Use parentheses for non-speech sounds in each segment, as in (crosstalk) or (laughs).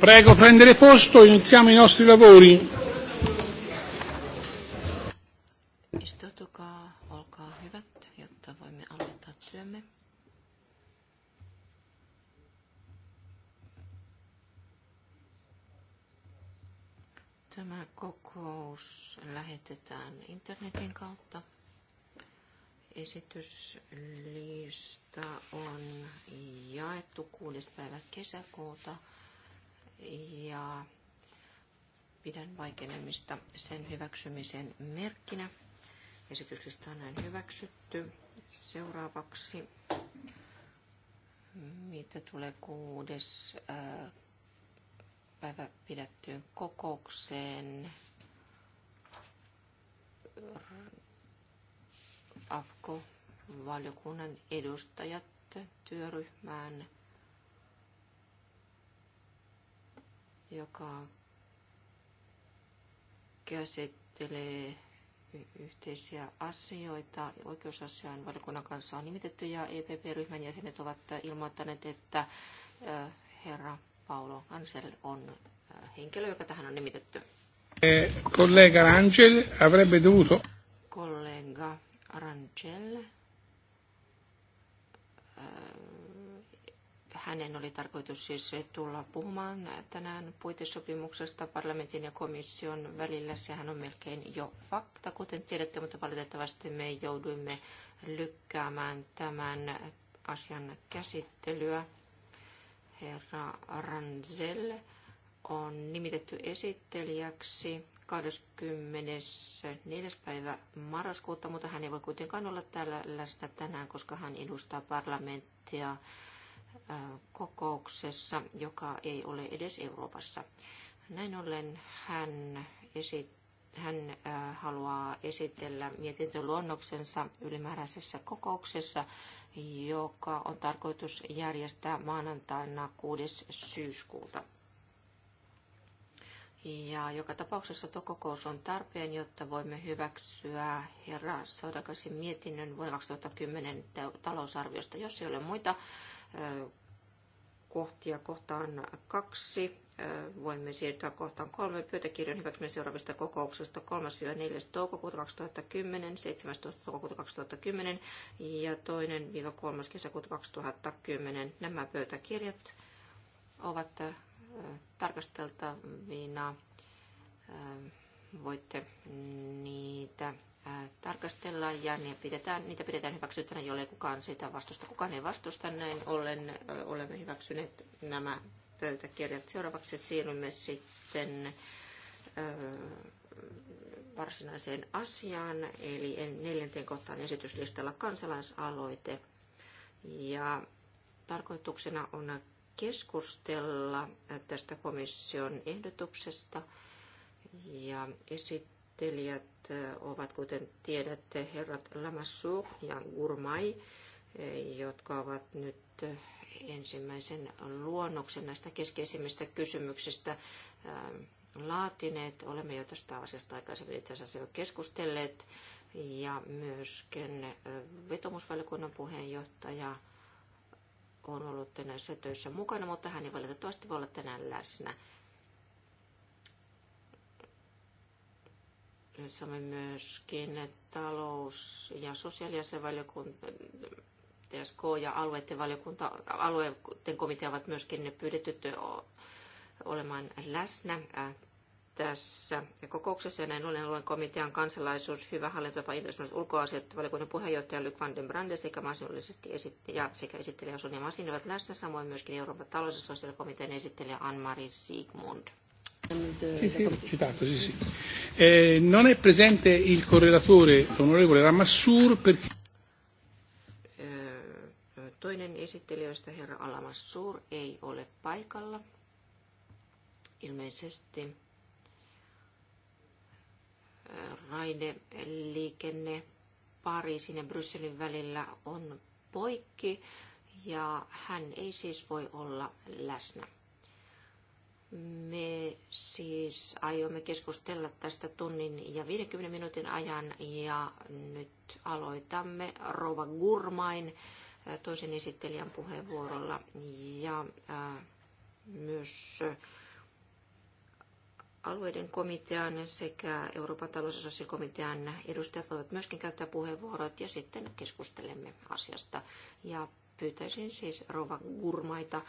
Prego prendere posto, iniziamo i nostri lavori. Tämä kokous lähetetään internetin kautta. Esityslista on jaettu 6. päivä kesäkuuta – ja pidän vaikenemista sen hyväksymisen merkkinä. Esityslista on näin hyväksytty. Seuraavaksi, mitä tulee kuudes äh, päivä pidettyyn kokoukseen, AFKO-valiokunnan edustajat työryhmään – joka käsittelee yhteisiä asioita. Oikeusasian valikunnan kanssa on nimitetty ja EPP-ryhmän jäsenet ovat ilmoittaneet, että herra Paolo Ansel on henkilö, joka tähän on nimitetty. Kollega eh, Rangel avrebbe dovuto. Kollega Rangel hänen oli tarkoitus siis tulla puhumaan tänään puitesopimuksesta parlamentin ja komission välillä. Sehän on melkein jo fakta, kuten tiedätte, mutta valitettavasti me jouduimme lykkäämään tämän asian käsittelyä. Herra Ranzel on nimitetty esittelijäksi 24. päivä marraskuuta, mutta hän ei voi kuitenkaan olla täällä läsnä tänään, koska hän edustaa parlamenttia kokouksessa, joka ei ole edes Euroopassa. Näin ollen hän, esit, hän haluaa esitellä mietintöluonnoksensa ylimääräisessä kokouksessa, joka on tarkoitus järjestää maanantaina 6. syyskuuta. Ja joka tapauksessa tuo kokous on tarpeen, jotta voimme hyväksyä herra Saudakasin mietinnön vuonna 2010 talousarviosta, jos ei ole muita äh, kohtia kohtaan kaksi. Voimme siirtyä kohtaan kolme pöytäkirjan hyväksymisen seuraavista kokouksesta 3-4. toukokuuta 2010, 17. toukokuuta 2010 ja 2-3. kesäkuuta 2010. Nämä pöytäkirjat ovat tarkasteltavina. Voitte niitä tarkastella ja ne pidetään, niitä pidetään hyväksyttänä, jollei kukaan sitä vastusta. Kukaan ei vastusta, näin ollen olemme hyväksyneet nämä pöytäkirjat. Seuraavaksi siirrymme sitten varsinaiseen asiaan, eli neljänteen kohtaan esityslistalla kansalaisaloite. Ja tarkoituksena on keskustella tästä komission ehdotuksesta ja esittää esittelijät eh, ovat, kuten tiedätte, herrat Lamassur ja Gurmai, eh, jotka ovat nyt eh, ensimmäisen luonnoksen näistä keskeisimmistä kysymyksistä laatineet. Olemme jo tästä asiasta aikaisemmin itse asiassa jo keskustelleet. Ja myöskin vetomusvaliokunnan puheenjohtaja on ollut näissä töissä mukana, mutta hän ei valitettavasti voi olla tänään läsnä. Samoin myöskin talous- ja sosiaaliasevaliokunta, TSK ja alueiden, valiokunta, alueiden komitea ovat myöskin pyydetty olemaan läsnä tässä kokouksessa. Ja näin ollen alueen komitean kansalaisuus, hyvä hallintotapa, internationaaliset ulkoasiat, valiokunnan puheenjohtaja Luc van den Brande sekä mahdollisesti esittäjä sekä esittelijä Sonja Masin ovat läsnä, samoin myöskin Euroopan talous- ja sosiaalikomitean esittelijä ann marie Sigmund. Sì, sì, citato, sì, sì. Eh, non è presente il correlatore, onorevole Ramassur, perché... Eh, toinen esittelijöistä, herra Alamassur, ei ole paikalla. Ilmeisesti eh, raideliikenne Pariisin ja Brysselin välillä on poikki ja hän ei siis voi olla läsnä. Me siis aiomme keskustella tästä tunnin ja 50 minuutin ajan ja nyt aloitamme Rova Gurmain äh, toisen esittelijän puheenvuorolla ja äh, myös äh, alueiden komitean sekä Euroopan talous- ja sosiaalikomitean edustajat voivat myöskin käyttää puheenvuorot ja sitten keskustelemme asiasta. Ja pyytäisin siis Rova Gurmaita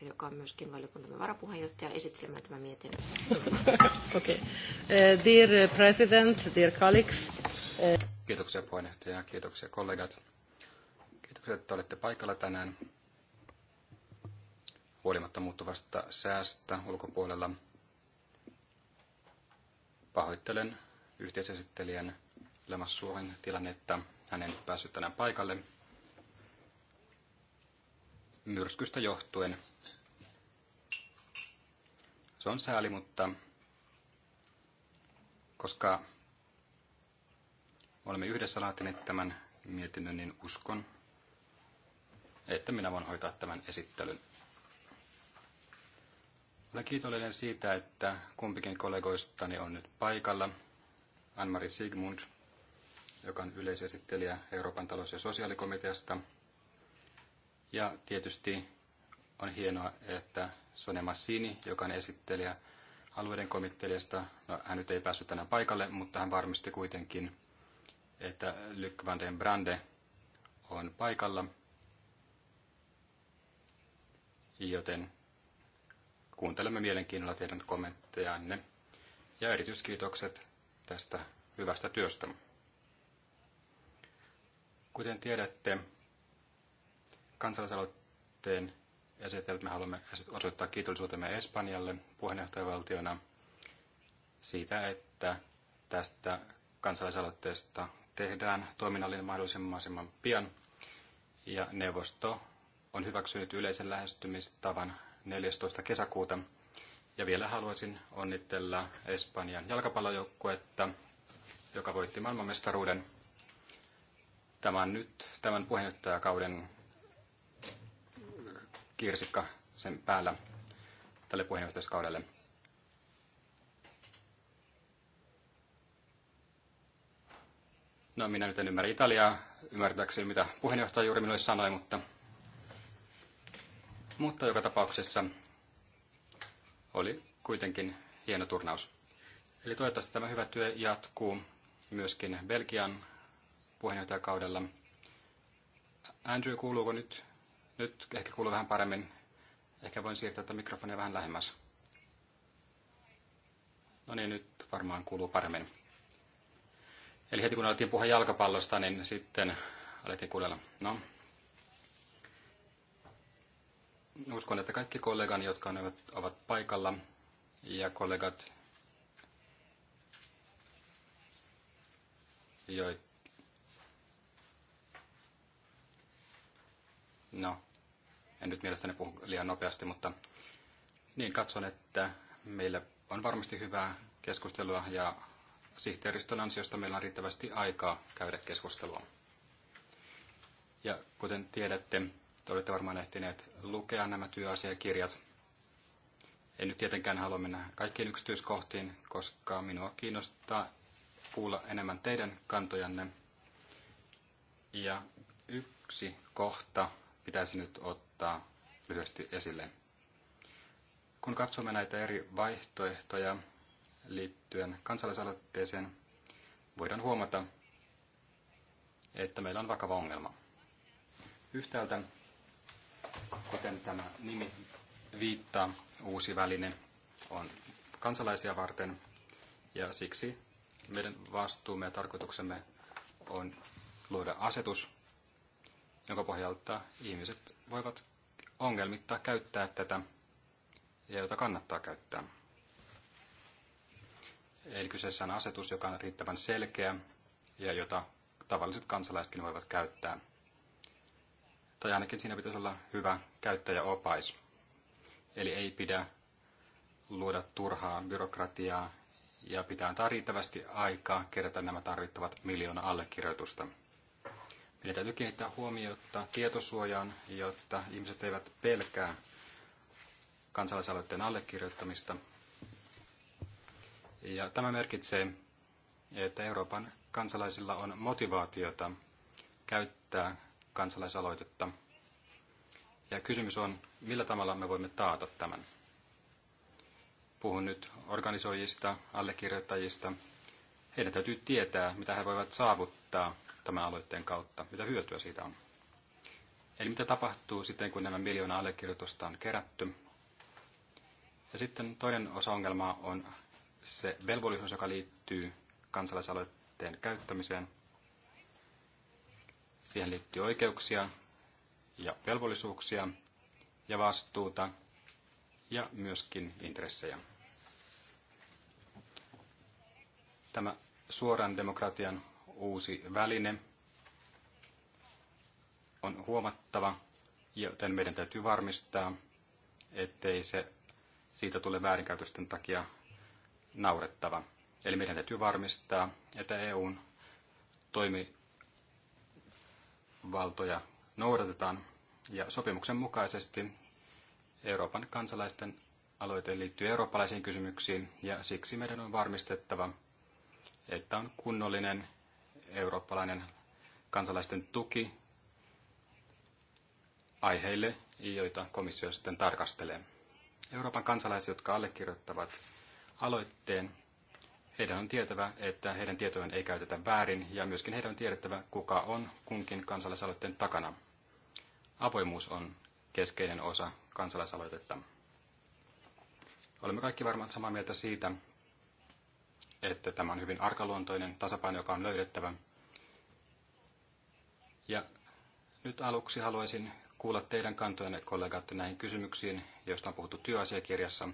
joka on myöskin valiokuntamme varapuheenjohtaja, esittelemään tämän mietinnön. (laughs) okay. uh, eh, dear President, dear colleagues. Uh... Kiitoksia puheenjohtaja, kiitoksia kollegat. Kiitoksia, että olette paikalla tänään. Huolimatta muuttuvasta säästä ulkopuolella pahoittelen yhteisesittelijän Lemas Suoren tilannetta. Hän ei päässyt tänään paikalle, myrskystä johtuen. Se on sääli, mutta koska olemme yhdessä laatineet tämän mietinnön, niin uskon, että minä voin hoitaa tämän esittelyn. Olen kiitollinen siitä, että kumpikin kollegoistani on nyt paikalla. Anmari Sigmund, joka on yleisesittelijä Euroopan talous- ja sosiaalikomiteasta, ja tietysti on hienoa, että Sonja Massini, joka on esittelijä alueiden komittelijasta, no, hän nyt ei päässyt tänään paikalle, mutta hän varmisti kuitenkin, että Lyk van den Brande on paikalla, joten kuuntelemme mielenkiinnolla teidän kommenttejanne ja erityiskiitokset tästä hyvästä työstä. Kuten tiedätte, kansalaisaloitteen esittäjät. Me haluamme osoittaa kiitollisuutemme Espanjalle puheenjohtajavaltiona siitä, että tästä kansalaisaloitteesta tehdään toiminnallinen mahdollisimman pian. Ja neuvosto on hyväksynyt yleisen lähestymistavan 14. kesäkuuta. Ja vielä haluaisin onnitella Espanjan jalkapallojoukkuetta, joka voitti maailmanmestaruuden. Tämä on nyt tämän puheenjohtajakauden kirsikka sen päällä tälle puheenjohtajuuskaudelle. No minä nyt en ymmärrä Italiaa, ymmärtääkseni mitä puheenjohtaja juuri minulle sanoi, mutta, mutta joka tapauksessa oli kuitenkin hieno turnaus. Eli toivottavasti tämä hyvä työ jatkuu myöskin Belgian puheenjohtajakaudella. Andrew, kuuluuko nyt nyt ehkä kuuluu vähän paremmin. Ehkä voin siirtää tätä mikrofonia vähän lähemmäs. No niin, nyt varmaan kuuluu paremmin. Eli heti kun alettiin puhua jalkapallosta, niin sitten alettiin kuulella. No. Uskon, että kaikki kollegani, jotka ovat paikalla, ja kollegat, joita No, en nyt mielestäni puhu liian nopeasti, mutta niin katson, että meillä on varmasti hyvää keskustelua ja sihteeristön ansiosta meillä on riittävästi aikaa käydä keskustelua. Ja kuten tiedätte, te olette varmaan ehtineet lukea nämä työasiakirjat. En nyt tietenkään halua mennä kaikkiin yksityiskohtiin, koska minua kiinnostaa kuulla enemmän teidän kantojanne. Ja yksi kohta pitäisi nyt ottaa lyhyesti esille. Kun katsomme näitä eri vaihtoehtoja liittyen kansalaisaloitteeseen, voidaan huomata, että meillä on vakava ongelma. Yhtäältä, kuten tämä nimi viittaa, uusi väline on kansalaisia varten ja siksi meidän vastuumme ja tarkoituksemme on luoda asetus, jonka pohjalta ihmiset voivat ongelmitta käyttää tätä ja jota kannattaa käyttää. Eli kyseessä on asetus, joka on riittävän selkeä ja jota tavalliset kansalaisetkin voivat käyttää. Tai ainakin siinä pitäisi olla hyvä käyttäjäopais. Eli ei pidä luoda turhaa byrokratiaa ja pitää antaa riittävästi aikaa kerätä nämä tarvittavat miljoona allekirjoitusta. Eli täytyy kiinnittää huomiota tietosuojaan, jotta ihmiset eivät pelkää kansalaisaloitteen allekirjoittamista. Ja tämä merkitsee, että Euroopan kansalaisilla on motivaatiota käyttää kansalaisaloitetta. Ja kysymys on, millä tavalla me voimme taata tämän. Puhun nyt organisoijista, allekirjoittajista. Heidän täytyy tietää, mitä he voivat saavuttaa tämän aloitteen kautta? Mitä hyötyä siitä on? Eli mitä tapahtuu sitten, kun nämä miljoona allekirjoitusta on kerätty? Ja sitten toinen osa ongelmaa on se velvollisuus, joka liittyy kansalaisaloitteen käyttämiseen. Siihen liittyy oikeuksia ja velvollisuuksia ja vastuuta ja myöskin intressejä. Tämä suoran demokratian uusi väline on huomattava, joten meidän täytyy varmistaa, ettei se siitä tule väärinkäytösten takia naurettava. Eli meidän täytyy varmistaa, että EUn toimivaltoja noudatetaan ja sopimuksen mukaisesti Euroopan kansalaisten aloite liittyy eurooppalaisiin kysymyksiin ja siksi meidän on varmistettava, että on kunnollinen eurooppalainen kansalaisten tuki aiheille, joita komissio sitten tarkastelee. Euroopan kansalaiset, jotka allekirjoittavat aloitteen, heidän on tietävä, että heidän tietojen ei käytetä väärin ja myöskin heidän on tiedettävä, kuka on kunkin kansalaisaloitteen takana. Avoimuus on keskeinen osa kansalaisaloitetta. Olemme kaikki varmaan samaa mieltä siitä, että tämä on hyvin arkaluontoinen tasapaino, joka on löydettävä. Ja nyt aluksi haluaisin kuulla teidän kantojanne kollegat näihin kysymyksiin, joista on puhuttu työasiakirjassa,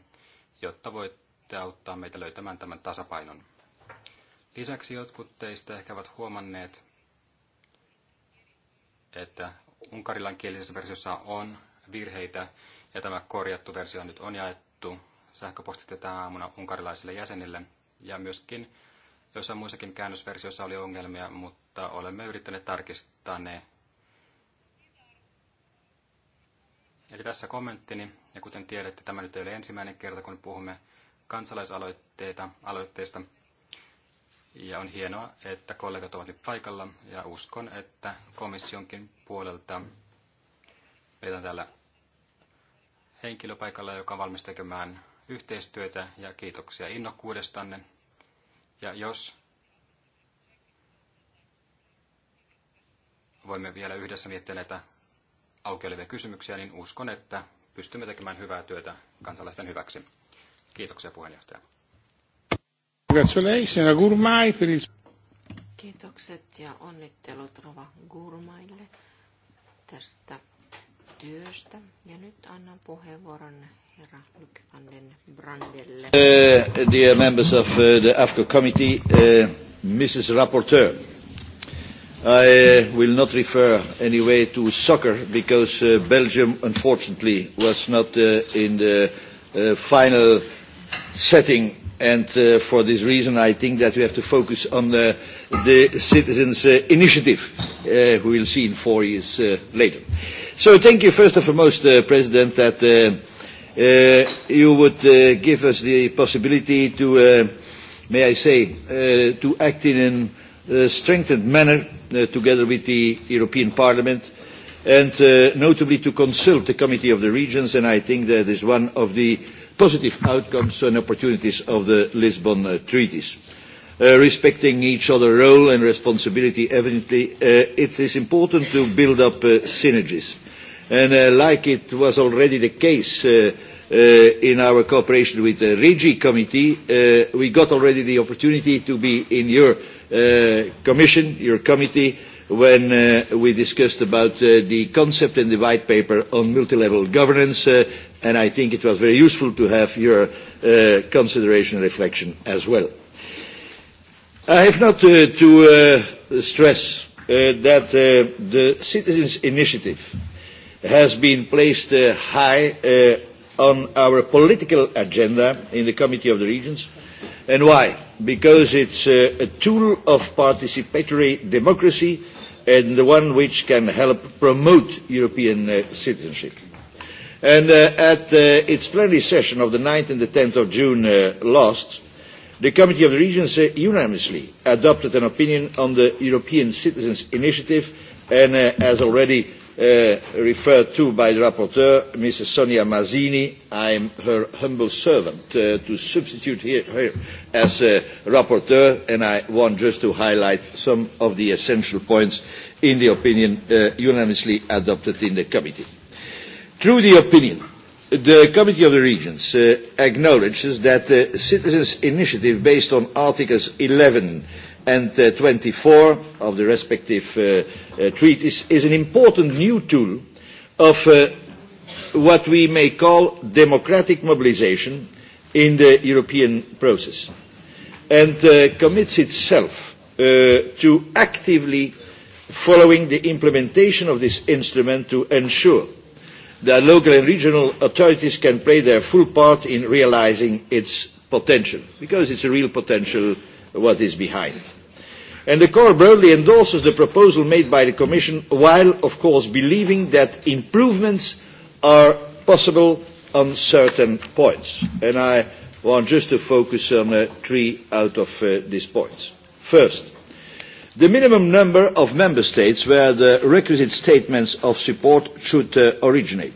jotta voitte auttaa meitä löytämään tämän tasapainon. Lisäksi jotkut teistä ehkä ovat huomanneet, että unkarilankielisessä versiossa on virheitä, ja tämä korjattu versio nyt on jaettu sähköpostitse tänä aamuna unkarilaisille jäsenille – ja myöskin joissain muissakin käännösversioissa oli ongelmia, mutta olemme yrittäneet tarkistaa ne. Eli tässä kommenttini, ja kuten tiedätte, tämä nyt ei ole ensimmäinen kerta, kun puhumme kansalaisaloitteita, aloitteista. Ja on hienoa, että kollegat ovat nyt paikalla, ja uskon, että komissionkin puolelta meillä on täällä henkilöpaikalla joka on valmis tekemään yhteistyötä ja kiitoksia innokkuudestanne. Ja jos voimme vielä yhdessä miettiä näitä auki olevia kysymyksiä, niin uskon, että pystymme tekemään hyvää työtä kansalaisten hyväksi. Kiitoksia puheenjohtaja. Kiitokset ja onnittelut Rova Gurmaille tästä työstä. Ja nyt annan puheenvuoron Uh, dear members of uh, the AFCO committee, uh, eh, Mrs. Rapporteur, I uh, will not refer anyway to soccer because uh, Belgium unfortunately was not uh, in the uh, final setting and uh, for this reason I think that we have to focus on uh, the citizens uh, initiative uh, we will see in four years uh, later. So thank you first and foremost uh, President that uh, uh, you would uh, give us the possibility to, uh, may I say, uh, to act in a uh, strengthened manner uh, together with the European Parliament and uh, notably to consult the Committee of the Regions and I think that is one of the positive outcomes and opportunities of the Lisbon uh, treaties. Uh, respecting each other's role and responsibility, evidently, uh, it is important to build up uh, synergies. And like it was already the case uh, in our cooperation with the REGI committee, uh, we got already the opportunity to be in your uh, commission, your committee, when uh, we discussed about uh, the concept and the white paper on multi-level governance, uh, and I think it was very useful to have your uh, consideration and reflection as well. I have not uh, to uh, stress uh, that uh, the Citizens Initiative has been placed uh, high uh, on our political agenda in the Committee of the Regions. And why? Because it's a, a tool of participatory democracy and the one which can help promote European uh, citizenship. And uh, at uh, its plenary session of the 9th and the 10th of June uh, last, the Committee of the Regions uh, unanimously adopted an opinion on the European Citizens Initiative and uh, as already Uh, referred to by the rapporteur, Mrs. Sonia Mazzini. I am her humble servant uh, to substitute here, her as a rapporteur, and I want just to highlight some of the essential points in the opinion uh, unanimously adopted in the committee. Through the opinion, the Committee of the Regions uh, acknowledges that the citizens' initiative based on Articles 11, and uh, 24 of the respective uh, uh, treaties is an important new tool of uh, what we may call democratic mobilization in the European process and uh, commits itself uh, to actively following the implementation of this instrument to ensure that local and regional authorities can play their full part in realizing its potential, because it's a real potential what is behind the Court broadly endorses the proposal made by the Commission while, of course, believing that improvements are possible on certain points. And I want just to focus on uh, three out of uh, these points. First, the minimum number of member states where the requisite statements of support should uh, originate.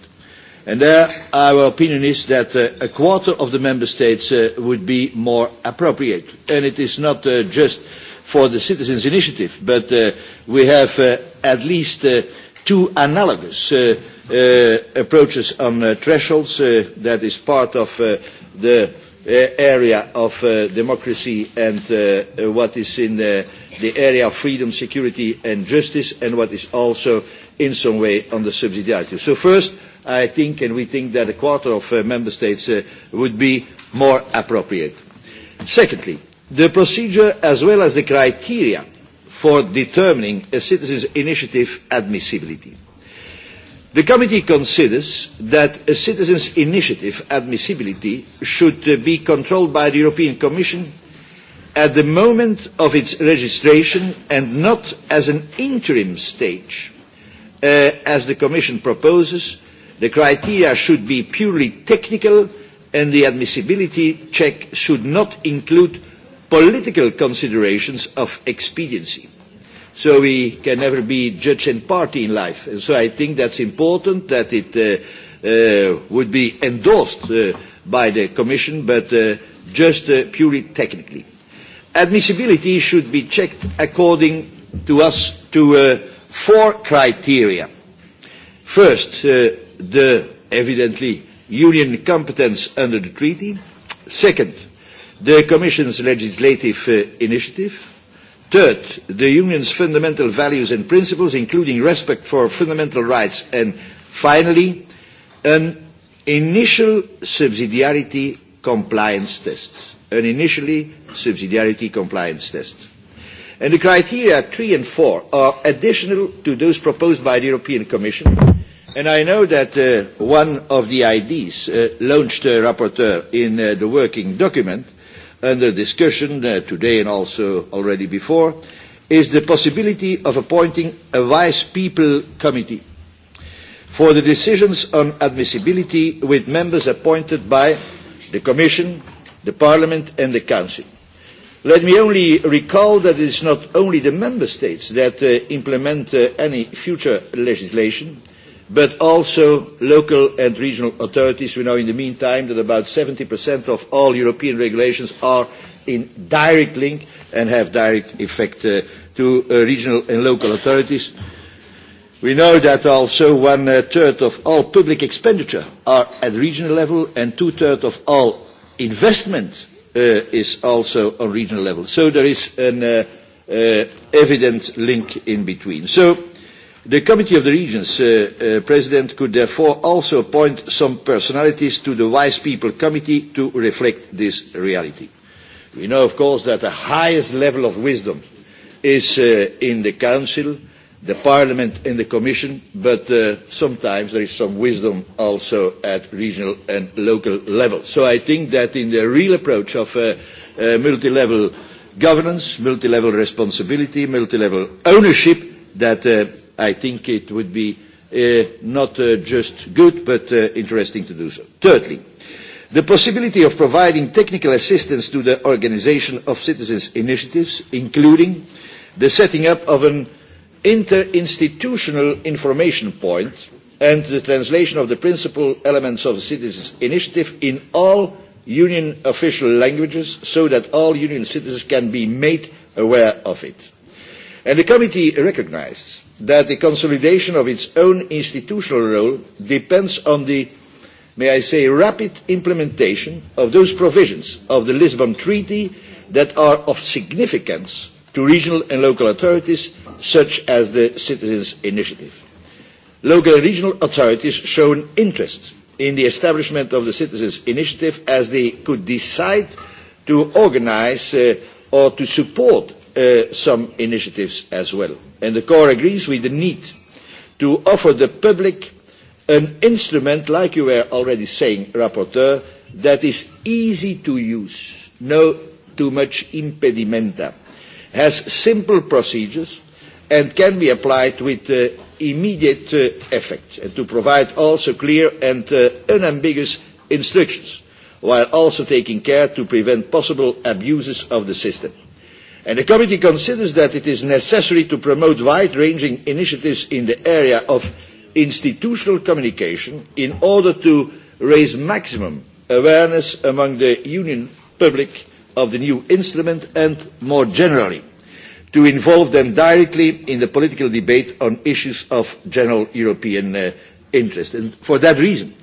And there, our opinion is that uh, a quarter of the member states uh, would be more appropriate. And it is not uh, just for the citizens' initiative, but uh, we have uh, at least uh, two analogous uh, uh, approaches on uh, thresholds uh, that is part of uh, the uh, area of uh, democracy and uh, what is in the, the area of freedom, security and justice and what is also in some way on the subsidiarity. So first, I think and we think that a quarter of uh, member states uh, would be more appropriate. Secondly, The procedure as well as the criteria for determining a citizen's initiative admissibility. The committee considers that a citizen's initiative admissibility should uh, be controlled by the European Commission at the moment of its registration and not as an interim stage. Uh, as the Commission proposes, the criteria should be purely technical and the admissibility check should not include political considerations of expediency. So we can never be judge and party in life. And so I think that's important that it uh, uh, would be endorsed uh, by the Commission, but uh, just uh, purely technically. Admissibility should be checked according to us to uh, four criteria. First, uh, the evidently union competence under the treaty. Second, the Commission's legislative uh, initiative. Third, the Union's fundamental values and principles, including respect for fundamental rights. And finally, an initial subsidiarity compliance test. An initially subsidiarity compliance test. And the criteria three and four are additional to those proposed by the European Commission. And I know that uh, one of the IDs uh, launched a rapporteur in uh, the working document under discussion uh, today and also already before is the possibility of appointing a Vice People Committee for the decisions on admissibility with members appointed by the Commission, the Parliament and the Council. Let me only recall that it is not only the Member States that uh, implement uh, any future legislation, uh, but also local and regional authorities. We know in the meantime that about 70% of all European regulations are in direct link and have direct effect uh, to uh, regional and local authorities. We know that also one third of all public expenditure are at regional level and two thirds of all investment uh, is also on regional level. So there is an uh, uh, evident link in between. So The Committee of the Regions uh, uh, President could therefore also appoint some personalities to the Wise People Committee to reflect this reality. We know, of course, that the highest level of wisdom is uh, in the Council, the Parliament and the Commission, but uh, sometimes there is some wisdom also at regional and local level. So I think that in the real approach of uh, uh, multi-level governance, multi-level responsibility, multi-level ownership, that uh, I think it would be uh, not uh, just good, but uh, interesting to do so. Thirdly, the possibility of providing technical assistance to the organization of citizens' initiatives, including the setting up of an interinstitutional information point and the translation of the principal elements of the citizens' initiative in all union official languages so that all union citizens can be made aware of it. And the committee recognizes that the consolidation of its own institutional role depends on the, may I say, rapid implementation of those provisions of the Lisbon Treaty that are of significance to regional and local authorities, such as the Citizens' Initiative. Local and regional authorities an interest in the establishment of the Citizens' Initiative as they could decide to organise uh, or to support uh, some initiatives as well and the Corps agrees with the need to offer the public an instrument, like you were already saying, Rapporteur, that is easy to use, no too much impedimenta, has simple procedures, and can be applied with uh, immediate uh, effect, and to provide also clear and uh, unambiguous instructions, while also taking care to prevent possible abuses of the system. And the committee considers that it is necessary to promote wide-ranging initiatives in the area of institutional communication in order to raise maximum awareness among the union public of the new instrument and more generally to involve them directly in the political debate on issues of general European uh, interest. And for that reason,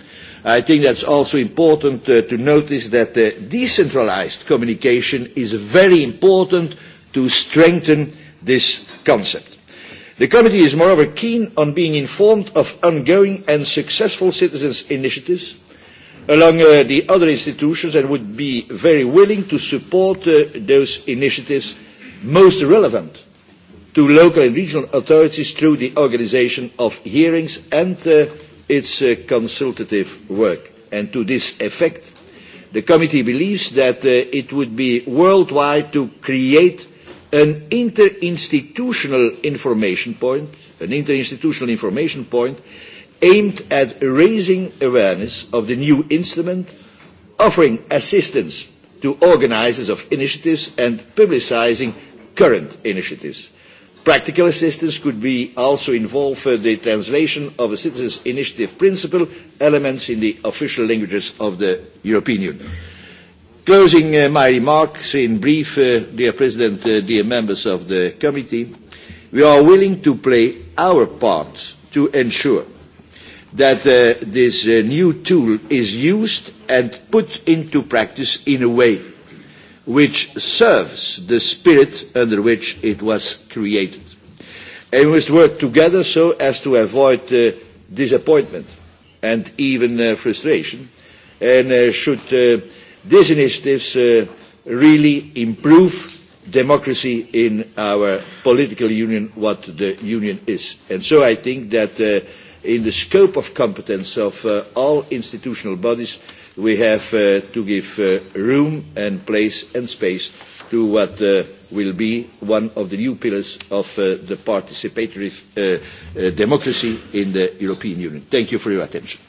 I think that's also important uh, to notice that uh, decentralized communication is a very important to strengthen this concept. The committee is moreover keen on being informed of ongoing and successful citizens' initiatives along uh, the other institutions and would be very willing to support uh, those initiatives most relevant to local and regional authorities through the organisation of hearings and uh, its uh, consultative work. And to this effect, the committee believes that uh, it would be worldwide to create an interinstitutional information point, an interinstitutional information point aimed at raising awareness of the new instrument, offering assistance to organizers of initiatives and publicizing current initiatives. Practical assistance could be also involved for the translation of a citizens' initiative principle elements in the official languages of the European Union. Closing uh, my remarks in brief, uh, dear President, uh, dear members of the committee, we are willing to play our part to ensure that uh, this uh, new tool is used and put into practice in a way which serves the spirit under which it was created. And we must work together so as to avoid uh, disappointment and even uh, frustration and uh, should uh, these initiatives uh, really improve democracy in our political union, what the union is. And so I think that uh, in the scope of competence of uh, all institutional bodies, we have uh, to give uh, room and place and space to what uh, will be one of the new pillars of uh, the participatory uh, uh, democracy in the European Union. Thank you for your attention.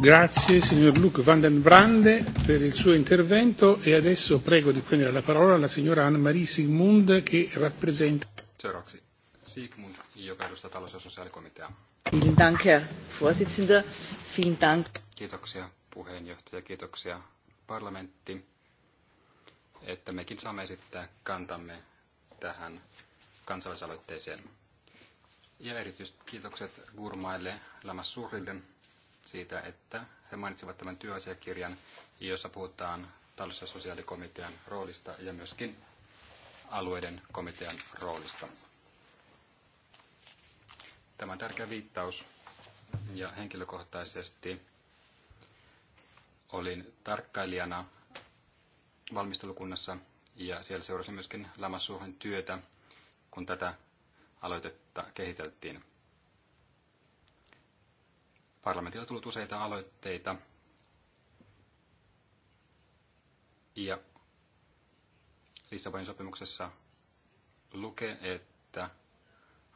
Grazie signor Luc van den Brande per il suo intervento e adesso prego di prendere la parola la signora Anne-Marie Sigmund che rappresenta. Kiitoksia puheenjohtaja, kiitoksia parlamentti, että mekin saamme esittää kantamme tähän kansalaisaloitteeseen. Ja erityiset kiitokset Gurmaille, Lamassurille, siitä, että he mainitsivat tämän työasiakirjan, jossa puhutaan talous- ja sosiaalikomitean roolista ja myöskin alueiden komitean roolista. Tämä on tärkeä viittaus ja henkilökohtaisesti olin tarkkailijana valmistelukunnassa ja siellä seurasin myöskin Lamassuuhan työtä, kun tätä aloitetta kehiteltiin. Parlamentilta tullut useita aloitteita ja Lissabonin sopimuksessa lukee, että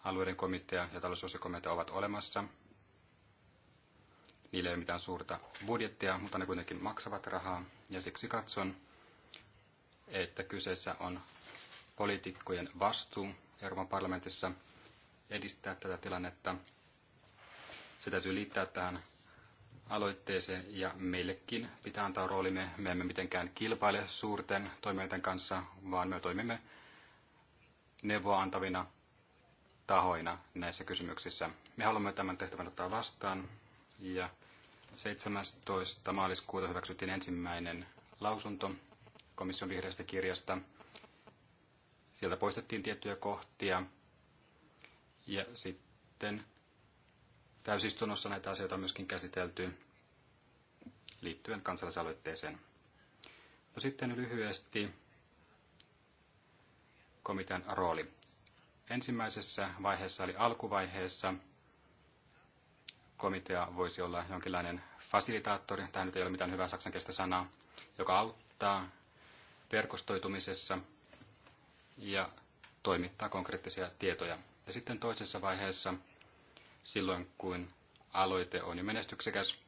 alueiden komitea ja talousosiokomitea ovat olemassa. Niillä ei ole mitään suurta budjettia, mutta ne kuitenkin maksavat rahaa. Ja siksi katson, että kyseessä on poliitikkojen vastuu Euroopan parlamentissa edistää tätä tilannetta se täytyy liittää tähän aloitteeseen ja meillekin pitää antaa roolimme. Me emme mitenkään kilpaile suurten toimijoiden kanssa, vaan me toimimme neuvoa antavina tahoina näissä kysymyksissä. Me haluamme tämän tehtävän ottaa vastaan ja 17. maaliskuuta hyväksyttiin ensimmäinen lausunto komission vihreästä kirjasta. Sieltä poistettiin tiettyjä kohtia ja sitten täysistunnossa näitä asioita on myöskin käsitelty liittyen kansalaisaloitteeseen. No sitten lyhyesti komitean rooli. Ensimmäisessä vaiheessa eli alkuvaiheessa komitea voisi olla jonkinlainen fasilitaattori, tähän nyt ei ole mitään hyvää saksankielistä sanaa, joka auttaa verkostoitumisessa ja toimittaa konkreettisia tietoja. Ja sitten toisessa vaiheessa silloin, kun aloite on jo menestyksekäs.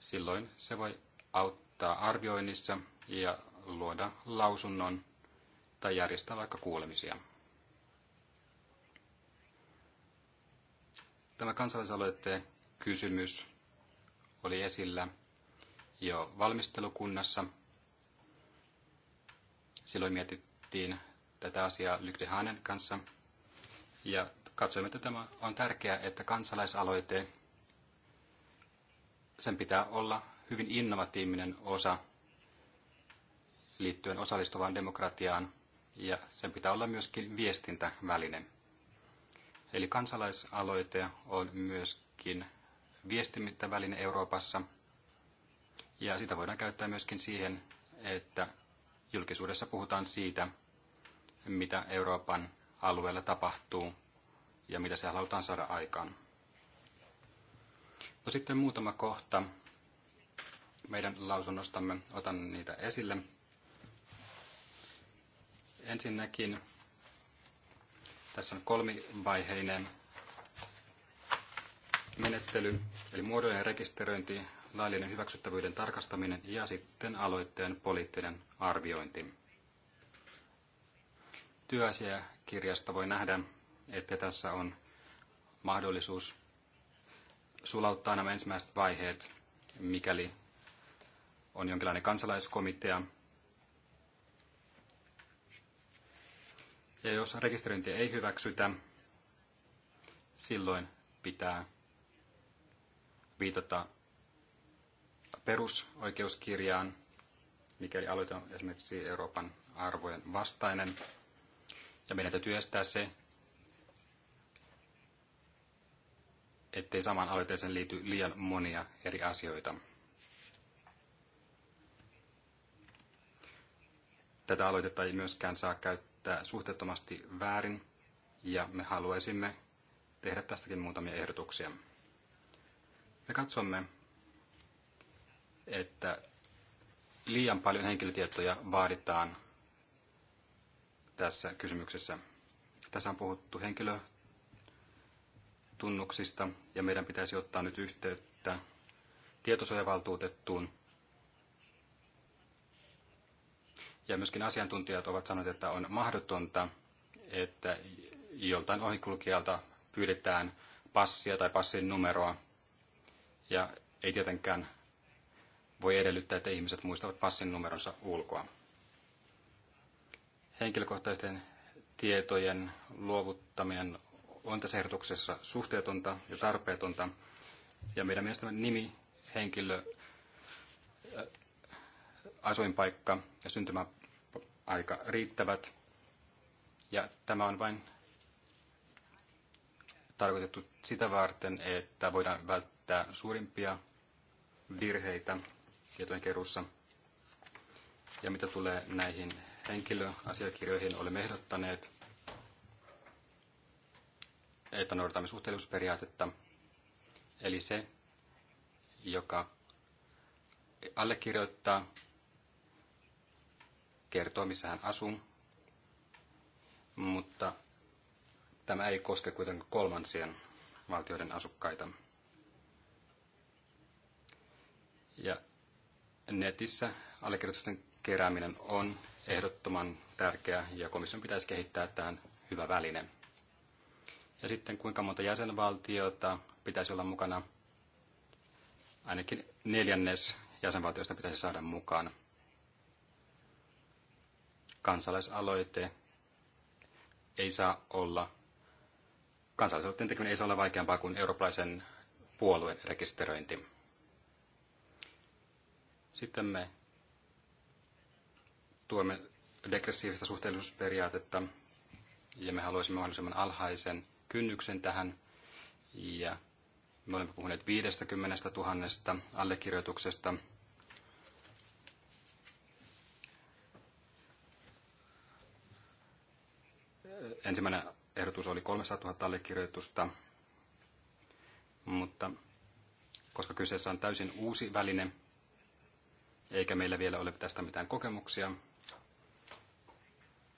Silloin se voi auttaa arvioinnissa ja luoda lausunnon tai järjestää vaikka kuulemisia. Tämä kansalaisaloitteen kysymys oli esillä jo valmistelukunnassa. Silloin mietittiin tätä asiaa Lykdehanen kanssa. Ja katsoimme, että tämä on tärkeää, että kansalaisaloite, sen pitää olla hyvin innovatiivinen osa liittyen osallistuvaan demokratiaan, ja sen pitää olla myöskin viestintäväline. Eli kansalaisaloite on myöskin viestintäväline Euroopassa, ja sitä voidaan käyttää myöskin siihen, että julkisuudessa puhutaan siitä, mitä Euroopan alueella tapahtuu ja mitä se halutaan saada aikaan. No sitten muutama kohta meidän lausunnostamme. Otan niitä esille. Ensinnäkin tässä on kolmivaiheinen menettely, eli muodollinen rekisteröinti, laillinen hyväksyttävyyden tarkastaminen ja sitten aloitteen poliittinen arviointi. Työasiakirjasta voi nähdä, että tässä on mahdollisuus sulauttaa nämä ensimmäiset vaiheet, mikäli on jonkinlainen kansalaiskomitea. Ja jos rekisteröinti ei hyväksytä, silloin pitää viitata perusoikeuskirjaan, mikäli aloite on esimerkiksi Euroopan arvojen vastainen. Ja meidän täytyy estää se, ettei samaan aloitteeseen liity liian monia eri asioita. Tätä aloitetta ei myöskään saa käyttää suhteettomasti väärin, ja me haluaisimme tehdä tästäkin muutamia ehdotuksia. Me katsomme, että liian paljon henkilötietoja vaaditaan tässä kysymyksessä. Tässä on puhuttu henkilötunnuksista ja meidän pitäisi ottaa nyt yhteyttä tietosuojavaltuutettuun. Ja myöskin asiantuntijat ovat sanoneet, että on mahdotonta, että joltain ohikulkijalta pyydetään passia tai passin numeroa. Ja ei tietenkään voi edellyttää, että ihmiset muistavat passin numeronsa ulkoa. Henkilökohtaisten tietojen luovuttaminen on tässä ehdotuksessa suhteetonta ja tarpeetonta. Ja meidän mielestämme nimi, henkilö, äh, asuinpaikka ja syntymäaika riittävät. Ja tämä on vain tarkoitettu sitä varten, että voidaan välttää suurimpia virheitä tietojen keruussa. Ja mitä tulee näihin henkilöasiakirjoihin, olemme ehdottaneet, että noudatamme suhteellisuusperiaatetta, eli se, joka allekirjoittaa, kertoo, missä hän asuu, mutta tämä ei koske kuitenkaan kolmansien valtioiden asukkaita. Ja netissä allekirjoitusten kerääminen on ehdottoman tärkeää ja komission pitäisi kehittää tähän hyvä väline. Ja sitten kuinka monta jäsenvaltiota pitäisi olla mukana. Ainakin neljännes jäsenvaltioista pitäisi saada mukaan. Kansalaisaloite ei saa olla, kansalaisaloitteen tekeminen ei saa olla vaikeampaa kuin eurooppalaisen puolueen rekisteröinti. Sitten me tuemme degressiivistä suhteellisuusperiaatetta ja me haluaisimme mahdollisimman alhaisen kynnyksen tähän ja me olemme puhuneet 50 000 allekirjoituksesta. Ensimmäinen ehdotus oli 300 000 allekirjoitusta, mutta koska kyseessä on täysin uusi väline, eikä meillä vielä ole tästä mitään kokemuksia,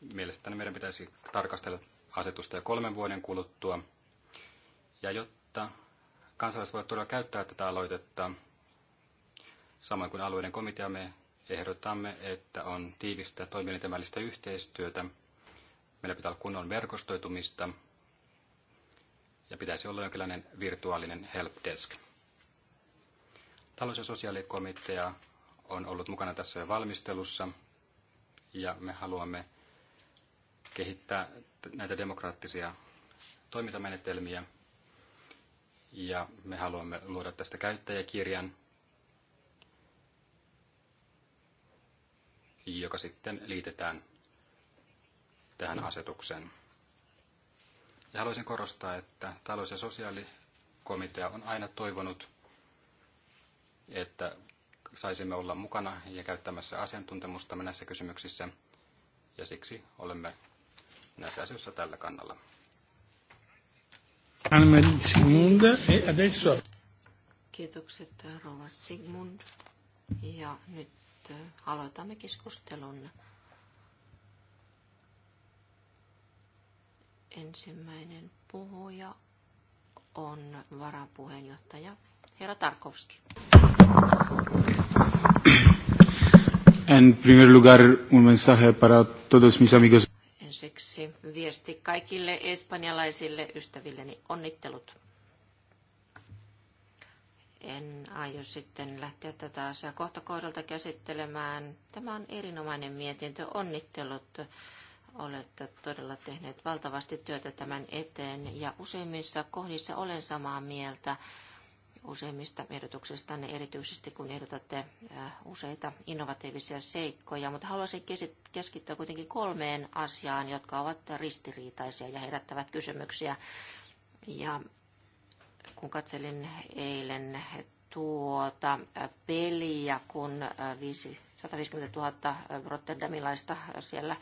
mielestäni meidän pitäisi tarkastella asetusta jo kolmen vuoden kuluttua. Ja jotta kansalaiset voivat todella käyttää tätä aloitetta, samoin kuin alueiden komiteamme ehdotamme, että on tiivistä toimielintämällistä yhteistyötä. Meillä pitää olla kunnon verkostoitumista ja pitäisi olla jonkinlainen virtuaalinen helpdesk. Talous- ja sosiaalikomitea on ollut mukana tässä jo valmistelussa ja me haluamme kehittää näitä demokraattisia toimintamenetelmiä. Ja me haluamme luoda tästä käyttäjäkirjan, joka sitten liitetään tähän asetukseen. Ja haluaisin korostaa, että talous- ja sosiaalikomitea on aina toivonut, että saisimme olla mukana ja käyttämässä asiantuntemusta näissä kysymyksissä, ja siksi olemme näissä asioissa tällä kannalla. E Kiitokset Rova Sigmund. Ja nyt äh, aloitamme keskustelun. Ensimmäinen puhuja on varapuheenjohtaja herra Tarkovski. En primer lugar, un mensaje para todos mis amigos Ensiksi viesti kaikille espanjalaisille ystävilleni onnittelut. En aio sitten lähteä tätä asiaa kohta kohdalta käsittelemään. Tämä on erinomainen mietintö. Onnittelut. Olette todella tehneet valtavasti työtä tämän eteen ja useimmissa kohdissa olen samaa mieltä useimmista ehdotuksistanne, erityisesti kun ehdotatte äh, useita innovatiivisia seikkoja, mutta haluaisin keskittyä kuitenkin kolmeen asiaan, jotka ovat ristiriitaisia ja herättävät kysymyksiä. Ja kun katselin eilen tuota äh, peliä, kun 150 äh, 000 rotterdamilaista siellä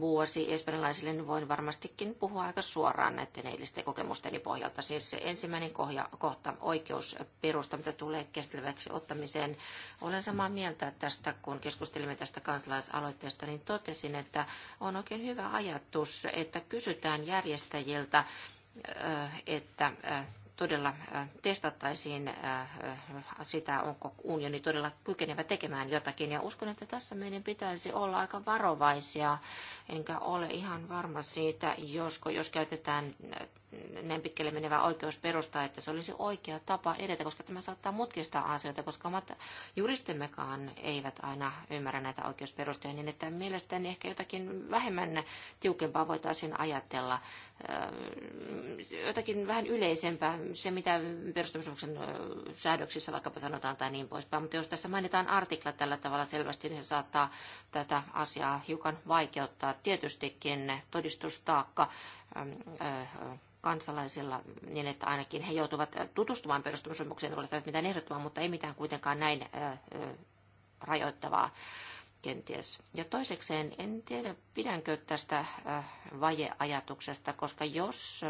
vuosi espanjalaisille, niin voin varmastikin puhua aika suoraan näiden eilisten kokemusteni pohjalta. Siis se ensimmäinen kohja, kohta, oikeusperusta, mitä tulee kestäväksi ottamiseen. Olen samaa mieltä tästä, kun keskustelimme tästä kansalaisaloitteesta, niin totesin, että on oikein hyvä ajatus, että kysytään järjestäjiltä, että todella testattaisiin sitä, onko unioni todella kykenevä tekemään jotakin. Ja uskon, että tässä meidän pitäisi olla aika varovaisia, enkä ole ihan varma siitä, josko, jos käytetään näin pitkälle menevää oikeusperusta, että se olisi oikea tapa edetä, koska tämä saattaa mutkistaa asioita, koska omat juristimmekaan eivät aina ymmärrä näitä oikeusperusteja, niin että mielestäni ehkä jotakin vähemmän tiukempaa voitaisiin ajatella, jotakin vähän yleisempää, se mitä perustamisen säädöksissä vaikkapa sanotaan tai niin poispäin, mutta jos tässä mainitaan artikla tällä tavalla selvästi, niin se saattaa tätä asiaa hiukan vaikeuttaa. Tietystikin todistustaakka kansalaisilla niin, että ainakin he joutuvat tutustumaan perustumussopimukseen, ole mitään ehdottomaa, mutta ei mitään kuitenkaan näin rajoittavaa kenties. Ja toisekseen en tiedä, pidänkö tästä vajeajatuksesta, koska jos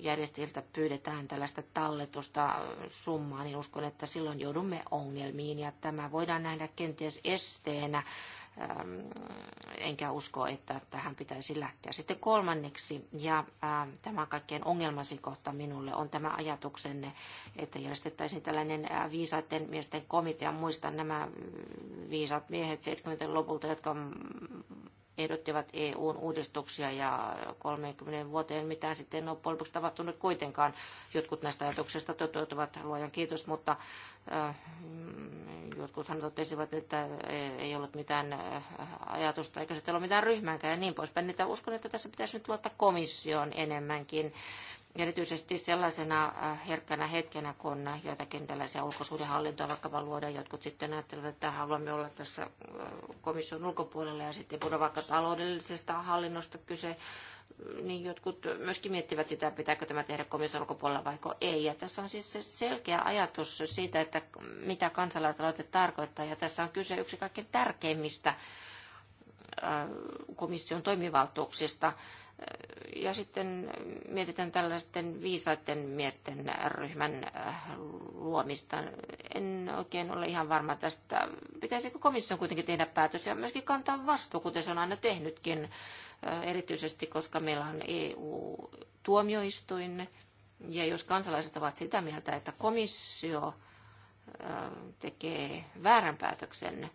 järjestäjiltä pyydetään tällaista talletusta summaa, niin uskon, että silloin joudumme ongelmiin ja tämä voidaan nähdä kenties esteenä Ähm, enkä usko, että tähän pitäisi lähteä. Sitten kolmanneksi, ja ähm, tämä kaikkein ongelmasi kohta minulle, on tämä ajatuksenne, että järjestettäisiin tällainen äh, viisaiden miesten komitea. Muistan nämä äh, viisaat miehet 70-luvulta, jotka ehdottivat EUn uudistuksia ja 30 vuoteen mitään sitten on lopuksi tapahtunut kuitenkaan. Jotkut näistä ajatuksista toteutuvat, luojan kiitos, mutta äh, Jotkuthan totesivat, että e, ei ollut mitään e, ajatusta eikä sitten ole mitään ryhmänkään ja niin poispäin. Että uskon, että tässä pitäisi nyt luottaa komissioon enemmänkin. Erityisesti sellaisena e, herkkänä hetkenä, kun joitakin tällaisia ulkosuhdehallintoja vaikkapa luoda, jotkut sitten ajattelevat, että haluamme olla tässä komission ulkopuolella ja sitten kun on vaikka taloudellisesta hallinnosta kyse, niin jotkut myöskin miettivät sitä, pitääkö tämä tehdä komission ulkopuolella vai ei. Ja tässä on siis selkeä ajatus siitä, että mitä kansalaisaloite tarkoittaa. Ja tässä on kyse yksi kaikkein tärkeimmistä äh, komission toimivaltuuksista ja sitten mietitään tällaisten viisaiden miesten ryhmän äh, luomista. En oikein ole ihan varma tästä. Pitäisikö komission kuitenkin tehdä päätös ja myöskin kantaa vastuu, kuten se on aina tehnytkin, äh, erityisesti koska meillä on EU-tuomioistuin. Ja jos kansalaiset ovat sitä mieltä, että komissio äh, tekee väärän päätöksen,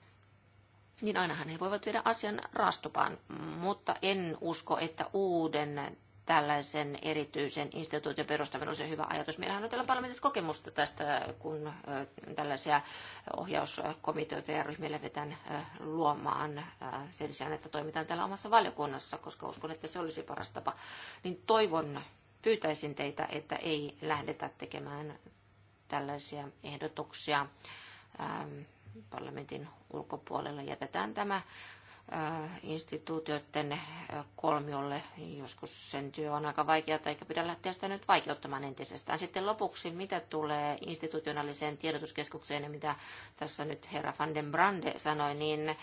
niin ainahan he voivat viedä asian rastupaan, mutta en usko, että uuden tällaisen erityisen instituution perustaminen on se hyvä ajatus. Meillähän on täällä parlamentissa kokemusta tästä, kun tällaisia ohjauskomiteoita ja ryhmiä lähdetään luomaan sen sijaan, että toimitaan täällä omassa valiokunnassa, koska uskon, että se olisi paras tapa. Niin toivon, pyytäisin teitä, että ei lähdetä tekemään tällaisia ehdotuksia parlamentin ulkopuolella jätetään tämä instituutioiden kolmiolle. Joskus sen työ on aika vaikeaa, eikä pidä lähteä sitä nyt vaikeuttamaan entisestään. Sitten lopuksi, mitä tulee institutionaaliseen tiedotuskeskukseen ja mitä tässä nyt herra van den Brande sanoi, niin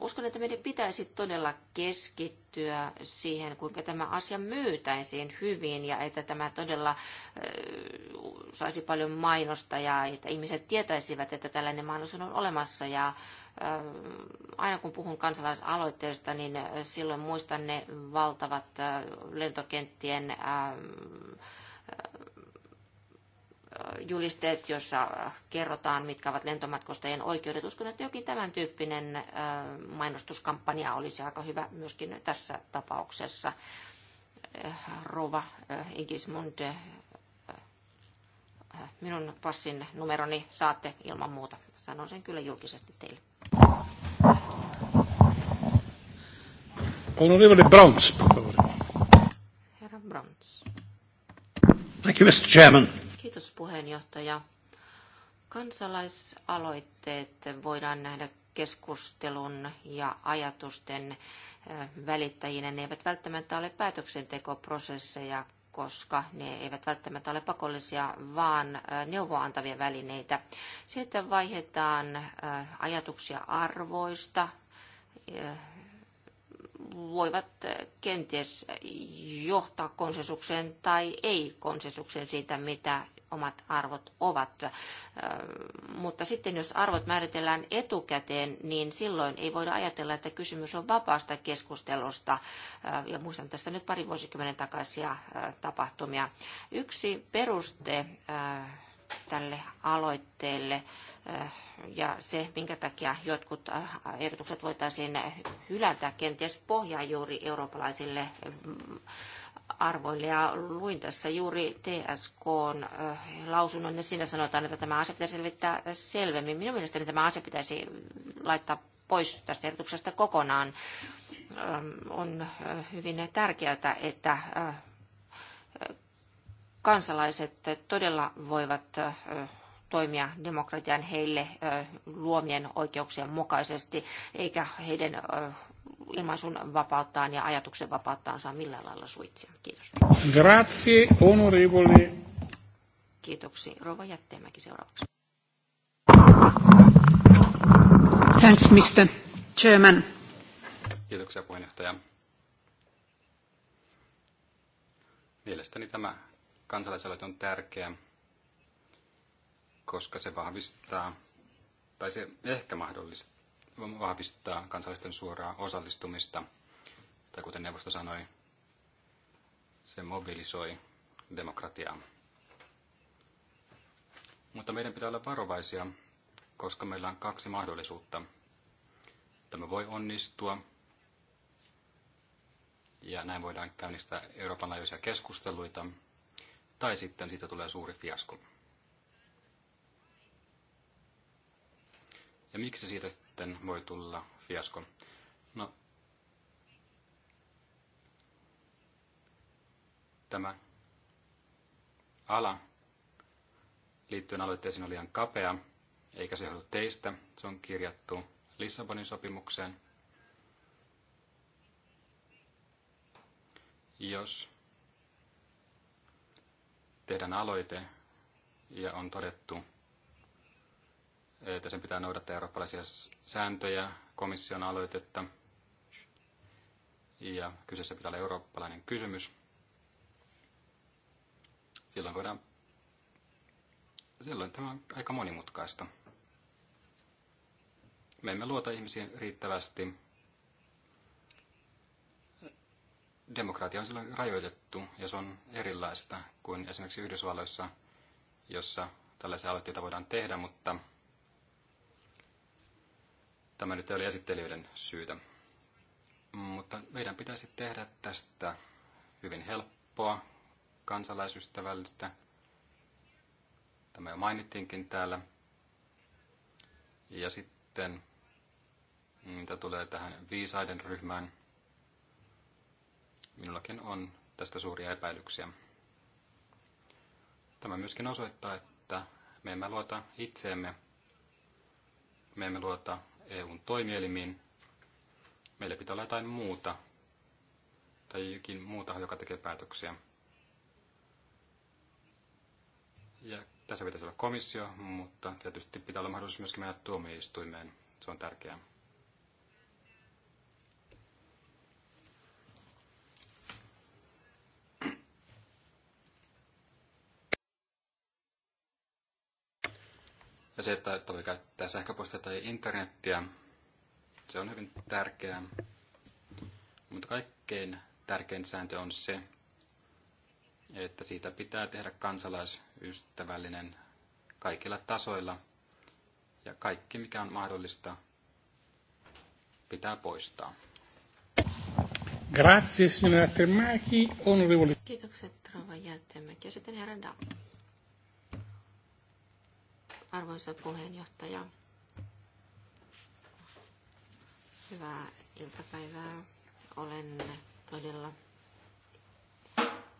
Uskon, että meidän pitäisi todella keskittyä siihen, kuinka tämä asia myytäisiin hyvin ja että tämä todella saisi paljon mainosta ja että ihmiset tietäisivät, että tällainen mainos on olemassa. Ja aina kun puhun kansalaisaloitteesta, niin silloin muistan ne valtavat lentokenttien julisteet, joissa kerrotaan, mitkä ovat lentomatkustajien oikeudet. Uskon, että jokin tämän tyyppinen mainostuskampanja olisi aika hyvä myöskin tässä tapauksessa. Rova Igismund, minun passin numeroni saatte ilman muuta. Sanon sen kyllä julkisesti teille. Onorevole brons. Herra brons. Thank you, Mr. Chairman puheenjohtaja. Kansalaisaloitteet voidaan nähdä keskustelun ja ajatusten eh, välittäjinä. Ne eivät välttämättä ole päätöksentekoprosesseja, koska ne eivät välttämättä ole pakollisia, vaan eh, neuvoa antavia välineitä. Sitten vaihdetaan eh, ajatuksia arvoista, voivat kenties johtaa konsensukseen tai ei konsensukseen siitä, mitä omat arvot ovat. Mutta sitten jos arvot määritellään etukäteen, niin silloin ei voida ajatella, että kysymys on vapaasta keskustelusta. Ja muistan tästä nyt pari vuosikymmenen takaisia tapahtumia. Yksi peruste tälle aloitteelle ja se, minkä takia jotkut ehdotukset voitaisiin hylätä kenties pohjaa juuri eurooppalaisille arvoille. Ja luin tässä juuri TSKn äh, lausunnon ja siinä sanotaan, että tämä asia pitäisi selvittää selvemmin. Minun mielestäni tämä asia pitäisi laittaa pois tästä ehdotuksesta kokonaan. Ähm, on äh, hyvin tärkeää, että äh, kansalaiset todella voivat toimia demokratian heille luomien oikeuksien mukaisesti, eikä heidän ilmaisun vapauttaan ja ajatuksen vapauttaan saa millään lailla suitsia. Kiitos. Grazie, onorevole. Kiitoksia. Rova Jätteenmäki seuraavaksi. Thanks, Mr. Chairman. Kiitoksia puheenjohtaja. Mielestäni tämä kansalaisaloite on tärkeä koska se vahvistaa, tai se ehkä mahdollistaa, vahvistaa kansalaisten suoraa osallistumista, tai kuten neuvosto sanoi, se mobilisoi demokratiaa. Mutta meidän pitää olla varovaisia, koska meillä on kaksi mahdollisuutta. Tämä voi onnistua, ja näin voidaan käynnistää Euroopan laajuisia keskusteluita, tai sitten siitä tulee suuri fiasko. Ja miksi siitä sitten voi tulla fiasko? No, tämä ala liittyen aloitteisiin on liian kapea, eikä se ollut teistä. Se on kirjattu Lissabonin sopimukseen. Jos tehdään aloite ja on todettu, että sen pitää noudattaa eurooppalaisia sääntöjä, komission aloitetta, ja kyseessä pitää olla eurooppalainen kysymys. Silloin voidaan, silloin tämä on aika monimutkaista. Me emme luota ihmisiin riittävästi. Demokratia on silloin rajoitettu ja se on erilaista kuin esimerkiksi Yhdysvalloissa, jossa tällaisia aloitteita voidaan tehdä, mutta Tämä nyt oli esittelijöiden syytä. Mutta meidän pitäisi tehdä tästä hyvin helppoa, kansalaisystävällistä. Tämä jo mainittiinkin täällä. Ja sitten, mitä tulee tähän viisaiden ryhmään, minullakin on tästä suuria epäilyksiä. Tämä myöskin osoittaa, että me emme luota itseemme, me emme luota EUn toimielimiin. Meillä pitää olla jotain muuta tai jokin muuta, joka tekee päätöksiä. Ja tässä pitäisi olla komissio, mutta tietysti pitää olla mahdollisuus myöskin mennä tuomioistuimeen. Se on tärkeää. Ja se, että, että voi käyttää sähköpostia tai internettiä, se on hyvin tärkeää. Mutta kaikkein tärkein sääntö on se, että siitä pitää tehdä kansalaisystävällinen kaikilla tasoilla ja kaikki mikä on mahdollista pitää poistaa. Grazie signora Temaki, onorevoli. Kiitokset Rova Jättemäki ja sitten herra Arvoisa puheenjohtaja, hyvää iltapäivää. Olen todella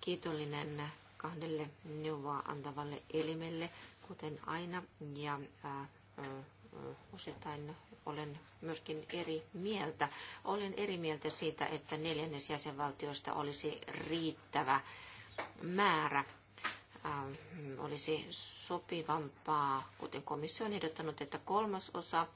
kiitollinen kahdelle neuvoa antavalle elimelle, kuten aina. Ja ää, osittain olen myöskin eri mieltä. Olen eri mieltä siitä, että neljännes jäsenvaltioista olisi riittävä määrä Ähm, olisi sopivampaa, kuten komissio on ehdottanut, että kolmas osa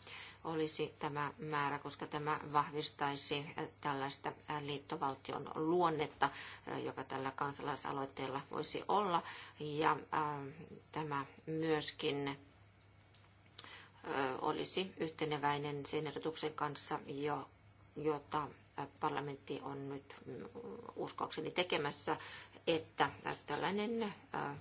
olisi tämä määrä, koska tämä vahvistaisi äh, tällaista äh, liittovaltion luonnetta, äh, joka tällä kansalaisaloitteella voisi olla. Ja ähm, tämä myöskin olisi yhteneväinen sen ehdotuksen kanssa, jota parlamentti on nyt uskoakseni tekemässä, että tällainen äh,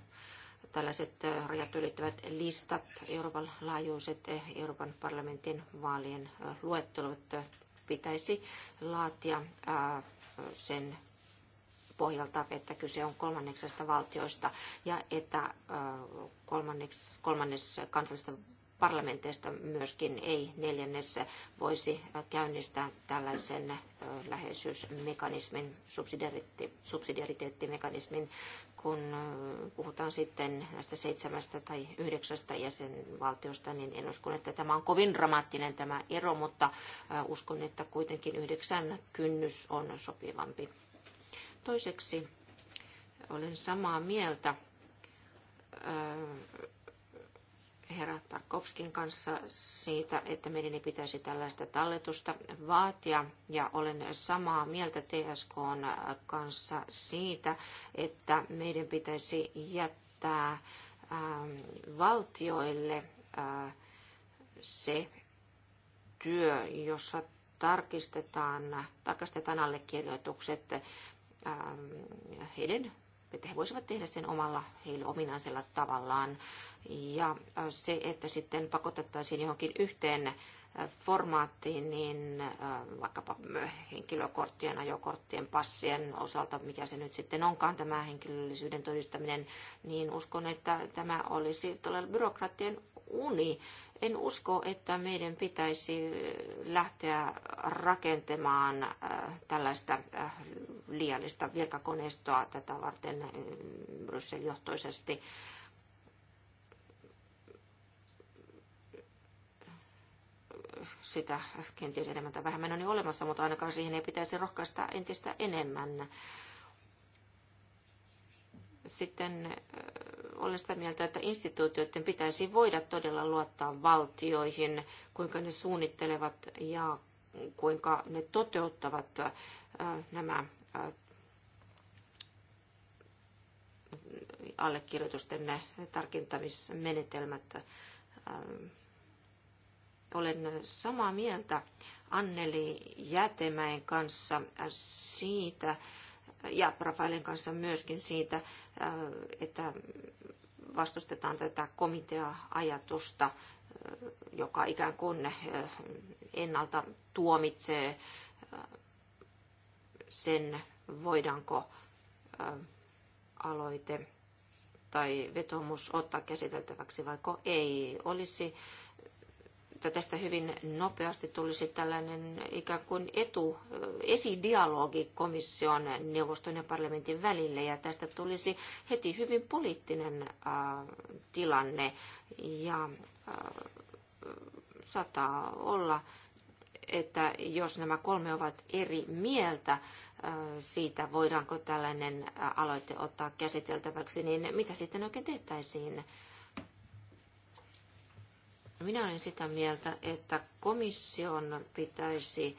tällaiset äh, rajat ylittävät listat, Euroopan laajuiset äh, Euroopan parlamentin vaalien luettelut pitäisi laatia sen pohjalta, että kyse on kolmanneksesta valtioista ja että kolmannes, kolmannes kansallista parlamenteista myöskin ei neljännessä voisi käynnistää tällaisen läheisyysmekanismin, subsidiariteettimekanismin, kun puhutaan sitten näistä seitsemästä tai yhdeksästä jäsenvaltiosta, niin en usko, että tämä on kovin dramaattinen tämä ero, mutta uskon, että kuitenkin yhdeksän kynnys on sopivampi. Toiseksi olen samaa mieltä herra Tarkovskin kanssa siitä, että meidän ei pitäisi tällaista talletusta vaatia. Ja olen samaa mieltä TSK kanssa siitä, että meidän pitäisi jättää ähm, valtioille äh, se työ, jossa tarkistetaan, tarkastetaan allekirjoitukset ähm, heidän että he voisivat tehdä sen omalla heille ominaisella tavallaan. Ja se, että sitten pakotettaisiin johonkin yhteen formaattiin, niin vaikkapa henkilökorttien, ajokorttien, passien osalta, mikä se nyt sitten onkaan tämä henkilöllisyyden todistaminen, niin uskon, että tämä olisi todella byrokraattien uni en usko, että meidän pitäisi lähteä rakentamaan äh, tällaista äh, liiallista virkakoneistoa tätä varten äh, Bryssel-johtoisesti. Sitä kenties enemmän tai vähemmän on jo olemassa, mutta ainakaan siihen ei pitäisi rohkaista entistä enemmän sitten olen sitä mieltä, että instituutioiden pitäisi voida todella luottaa valtioihin, kuinka ne suunnittelevat ja kuinka ne toteuttavat nämä allekirjoitusten ne tarkintamismenetelmät. Olen samaa mieltä Anneli Jätemäen kanssa siitä, ja Rafaelin kanssa myöskin siitä, äh, että vastustetaan tätä komitea-ajatusta, äh, joka ikään kuin äh, ennalta tuomitsee sen, voidaanko aloite tai vetomus ottaa käsiteltäväksi vaiko ei. Olisi että tästä hyvin nopeasti tulisi tällainen ikään kuin etu, esidialogi komission, neuvoston ja parlamentin välille, ja tästä tulisi heti hyvin poliittinen äh, tilanne, ja äh, saattaa olla, että jos nämä kolme ovat eri mieltä siitä, voidaanko tällainen aloite ottaa käsiteltäväksi, niin mitä sitten oikein tehtäisiin? Minä olen sitä mieltä, että komission pitäisi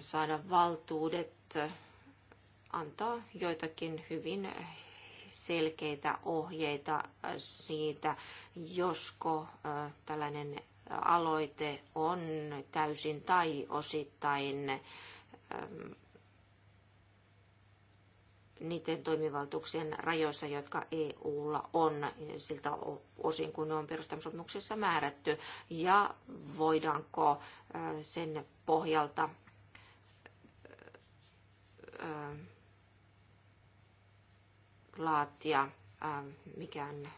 saada valtuudet antaa joitakin hyvin selkeitä ohjeita siitä, josko tällainen aloite on täysin tai osittain niiden toimivaltuuksien rajoissa, jotka EUlla on siltä osin, kun ne on perustamisopimuksessa määrätty, ja voidaanko sen pohjalta laatia mikään,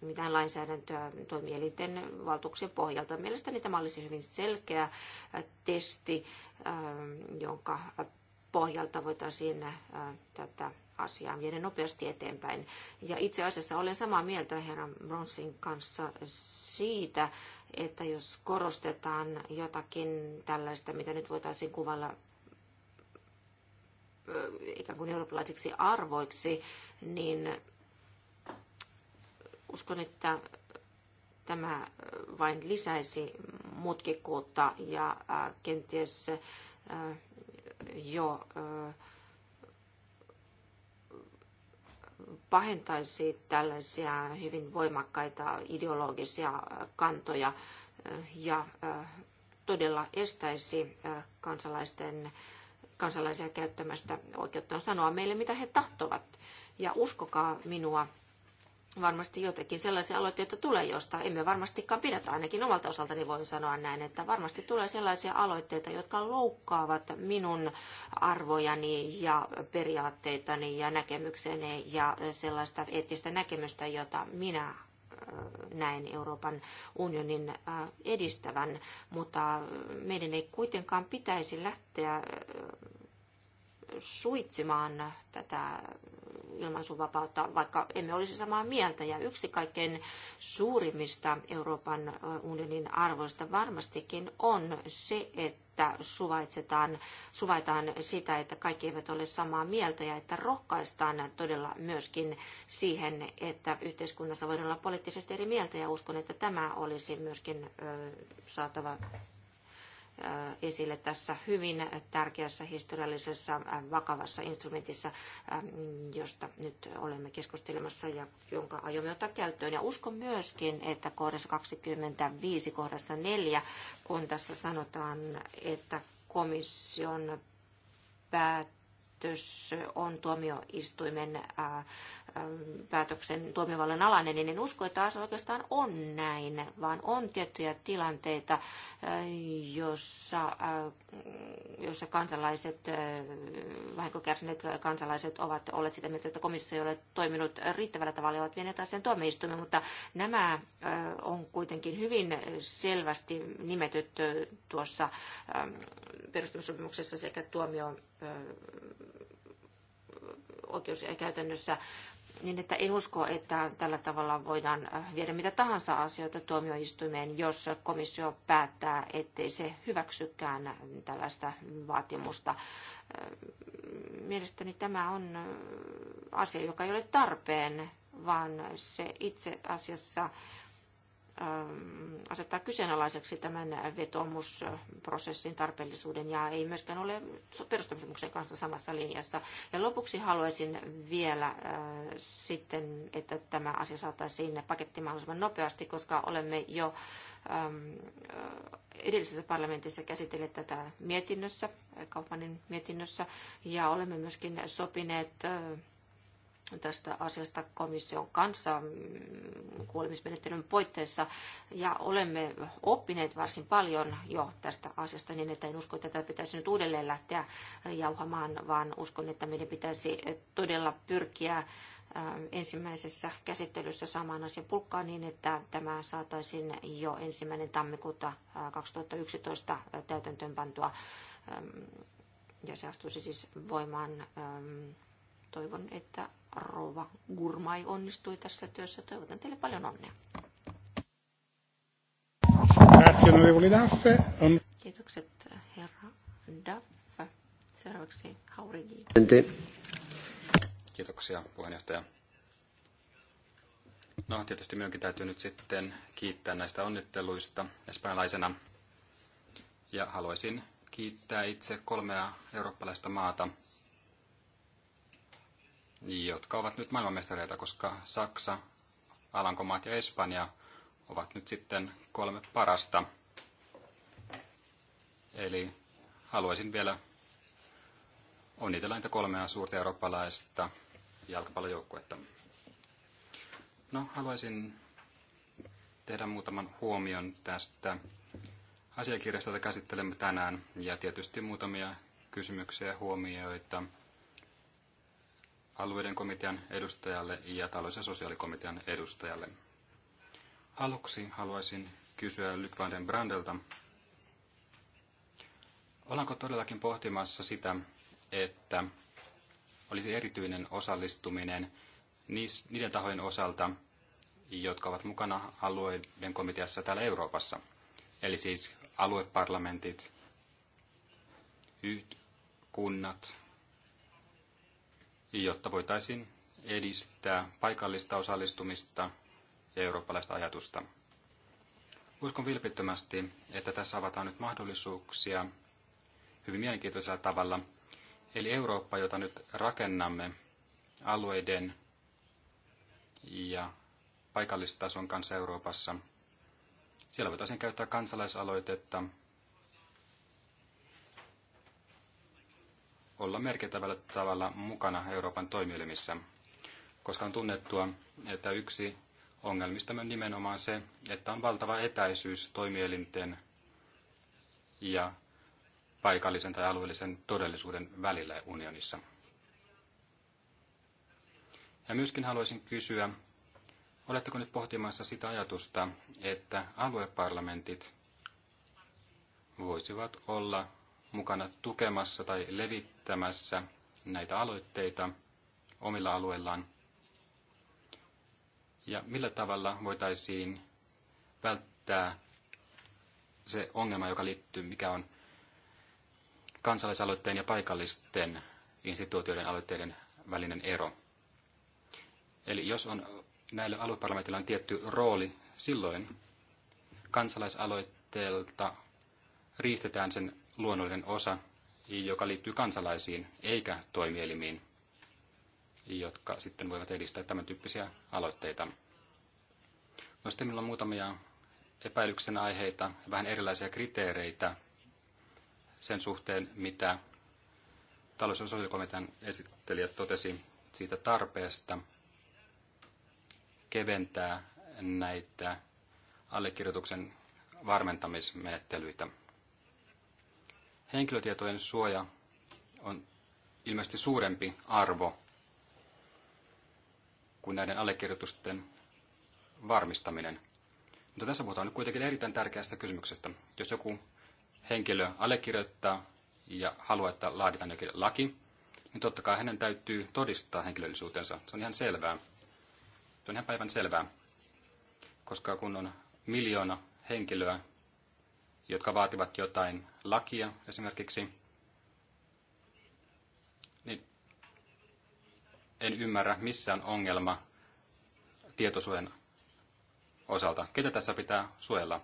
mitään lainsäädäntöä toimielinten valtuuksien pohjalta. Mielestäni tämä olisi hyvin selkeä testi, jonka pohjalta voitaisiin äh, tätä asiaa viedä nopeasti eteenpäin. Ja itse asiassa olen samaa mieltä herran Bronsin kanssa siitä, että jos korostetaan jotakin tällaista, mitä nyt voitaisiin kuvalla äh, ikään kuin eurooppalaisiksi arvoiksi, niin uskon, että tämä vain lisäisi mutkikkuutta ja äh, kenties jo pahentaisi tällaisia hyvin voimakkaita ideologisia kantoja ja todella estäisi kansalaisten, kansalaisia käyttämästä oikeuttaan sanoa meille, mitä he tahtovat. Ja uskokaa minua, varmasti jotakin sellaisia aloitteita tulee, josta emme varmastikaan pidätä. Ainakin omalta osaltani voin sanoa näin, että varmasti tulee sellaisia aloitteita, jotka loukkaavat minun arvojani ja periaatteitani ja näkemykseni ja sellaista eettistä näkemystä, jota minä äh, näin Euroopan unionin äh, edistävän, mutta meidän ei kuitenkaan pitäisi lähteä äh, suitsimaan tätä ilmaisuvapautta, vaikka emme olisi samaa mieltä. Ja yksi kaikkein suurimmista Euroopan unionin arvoista varmastikin on se, että että suvaitsetaan, suvaitaan sitä, että kaikki eivät ole samaa mieltä ja että rohkaistaan todella myöskin siihen, että yhteiskunnassa voidaan olla poliittisesti eri mieltä ja uskon, että tämä olisi myöskin saatava Äh, esille tässä hyvin tärkeässä historiallisessa äh, vakavassa instrumentissa, äh, josta nyt olemme keskustelemassa ja jonka aiomme ottaa käyttöön. Ja uskon myöskin, että kohdassa 25, kohdassa 4, kun tässä sanotaan, että komission päät päätös on tuomioistuimen äh, äh, päätöksen tuomiovallan alainen, niin en usko, että asia oikeastaan on näin, vaan on tiettyjä tilanteita, äh, jossa, jossa kansalaiset, vahinkokärsineet kansalaiset ovat olleet sitä mieltä, että komissio ei ole toiminut riittävällä tavalla ja ovat vieneet asian tuomioistuimen, mutta nämä on kuitenkin hyvin selvästi nimetyt tuossa ähm, perustamissopimuksessa sekä tuomio käytännössä, niin että en usko, että tällä tavalla voidaan äh, viedä mitä tahansa asioita tuomioistuimeen, jos komissio päättää, ettei se hyväksykään tällaista vaatimusta. Äh, mielestäni tämä on äh, asia, joka ei ole tarpeen, vaan se itse asiassa Ähm, asettaa kyseenalaiseksi tämän vetomusprosessin tarpeellisuuden ja ei myöskään ole perustamisen kanssa samassa linjassa. Ja lopuksi haluaisin vielä äh, sitten, että tämä asia saataisiin pakettiin mahdollisimman nopeasti, koska olemme jo ähm, äh, edellisessä parlamentissa käsitelleet tätä mietinnössä, kaupanin mietinnössä, ja olemme myöskin sopineet äh, tästä asiasta komission kanssa mm, kuulemismenettelyn poitteissa ja olemme oppineet varsin paljon jo tästä asiasta niin, että en usko, että tätä pitäisi nyt uudelleen lähteä jauhamaan, vaan uskon, että meidän pitäisi todella pyrkiä ähm, ensimmäisessä käsittelyssä samaan asia pulkkaan niin, että tämä saataisiin jo ensimmäinen tammikuuta 2011 äh, äh, täytäntöönpantua ähm, ja se astuisi siis voimaan ähm, toivon, että rouva Gurmai onnistui tässä työssä. Toivotan teille paljon onnea. Kiitokset, herra Daff. Seuraavaksi Haurigi. Kiitoksia, puheenjohtaja. No, tietysti minunkin täytyy nyt sitten kiittää näistä onnitteluista espanjalaisena. Ja haluaisin kiittää itse kolmea eurooppalaista maata, jotka ovat nyt maailmanmestareita, koska Saksa, Alankomaat ja Espanja ovat nyt sitten kolme parasta. Eli haluaisin vielä onnitella niitä kolmea suurta eurooppalaista jalkapallojoukkuetta. No, haluaisin tehdä muutaman huomion tästä asiakirjasta, jota käsittelemme tänään, ja tietysti muutamia kysymyksiä ja huomioita alueiden komitean edustajalle ja talous- ja sosiaalikomitean edustajalle. Aluksi haluaisin kysyä Lykvanden Brandelta, ollaanko todellakin pohtimassa sitä, että olisi erityinen osallistuminen niiden tahojen osalta, jotka ovat mukana alueiden komiteassa täällä Euroopassa, eli siis alueparlamentit, kunnat, jotta voitaisiin edistää paikallista osallistumista ja eurooppalaista ajatusta. Uskon vilpittömästi, että tässä avataan nyt mahdollisuuksia hyvin mielenkiintoisella tavalla. Eli Eurooppa, jota nyt rakennamme alueiden ja paikallistason kanssa Euroopassa, siellä voitaisiin käyttää kansalaisaloitetta olla merkittävällä tavalla mukana Euroopan toimielimissä, koska on tunnettua, että yksi ongelmista on nimenomaan se, että on valtava etäisyys toimielinten ja paikallisen tai alueellisen todellisuuden välillä unionissa. Ja myöskin haluaisin kysyä, oletteko nyt pohtimassa sitä ajatusta, että alueparlamentit voisivat olla mukana tukemassa tai levittämässä näitä aloitteita omilla alueillaan? Ja millä tavalla voitaisiin välttää se ongelma, joka liittyy, mikä on kansallisaloitteen ja paikallisten instituutioiden aloitteiden välinen ero. Eli jos on näillä alueparlamentilla on tietty rooli, silloin kansalaisaloitteelta riistetään sen luonnollinen osa, joka liittyy kansalaisiin eikä toimielimiin, jotka sitten voivat edistää tämän tyyppisiä aloitteita. No sitten minulla on muutamia epäilyksen aiheita, vähän erilaisia kriteereitä sen suhteen, mitä talous- ja sosiaalikomitean esittelijät totesi siitä tarpeesta keventää näitä allekirjoituksen varmentamismenettelyitä. Henkilötietojen suoja on ilmeisesti suurempi arvo kuin näiden allekirjoitusten varmistaminen. Mutta tässä puhutaan nyt kuitenkin erittäin tärkeästä kysymyksestä. Jos joku henkilö allekirjoittaa ja haluaa, että laaditaan jokin laki, niin totta kai hänen täytyy todistaa henkilöllisyytensä. Se on ihan selvää. Se on ihan päivän selvää. Koska kun on miljoona henkilöä, jotka vaativat jotain lakia esimerkiksi, niin en ymmärrä missään ongelma tietosuojan osalta. Ketä tässä pitää suojella?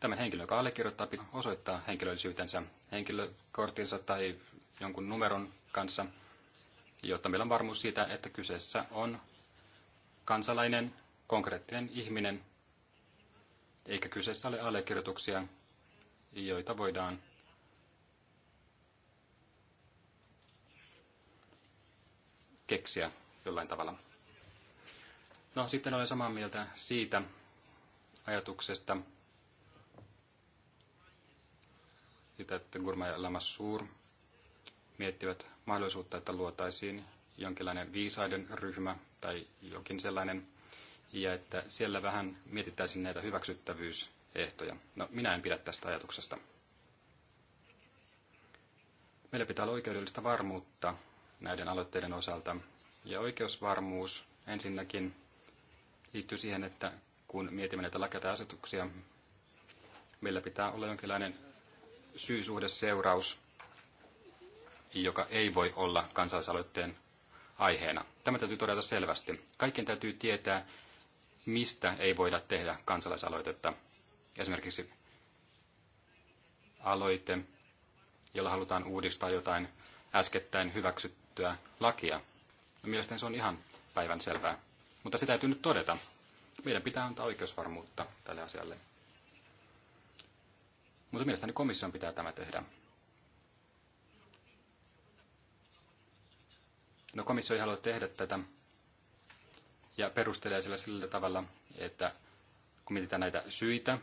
Tämän henkilön, joka allekirjoittaa, pitää osoittaa henkilöllisyytensä henkilökortinsa tai jonkun numeron kanssa, jotta meillä on varmuus siitä, että kyseessä on kansalainen, konkreettinen ihminen, eikä kyseessä ole allekirjoituksia, joita voidaan keksiä jollain tavalla. No sitten olen samaa mieltä siitä ajatuksesta, sitä, että Gurma ja suur miettivät mahdollisuutta, että luotaisiin jonkinlainen viisaiden ryhmä tai jokin sellainen, ja että siellä vähän mietittäisiin näitä hyväksyttävyys ehtoja. No, minä en pidä tästä ajatuksesta. Meillä pitää olla oikeudellista varmuutta näiden aloitteiden osalta. Ja oikeusvarmuus ensinnäkin liittyy siihen, että kun mietimme näitä lakia tai asetuksia, meillä pitää olla jonkinlainen syysuhdeseuraus, joka ei voi olla kansalaisaloitteen aiheena. Tämä täytyy todeta selvästi. Kaikkien täytyy tietää, mistä ei voida tehdä kansalaisaloitetta. Esimerkiksi aloite, jolla halutaan uudistaa jotain äskettäin hyväksyttyä lakia. No, mielestäni se on ihan päivän selvää. Mutta se täytyy nyt todeta. Meidän pitää antaa oikeusvarmuutta tälle asialle. Mutta mielestäni komission pitää tämä tehdä. No komissio ei halua tehdä tätä ja perustelee sillä sillä tavalla, että kun mietitään näitä syitä,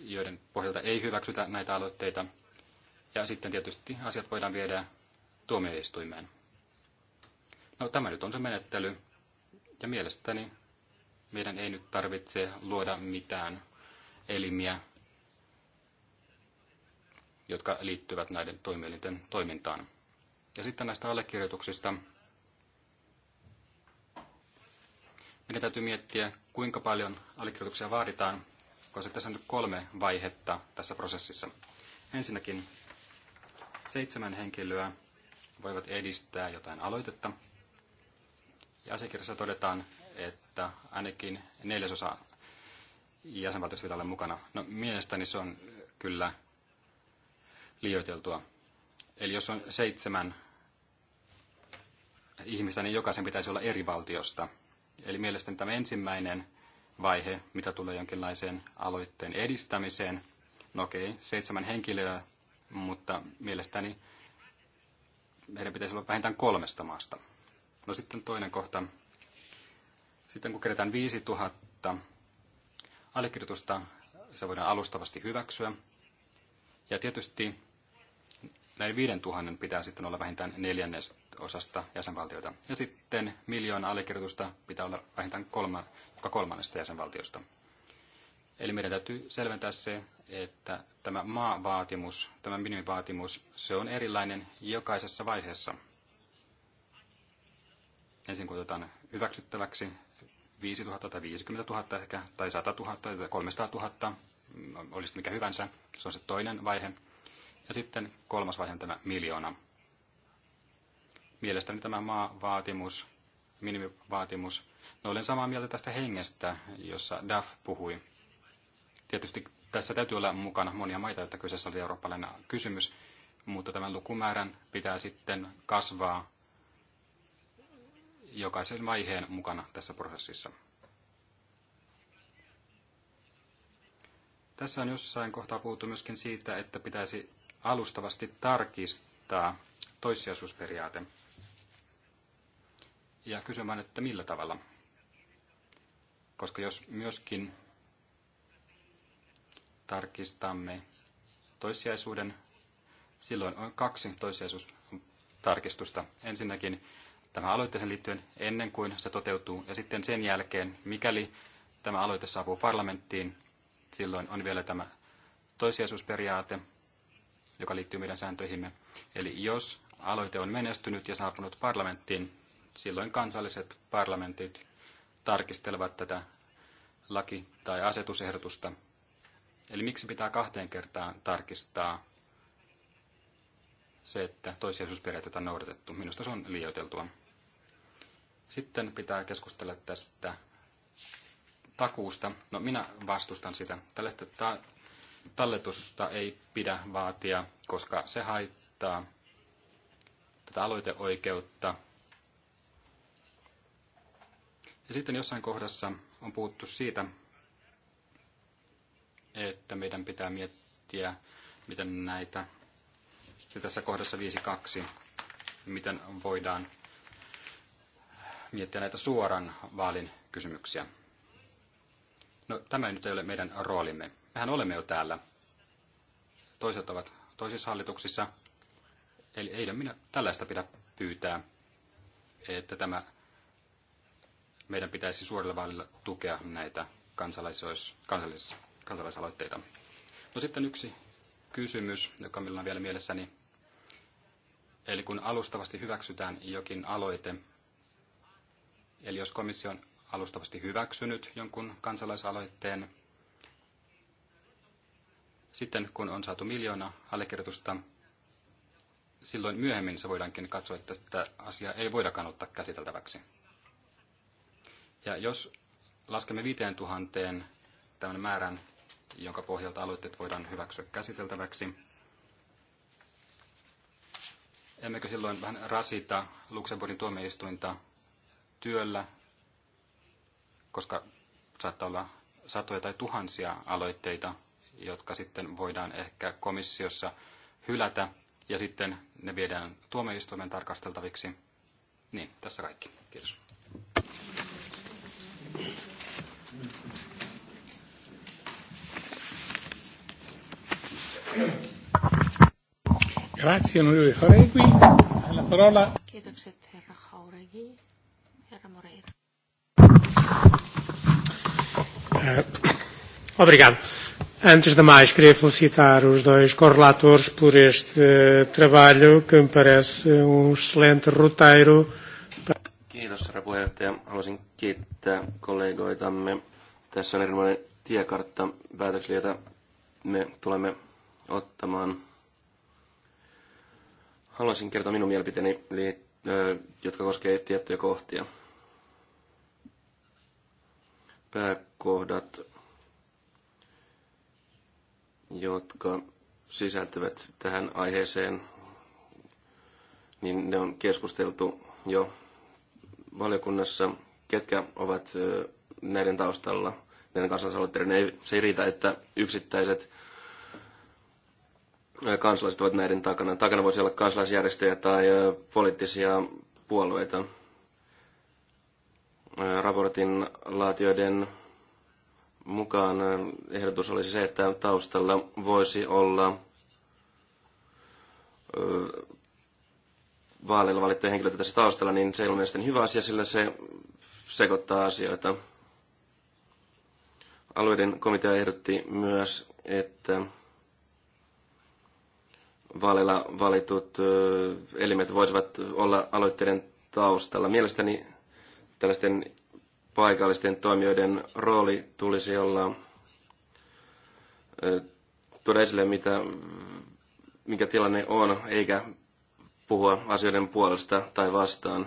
joiden pohjalta ei hyväksytä näitä aloitteita. Ja sitten tietysti asiat voidaan viedä tuomioistuimeen. No tämä nyt on se menettely. Ja mielestäni meidän ei nyt tarvitse luoda mitään elimiä, jotka liittyvät näiden toimielinten toimintaan. Ja sitten näistä allekirjoituksista. Meidän täytyy miettiä, kuinka paljon allekirjoituksia vaaditaan, koska tässä on nyt kolme vaihetta tässä prosessissa. Ensinnäkin seitsemän henkilöä voivat edistää jotain aloitetta. Ja asiakirjassa todetaan, että ainakin neljäsosa jäsenvaltiosta pitää olla mukana. No mielestäni se on kyllä liioiteltua. Eli jos on seitsemän ihmistä, niin jokaisen pitäisi olla eri valtiosta. Eli mielestäni tämä ensimmäinen vaihe, mitä tulee jonkinlaiseen aloitteen edistämiseen. No okei, okay, seitsemän henkilöä, mutta mielestäni meidän pitäisi olla vähintään kolmesta maasta. No sitten toinen kohta. Sitten kun kerätään 5000 allekirjoitusta, se voidaan alustavasti hyväksyä. Ja tietysti näin 5000 pitää sitten olla vähintään neljännestä osasta jäsenvaltioita. Ja sitten miljoona allekirjoitusta pitää olla vähintään kolma, joka kolmannesta jäsenvaltiosta. Eli meidän täytyy selventää se, että tämä maavaatimus, tämä minimivaatimus, se on erilainen jokaisessa vaiheessa. Ensin kun otetaan hyväksyttäväksi 5 000 tai 50 000 ehkä, tai 100 000 tai 300 000, mm, olisi mikä hyvänsä, se on se toinen vaihe. Ja sitten kolmas vaihe on tämä miljoona. Mielestäni tämä maavaatimus, minimivaatimus, no olen samaa mieltä tästä hengestä, jossa DAF puhui. Tietysti tässä täytyy olla mukana monia maita, että kyseessä oli eurooppalainen kysymys, mutta tämän lukumäärän pitää sitten kasvaa jokaisen vaiheen mukana tässä prosessissa. Tässä on jossain kohtaa puhuttu myöskin siitä, että pitäisi alustavasti tarkistaa toissijaisuusperiaate ja kysymään, että millä tavalla. Koska jos myöskin tarkistamme toissijaisuuden, silloin on kaksi toissijaisuustarkistusta. Ensinnäkin tämä aloitteeseen liittyen ennen kuin se toteutuu, ja sitten sen jälkeen, mikäli tämä aloite saapuu parlamenttiin, silloin on vielä tämä toissijaisuusperiaate, joka liittyy meidän sääntöihimme. Eli jos aloite on menestynyt ja saapunut parlamenttiin, silloin kansalliset parlamentit tarkistelevat tätä laki- tai asetusehdotusta. Eli miksi pitää kahteen kertaan tarkistaa se, että toissijaisuusperiaatteita on noudatettu? Minusta se on liioiteltua. Sitten pitää keskustella tästä takuusta. No minä vastustan sitä. Tällaista ta- talletusta ei pidä vaatia, koska se haittaa tätä aloiteoikeutta – ja sitten jossain kohdassa on puhuttu siitä, että meidän pitää miettiä, miten näitä, ja tässä kohdassa 5.2, miten voidaan miettiä näitä suoran vaalin kysymyksiä. No tämä nyt ei ole meidän roolimme. Mehän olemme jo täällä. Toiset ovat toisissa hallituksissa. Eli ei minä tällaista pidä pyytää, että tämä meidän pitäisi suorilla vaalilla tukea näitä kansalais- kansalaisaloitteita. No sitten yksi kysymys, joka minulla on vielä mielessäni. Eli kun alustavasti hyväksytään jokin aloite, eli jos komissio on alustavasti hyväksynyt jonkun kansalaisaloitteen, sitten kun on saatu miljoona allekirjoitusta, silloin myöhemmin se voidaankin katsoa, että tätä asiaa ei voidakaan ottaa käsiteltäväksi. Ja jos laskemme 5000 tämän määrän, jonka pohjalta aloitteet voidaan hyväksyä käsiteltäväksi, emmekö silloin vähän rasita Luxemburgin tuomioistuinta työllä, koska saattaa olla satoja tai tuhansia aloitteita, jotka sitten voidaan ehkä komissiossa hylätä ja sitten ne viedään tuomioistuimen tarkasteltaviksi. Niin, tässä kaikki. Kiitos. Grazie, onorevole Jauregui. La parola... Kiitokset, herra Jauregui. Herra Moreira. Uh, obrigado. Antes de mais, queria felicitar os dois correlatores por este uh, trabalho, que me parece um excelente roteiro Kiitos, herra puheenjohtaja. Haluaisin kiittää kollegoitamme. Tässä on erinomainen tiekartta päätöksille, jota me tulemme ottamaan. Haluaisin kertoa minun mielipiteeni, jotka koskevat tiettyjä kohtia. Pääkohdat, jotka sisältyvät tähän aiheeseen, niin ne on keskusteltu jo valiokunnassa, ketkä ovat näiden taustalla, näiden kansalaisaloitteiden. Ei, se ei riitä, että yksittäiset kansalaiset ovat näiden takana. Takana voisi olla kansalaisjärjestöjä tai poliittisia puolueita. Raportin laatioiden mukaan ehdotus olisi se, että taustalla voisi olla vaaleilla valittuja henkilöitä tässä taustalla, niin se ei ole mielestäni hyvä asia, sillä se sekoittaa asioita. Alueiden komitea ehdotti myös, että vaaleilla valitut elimet voisivat olla aloitteiden taustalla. Mielestäni tällaisten paikallisten toimijoiden rooli tulisi olla tuoda esille, mitä, mikä tilanne on, eikä puhua asioiden puolesta tai vastaan.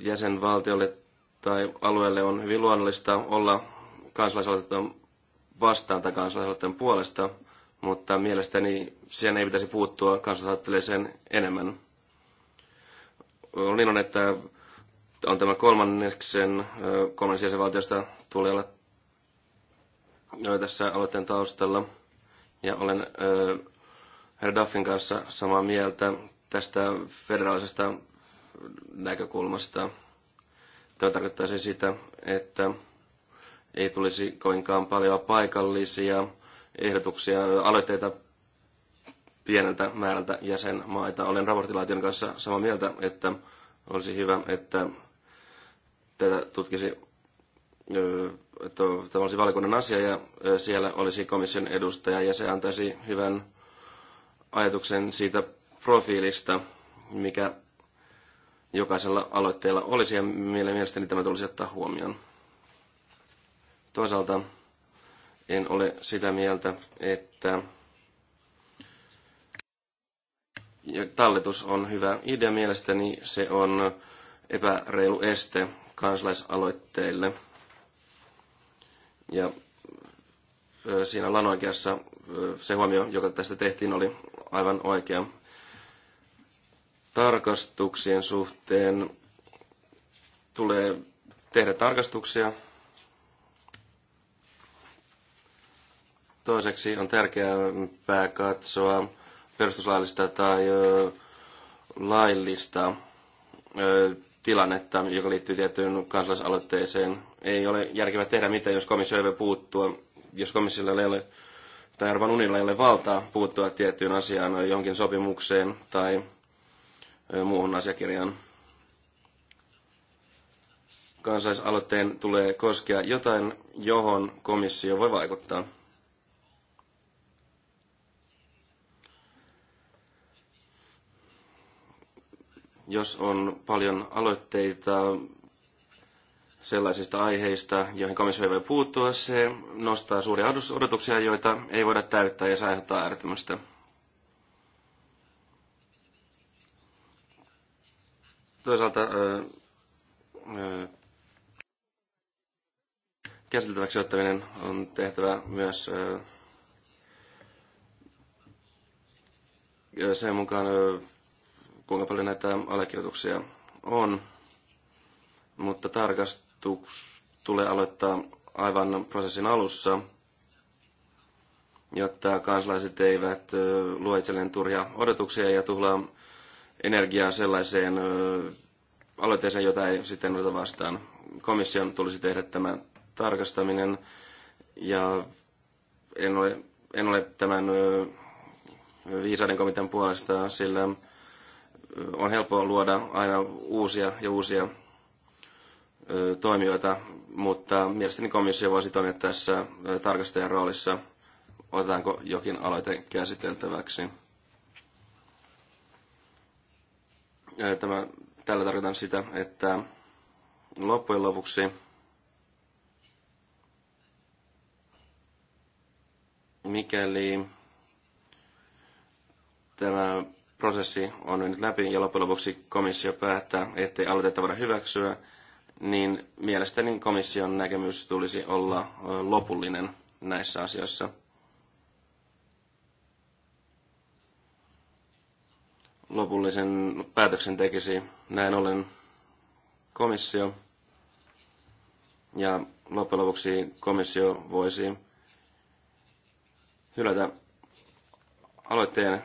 Jäsenvaltiolle tai alueelle on hyvin luonnollista olla kansalaisaloitteen vastaan tai kansalaisaloitteen puolesta, mutta mielestäni siihen ei pitäisi puuttua kansalaisaloitteeseen enemmän. On niin on, että on tämä kolmanneksen, kolmannes jäsenvaltiosta tulee olla tässä aloitteen taustalla. Ja olen herra Duffin kanssa samaa mieltä tästä federaalisesta näkökulmasta. Tämä tarkoittaisi siis sitä, että ei tulisi koinkaan paljon paikallisia ehdotuksia, aloitteita pieneltä määrältä jäsenmaita. Olen raportilaation kanssa samaa mieltä, että olisi hyvä, että tätä tutkisi, että tämä olisi valiokunnan asia ja siellä olisi komission edustaja ja se antaisi hyvän ajatuksen siitä profiilista, mikä jokaisella aloitteella olisi, ja mielestäni tämä tulisi ottaa huomioon. Toisaalta en ole sitä mieltä, että talletus on hyvä idea. Mielestäni se on epäreilu este kansalaisaloitteille. Ja siinä lanoikeassa se huomio, joka tästä tehtiin, oli aivan oikea. Tarkastuksien suhteen tulee tehdä tarkastuksia. Toiseksi on tärkeää katsoa perustuslaillista tai laillista tilannetta, joka liittyy tiettyyn kansalaisaloitteeseen. Ei ole järkevää tehdä mitään, jos komissio ei voi puuttua, jos komissiolla ei ole tai Euroopan unionilla ei ole valtaa puuttua tiettyyn asiaan, jonkin sopimukseen tai muuhun asiakirjaan. Kansalaisaloitteen tulee koskea jotain, johon komissio voi vaikuttaa. Jos on paljon aloitteita sellaisista aiheista, joihin komissio ei voi puuttua. Se nostaa suuria odotuksia, joita ei voida täyttää ja se aiheuttaa äärettömästä. Toisaalta käsiteltäväksi ottaminen on tehtävä myös sen mukaan, kuinka paljon näitä allekirjoituksia on, mutta tarkast aloitus tulee aloittaa aivan prosessin alussa, jotta kansalaiset eivät luo itselleen turhia odotuksia ja tuhlaa energiaa sellaiseen aloitteeseen, jota ei sitten oteta vastaan. Komission tulisi tehdä tämä tarkastaminen ja en ole, en ole tämän viisaiden komitean puolesta, sillä on helppo luoda aina uusia ja uusia toimijoita, mutta mielestäni komissio voisi toimia tässä tarkastajan roolissa. Otetaanko jokin aloite käsiteltäväksi? Tämä, tällä tarkoitan sitä, että loppujen lopuksi mikäli tämä prosessi on mennyt läpi ja loppujen lopuksi komissio päättää, ettei aloitetta voida hyväksyä, niin mielestäni komission näkemys tulisi olla lopullinen näissä asioissa. Lopullisen päätöksen tekisi näin ollen komissio. Ja loppujen lopuksi komissio voisi hylätä aloitteen,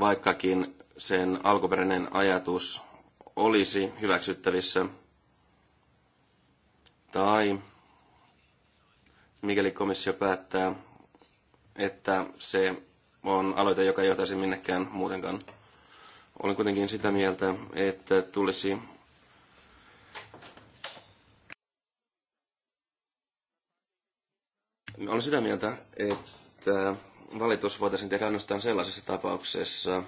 vaikkakin sen alkuperäinen ajatus olisi hyväksyttävissä. Tai mikäli komissio päättää, että se on aloite, joka ei johtaisi minnekään muutenkaan. Olen kuitenkin sitä mieltä, että tulisi Olen sitä mieltä, että valitus voitaisiin tehdä ainoastaan sellaisessa tapauksessa,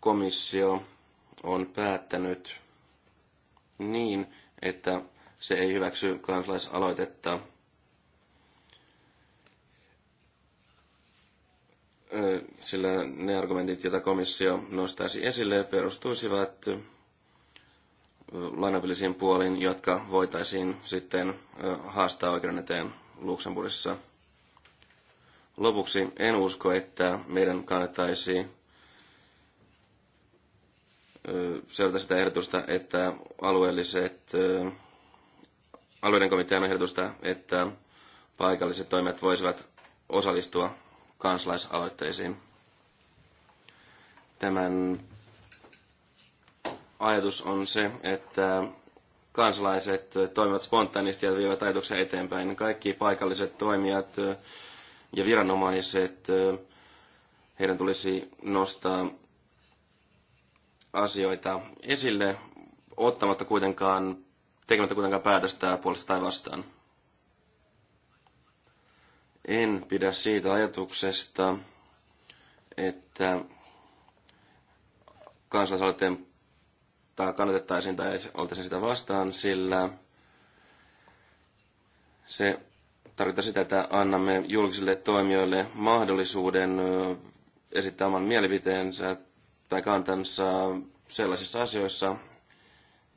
komissio on päättänyt niin, että se ei hyväksy kansalaisaloitetta sillä ne argumentit, joita komissio nostaisi esille, perustuisivat lainapillisiin puoliin, jotka voitaisiin sitten haastaa oikeuden eteen Luxemburgissa. Lopuksi en usko, että meidän kannattaisi seurata sitä ehdotusta, että alueelliset, alueiden komitean ehdotusta, että paikalliset toimijat voisivat osallistua kansalaisaloitteisiin. Tämän ajatus on se, että kansalaiset toimivat spontaanisti ja vievät ajatuksia eteenpäin. Kaikki paikalliset toimijat ja viranomaiset, heidän tulisi nostaa asioita esille, ottamatta kuitenkaan, tekemättä kuitenkaan päätöstä puolesta tai vastaan. En pidä siitä ajatuksesta, että kansalaisaloitteen tai kannatettaisiin tai oltaisiin sitä vastaan, sillä se tarkoittaa sitä, että annamme julkisille toimijoille mahdollisuuden esittää oman mielipiteensä tai kantansa sellaisissa asioissa,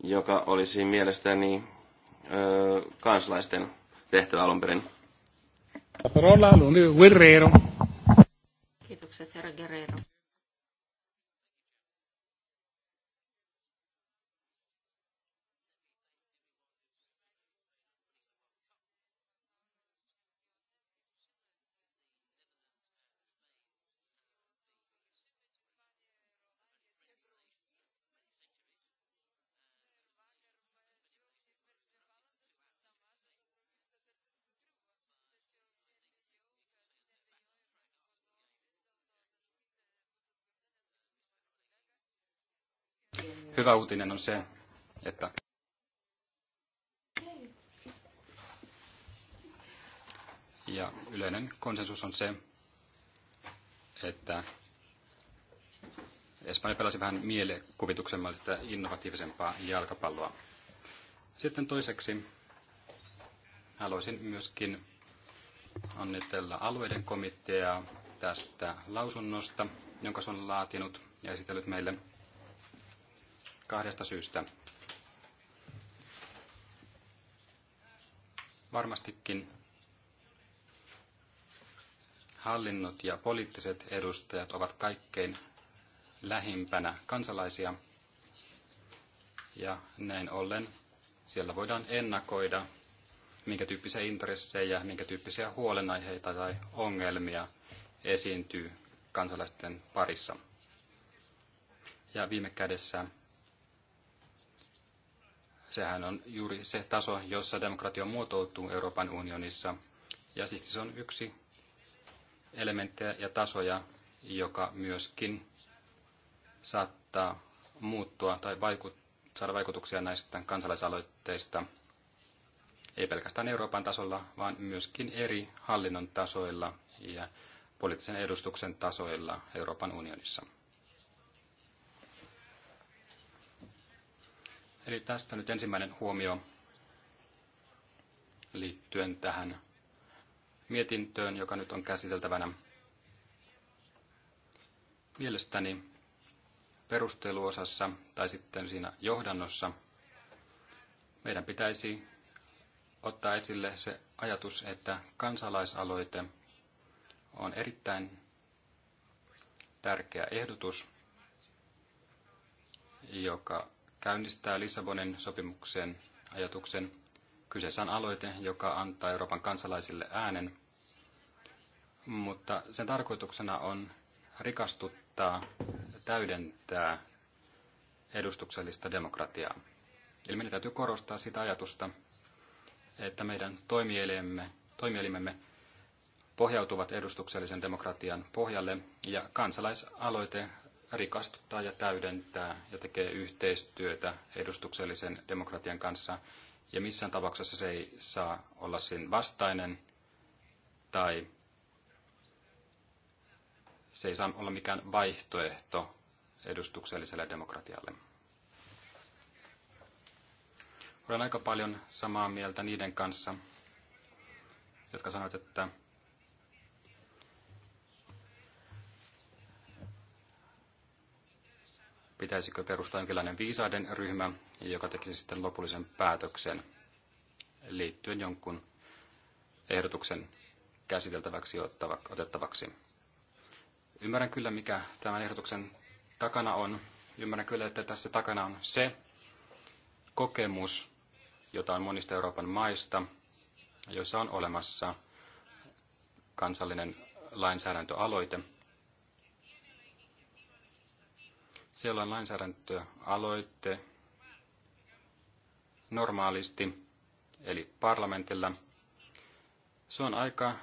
joka olisi mielestäni ö, kansalaisten tehtävä alun perin. Kiitokset, herra Guerrero. Hyvä uutinen on se, että ja yleinen konsensus on se, että Espanja pelasi vähän ja innovatiivisempaa jalkapalloa. Sitten toiseksi haluaisin myöskin onnitella alueiden komitea tästä lausunnosta, jonka se on laatinut ja esitellyt meille kahdesta syystä. Varmastikin hallinnot ja poliittiset edustajat ovat kaikkein lähimpänä kansalaisia. Ja näin ollen siellä voidaan ennakoida, minkä tyyppisiä intressejä, minkä tyyppisiä huolenaiheita tai ongelmia esiintyy kansalaisten parissa. Ja viime kädessä Sehän on juuri se taso, jossa demokratia muotoutuu Euroopan unionissa, ja siksi se on yksi elementtejä ja tasoja, joka myöskin saattaa muuttua tai vaikut, saada vaikutuksia näistä kansalaisaloitteista, ei pelkästään Euroopan tasolla, vaan myöskin eri hallinnon tasoilla ja poliittisen edustuksen tasoilla Euroopan unionissa. Eli tästä nyt ensimmäinen huomio liittyen tähän mietintöön, joka nyt on käsiteltävänä. Mielestäni perusteluosassa tai sitten siinä johdannossa meidän pitäisi ottaa esille se ajatus, että kansalaisaloite on erittäin tärkeä ehdotus, joka käynnistää Lissabonin sopimuksen ajatuksen. Kyseessä on aloite, joka antaa Euroopan kansalaisille äänen, mutta sen tarkoituksena on rikastuttaa täydentää edustuksellista demokratiaa. Eli meidän täytyy korostaa sitä ajatusta, että meidän toimielimemme, toimielimemme pohjautuvat edustuksellisen demokratian pohjalle ja kansalaisaloite rikastuttaa ja täydentää ja tekee yhteistyötä edustuksellisen demokratian kanssa. Ja missään tapauksessa se ei saa olla sen vastainen tai se ei saa olla mikään vaihtoehto edustukselliselle demokratialle. Olen aika paljon samaa mieltä niiden kanssa, jotka sanovat, että pitäisikö perustaa jonkinlainen viisaiden ryhmä, joka tekisi sitten lopullisen päätöksen liittyen jonkun ehdotuksen käsiteltäväksi otettavaksi. Ymmärrän kyllä, mikä tämän ehdotuksen takana on. Ymmärrän kyllä, että tässä takana on se kokemus, jota on monista Euroopan maista, joissa on olemassa kansallinen lainsäädäntöaloite – Siellä on lainsäädäntöaloitte normaalisti, eli parlamentilla. Se on aika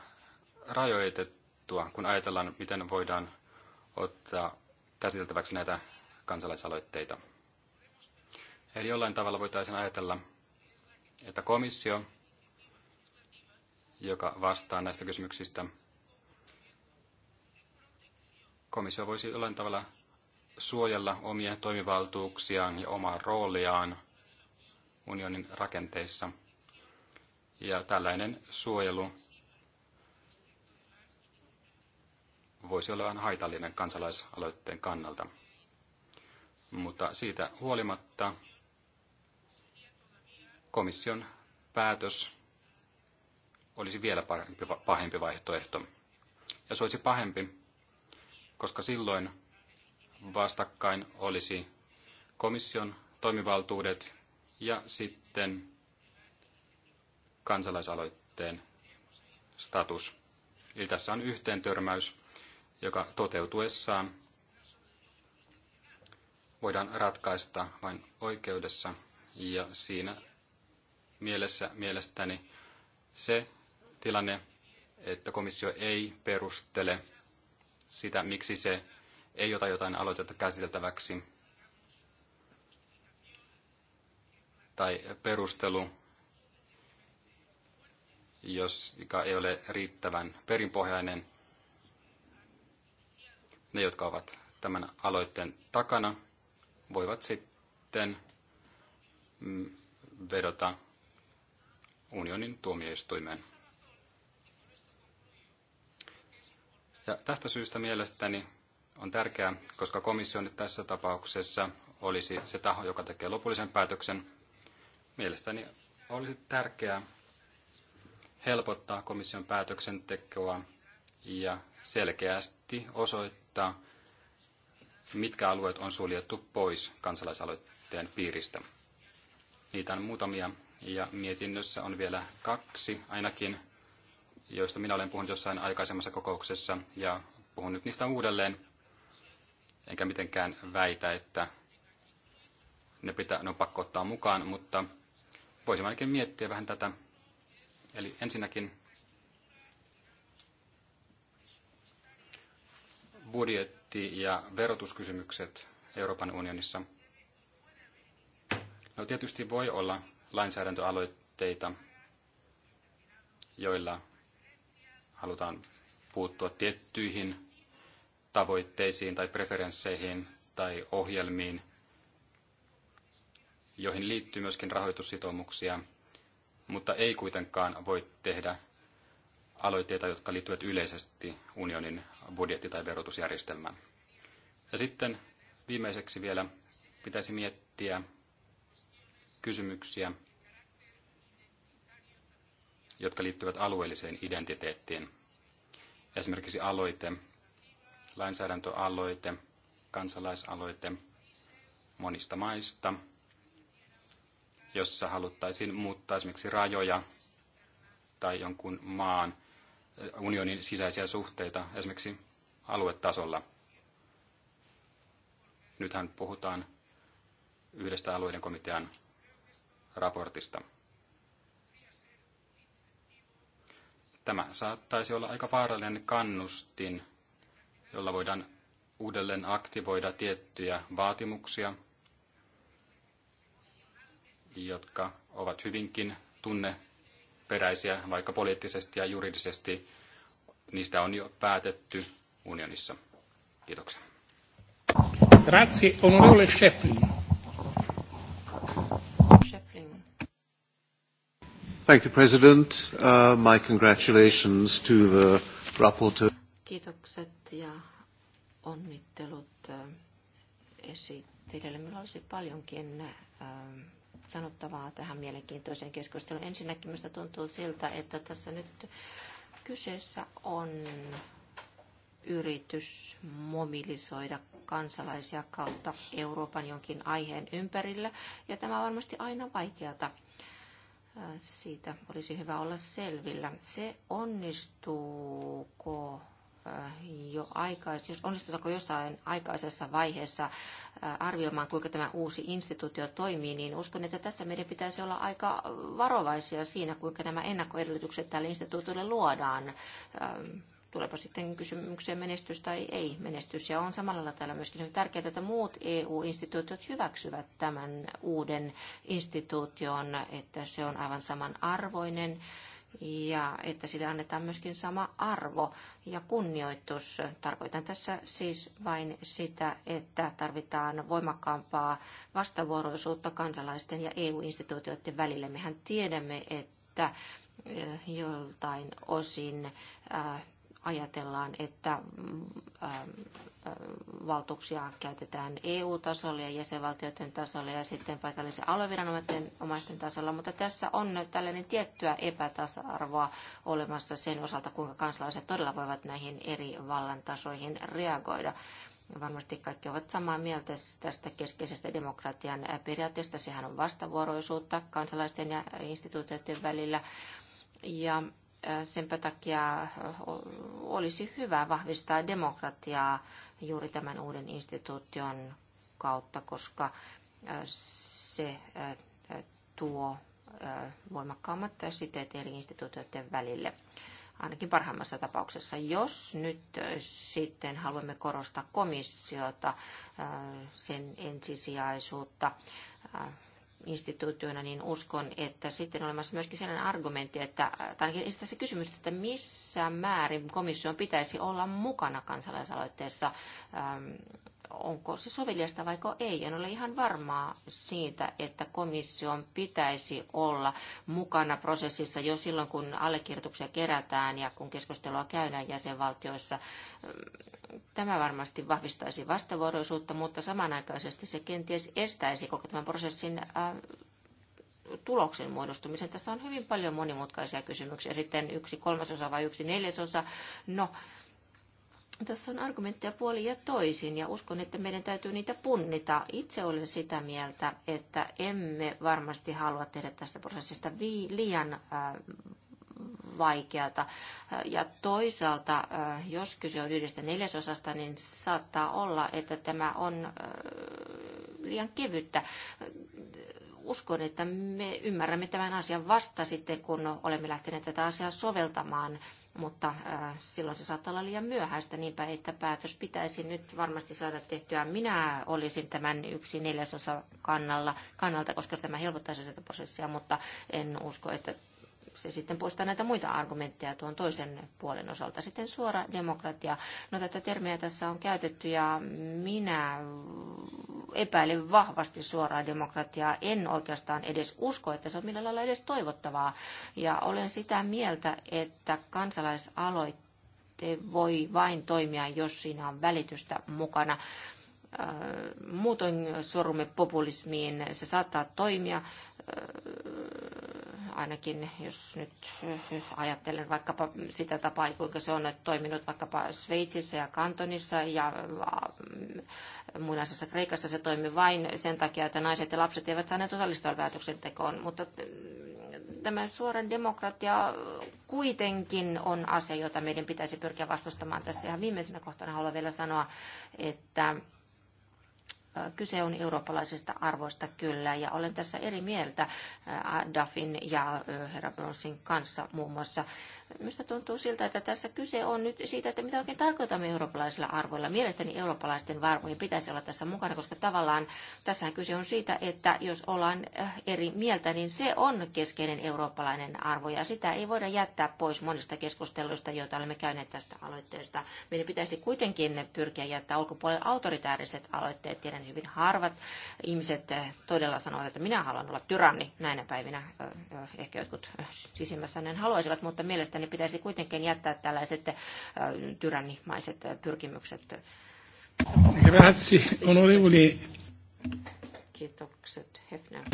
rajoitettua, kun ajatellaan, miten voidaan ottaa käsiteltäväksi näitä kansalaisaloitteita. Eli jollain tavalla voitaisiin ajatella, että komissio, joka vastaa näistä kysymyksistä, komissio voisi jollain tavalla suojella omia toimivaltuuksiaan ja omaa rooliaan unionin rakenteissa. Ja tällainen suojelu voisi olla vähän haitallinen kansalaisaloitteen kannalta. Mutta siitä huolimatta komission päätös olisi vielä pahempi, vaihtoehto. Ja se olisi pahempi, koska silloin vastakkain olisi komission toimivaltuudet ja sitten kansalaisaloitteen status. Eli tässä on yhteen törmäys, joka toteutuessaan voidaan ratkaista vain oikeudessa. Ja siinä mielessä mielestäni se tilanne, että komissio ei perustele sitä, miksi se ei ota jotain aloitetta käsiteltäväksi tai perustelu, jos ei ole riittävän perinpohjainen. Ne, jotka ovat tämän aloitteen takana, voivat sitten mm, vedota unionin tuomioistuimeen. Ja tästä syystä mielestäni on tärkeää, koska komissio nyt tässä tapauksessa olisi se taho, joka tekee lopullisen päätöksen. Mielestäni olisi tärkeää helpottaa komission päätöksentekoa ja selkeästi osoittaa, mitkä alueet on suljettu pois kansalaisaloitteen piiristä. Niitä on muutamia ja mietinnössä on vielä kaksi ainakin, joista minä olen puhunut jossain aikaisemmassa kokouksessa ja puhun nyt niistä uudelleen enkä mitenkään väitä, että ne, pitää, ne on pakko ottaa mukaan, mutta voisimme ainakin miettiä vähän tätä. Eli ensinnäkin budjetti- ja verotuskysymykset Euroopan unionissa. No tietysti voi olla lainsäädäntöaloitteita, joilla halutaan puuttua tiettyihin tavoitteisiin tai preferensseihin tai ohjelmiin, joihin liittyy myöskin rahoitussitoumuksia, mutta ei kuitenkaan voi tehdä aloitteita, jotka liittyvät yleisesti unionin budjetti- tai verotusjärjestelmään. Ja sitten viimeiseksi vielä pitäisi miettiä kysymyksiä, jotka liittyvät alueelliseen identiteettiin. Esimerkiksi aloite, lainsäädäntöaloite, kansalaisaloite monista maista, jossa haluttaisiin muuttaa esimerkiksi rajoja tai jonkun maan äh, unionin sisäisiä suhteita esimerkiksi aluetasolla. Nythän puhutaan yhdestä alueiden komitean raportista. Tämä saattaisi olla aika vaarallinen kannustin jolla voidaan uudelleen aktivoida tiettyjä vaatimuksia, jotka ovat hyvinkin tunneperäisiä, vaikka poliittisesti ja juridisesti niistä on jo päätetty unionissa. Kiitoksia. Grazie, onorevole Schäfflin. Thank you, President. Uh, my congratulations to the rapporteur. Kiitokset ja onnittelut esittelijälle. Minulla olisi paljonkin sanottavaa tähän mielenkiintoiseen keskusteluun. Ensinnäkin minusta tuntuu siltä, että tässä nyt kyseessä on yritys mobilisoida kansalaisia kautta Euroopan jonkin aiheen ympärillä. Ja tämä on varmasti aina vaikeata. Siitä olisi hyvä olla selvillä. Se onnistuuko Äh, jo aikaa, jos onnistutaanko jossain aikaisessa vaiheessa äh, arvioimaan, kuinka tämä uusi instituutio toimii, niin uskon, että tässä meidän pitäisi olla aika varovaisia siinä, kuinka nämä ennakkoedellytykset tälle instituutiolle luodaan ähm, tulepa sitten kysymykseen menestys tai ei menestys. Ja on samalla lailla täällä myöskin hyvin tärkeää, että muut EU-instituutiot hyväksyvät tämän uuden instituution, että se on aivan samanarvoinen ja että sille annetaan myöskin sama arvo ja kunnioitus. Tarkoitan tässä siis vain sitä, että tarvitaan voimakkaampaa vastavuoroisuutta kansalaisten ja EU-instituutioiden välillä. Mehän tiedämme, että eh, joltain osin eh, ajatellaan, että mm, valtuuksia käytetään EU-tasolla ja jäsenvaltioiden tasolla ja sitten paikallisen alueviranomaisten tasolla, mutta tässä on tällainen tiettyä epätasa-arvoa olemassa sen osalta, kuinka kansalaiset todella voivat näihin eri vallan tasoihin reagoida. Varmasti kaikki ovat samaa mieltä tästä keskeisestä demokratian periaatteesta. Sehän on vastavuoroisuutta kansalaisten ja instituutioiden välillä. Ja Senpä takia olisi hyvä vahvistaa demokratiaa juuri tämän uuden instituution kautta, koska se tuo voimakkaammat siteet eri instituutioiden välille ainakin parhaimmassa tapauksessa. Jos nyt sitten haluamme korostaa komissiota, sen ensisijaisuutta, instituutioina, niin uskon, että sitten olemassa myöskin sellainen argumentti, että, ainakin esittää se kysymys, että missä määrin komission pitäisi olla mukana kansalaisaloitteessa onko se soveliasta vai ei. En ole ihan varmaa siitä, että komission pitäisi olla mukana prosessissa jo silloin, kun allekirjoituksia kerätään ja kun keskustelua käydään jäsenvaltioissa. Tämä varmasti vahvistaisi vastavuoroisuutta, mutta samanaikaisesti se kenties estäisi koko tämän prosessin äh, tuloksen muodostumisen. Tässä on hyvin paljon monimutkaisia kysymyksiä. Sitten yksi kolmasosa vai yksi neljäsosa. No, tässä on argumentteja puoli ja toisin ja uskon, että meidän täytyy niitä punnita. Itse olen sitä mieltä, että emme varmasti halua tehdä tästä prosessista liian äh, vaikeata. Ja toisaalta, äh, jos kyse on yhdestä neljäsosasta, niin saattaa olla, että tämä on äh, liian kevyttä. Uskon, että me ymmärrämme tämän asian vasta sitten, kun olemme lähteneet tätä asiaa soveltamaan mutta äh, silloin se saattaa olla liian myöhäistä, niinpä että päätös pitäisi nyt varmasti saada tehtyä. Minä olisin tämän yksi neljäsosa kannalla, kannalta, koska tämä helpottaisi sitä prosessia, mutta en usko, että se sitten poistaa näitä muita argumentteja tuon toisen puolen osalta. Sitten suora demokratia. No tätä termiä tässä on käytetty ja minä epäilen vahvasti suoraa demokratiaa. En oikeastaan edes usko, että se on millään lailla edes toivottavaa. Ja olen sitä mieltä, että kansalaisaloitte voi vain toimia, jos siinä on välitystä mukana äh, muutoin sorumme populismiin, se saattaa toimia äh, ainakin jos nyt ajattelen vaikkapa sitä tapaa, kuinka se on toiminut vaikkapa Sveitsissä ja Kantonissa ja mm, muinaisessa Kreikassa se toimi vain sen takia, että naiset ja lapset eivät saaneet osallistua päätöksentekoon. Mutta mm, tämä suoran demokratia kuitenkin on asia, jota meidän pitäisi pyrkiä vastustamaan tässä. ihan viimeisenä kohtana haluan vielä sanoa, että Kyse on eurooppalaisista arvoista kyllä, ja olen tässä eri mieltä Daffin ja herra Bronsin kanssa muun muassa. Minusta tuntuu siltä, että tässä kyse on nyt siitä, että mitä oikein tarkoitamme eurooppalaisilla arvoilla. Mielestäni eurooppalaisten varmoja pitäisi olla tässä mukana, koska tavallaan tässä kyse on siitä, että jos ollaan eri mieltä, niin se on keskeinen eurooppalainen arvo, ja sitä ei voida jättää pois monista keskusteluista, joita olemme käyneet tästä aloitteesta. Meidän pitäisi kuitenkin pyrkiä jättää ulkopuolelle autoritääriset aloitteet, tiedän näin hyvin harvat ihmiset eh, todella sanovat, että minä haluan olla tyranni näinä päivinä. Eh, eh, ehkä jotkut sisimmässä ne haluaisivat, mutta mielestäni pitäisi kuitenkin jättää tällaiset tyrannimaiset pyrkimykset. Grazie, onorevoli. Kiitokset, Hefner.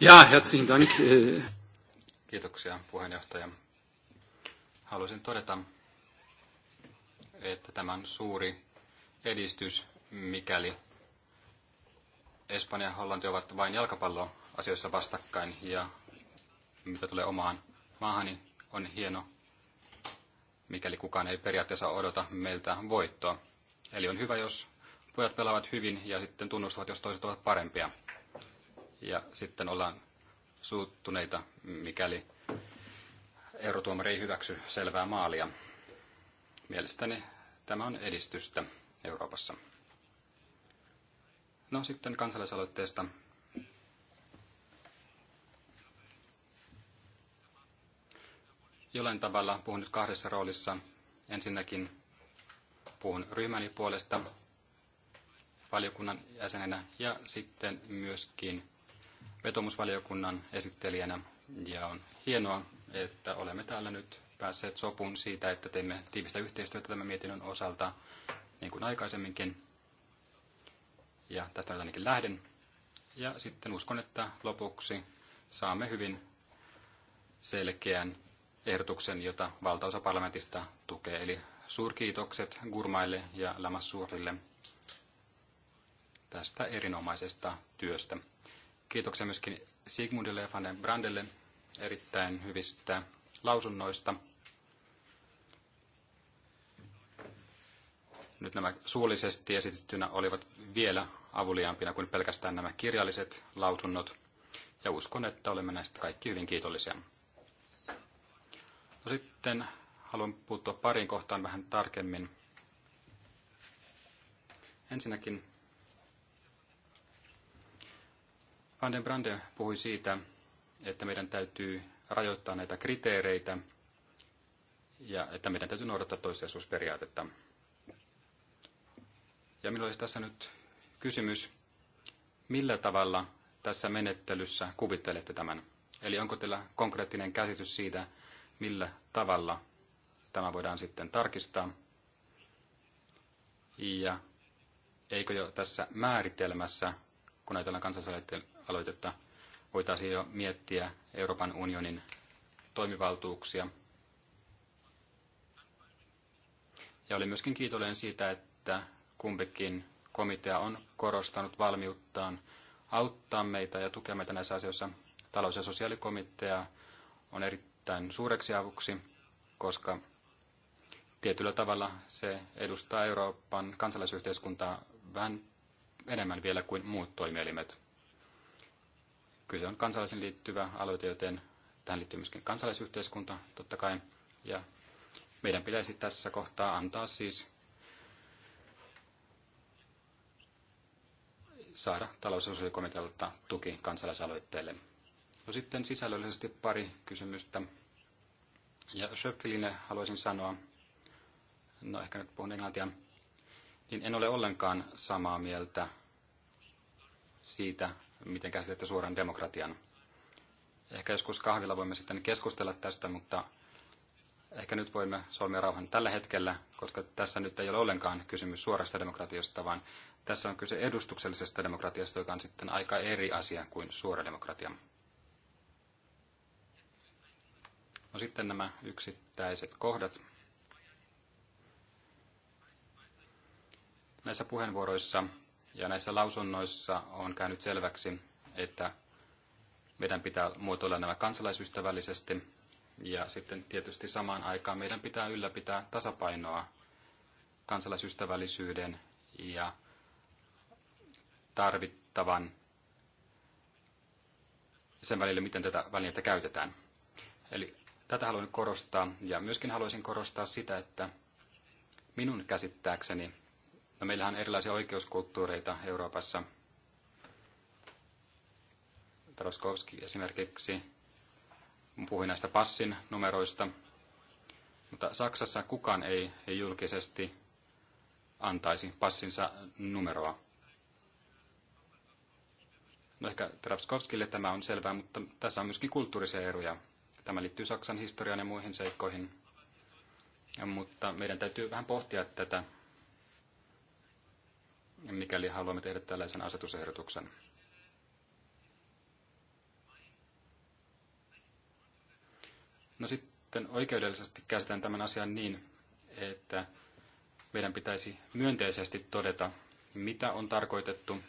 Ja, herzlichen Dank. Kiitoksia, puheenjohtaja. Haluaisin todeta, että tämä on suuri edistys, mikäli Espanja ja Hollanti ovat vain jalkapalloasioissa vastakkain ja mitä tulee omaan maahani, niin on hieno, mikäli kukaan ei periaatteessa odota meiltä voittoa. Eli on hyvä, jos pojat pelaavat hyvin ja sitten tunnustavat, jos toiset ovat parempia. Ja sitten ollaan suuttuneita, mikäli erotuomari ei hyväksy selvää maalia. Mielestäni tämä on edistystä Euroopassa. No sitten kansalaisaloitteesta. Jollain tavalla puhun nyt kahdessa roolissa. Ensinnäkin puhun ryhmäni puolesta valiokunnan jäsenenä ja sitten myöskin vetomusvaliokunnan esittelijänä. Ja on hienoa, että olemme täällä nyt päässeet sopuun siitä, että teimme tiivistä yhteistyötä tämän mietinnön osalta, niin kuin aikaisemminkin. Ja tästä nyt ainakin lähden. Ja sitten uskon, että lopuksi saamme hyvin selkeän ehdotuksen, jota valtaosa parlamentista tukee. Eli suurkiitokset Gurmaille ja Lamassuurille tästä erinomaisesta työstä. Kiitoksia myöskin Sigmundille ja Fanne Brandelle erittäin hyvistä lausunnoista. Nyt nämä suullisesti esitettynä olivat vielä avuliaampina kuin pelkästään nämä kirjalliset lausunnot, ja uskon, että olemme näistä kaikki hyvin kiitollisia. No sitten haluan puuttua pariin kohtaan vähän tarkemmin. Ensinnäkin Van den Brande puhui siitä, että meidän täytyy rajoittaa näitä kriteereitä ja että meidän täytyy noudattaa toissijaisuusperiaatetta. Ja minulla olisi tässä nyt kysymys, millä tavalla tässä menettelyssä kuvittelette tämän? Eli onko teillä konkreettinen käsitys siitä, millä tavalla tämä voidaan sitten tarkistaa? Ja eikö jo tässä määritelmässä, kun ajatellaan kansalaisaloitetta, voitaisiin jo miettiä Euroopan unionin toimivaltuuksia? Ja olin myöskin kiitollinen siitä, että kumpikin komitea on korostanut valmiuttaan auttaa meitä ja tukea meitä näissä asioissa. Talous- ja sosiaalikomitea on erittäin suureksi avuksi, koska tietyllä tavalla se edustaa Euroopan kansalaisyhteiskuntaa vähän enemmän vielä kuin muut toimielimet. Kyse on kansalaisen liittyvä aloite, joten tähän liittyy myöskin kansalaisyhteiskunta totta kai. Ja meidän pitäisi tässä kohtaa antaa siis saada talous- ja sosiaalikomitealta tuki kansalaisaloitteelle. No sitten sisällöllisesti pari kysymystä. Ja Schöpfelille haluaisin sanoa, no ehkä nyt puhun englantia, niin en ole ollenkaan samaa mieltä siitä, miten käsitette suoran demokratian. Ehkä joskus kahvilla voimme sitten keskustella tästä, mutta ehkä nyt voimme solmia rauhan tällä hetkellä, koska tässä nyt ei ole ollenkaan kysymys suorasta demokratiasta, vaan tässä on kyse edustuksellisesta demokratiasta, joka on sitten aika eri asia kuin suora demokratia. No sitten nämä yksittäiset kohdat. Näissä puheenvuoroissa ja näissä lausunnoissa on käynyt selväksi, että meidän pitää muotoilla nämä kansalaisystävällisesti ja sitten tietysti samaan aikaan meidän pitää ylläpitää tasapainoa kansalaisystävällisyyden ja tarvittavan sen välillä, miten tätä välinettä käytetään. Eli tätä haluan korostaa ja myöskin haluaisin korostaa sitä, että minun käsittääkseni, no meillähän on erilaisia oikeuskulttuureita Euroopassa. Taroskovski esimerkiksi puhui näistä passin numeroista, mutta Saksassa kukaan ei, ei julkisesti antaisi passinsa numeroa. No ehkä Trapskovskille tämä on selvää, mutta tässä on myöskin kulttuurisia eroja. Tämä liittyy Saksan historiaan ja muihin seikkoihin. Ja, mutta meidän täytyy vähän pohtia tätä, mikäli haluamme tehdä tällaisen asetusehdotuksen. No sitten oikeudellisesti käsitän tämän asian niin, että meidän pitäisi myönteisesti todeta, mitä on tarkoitettu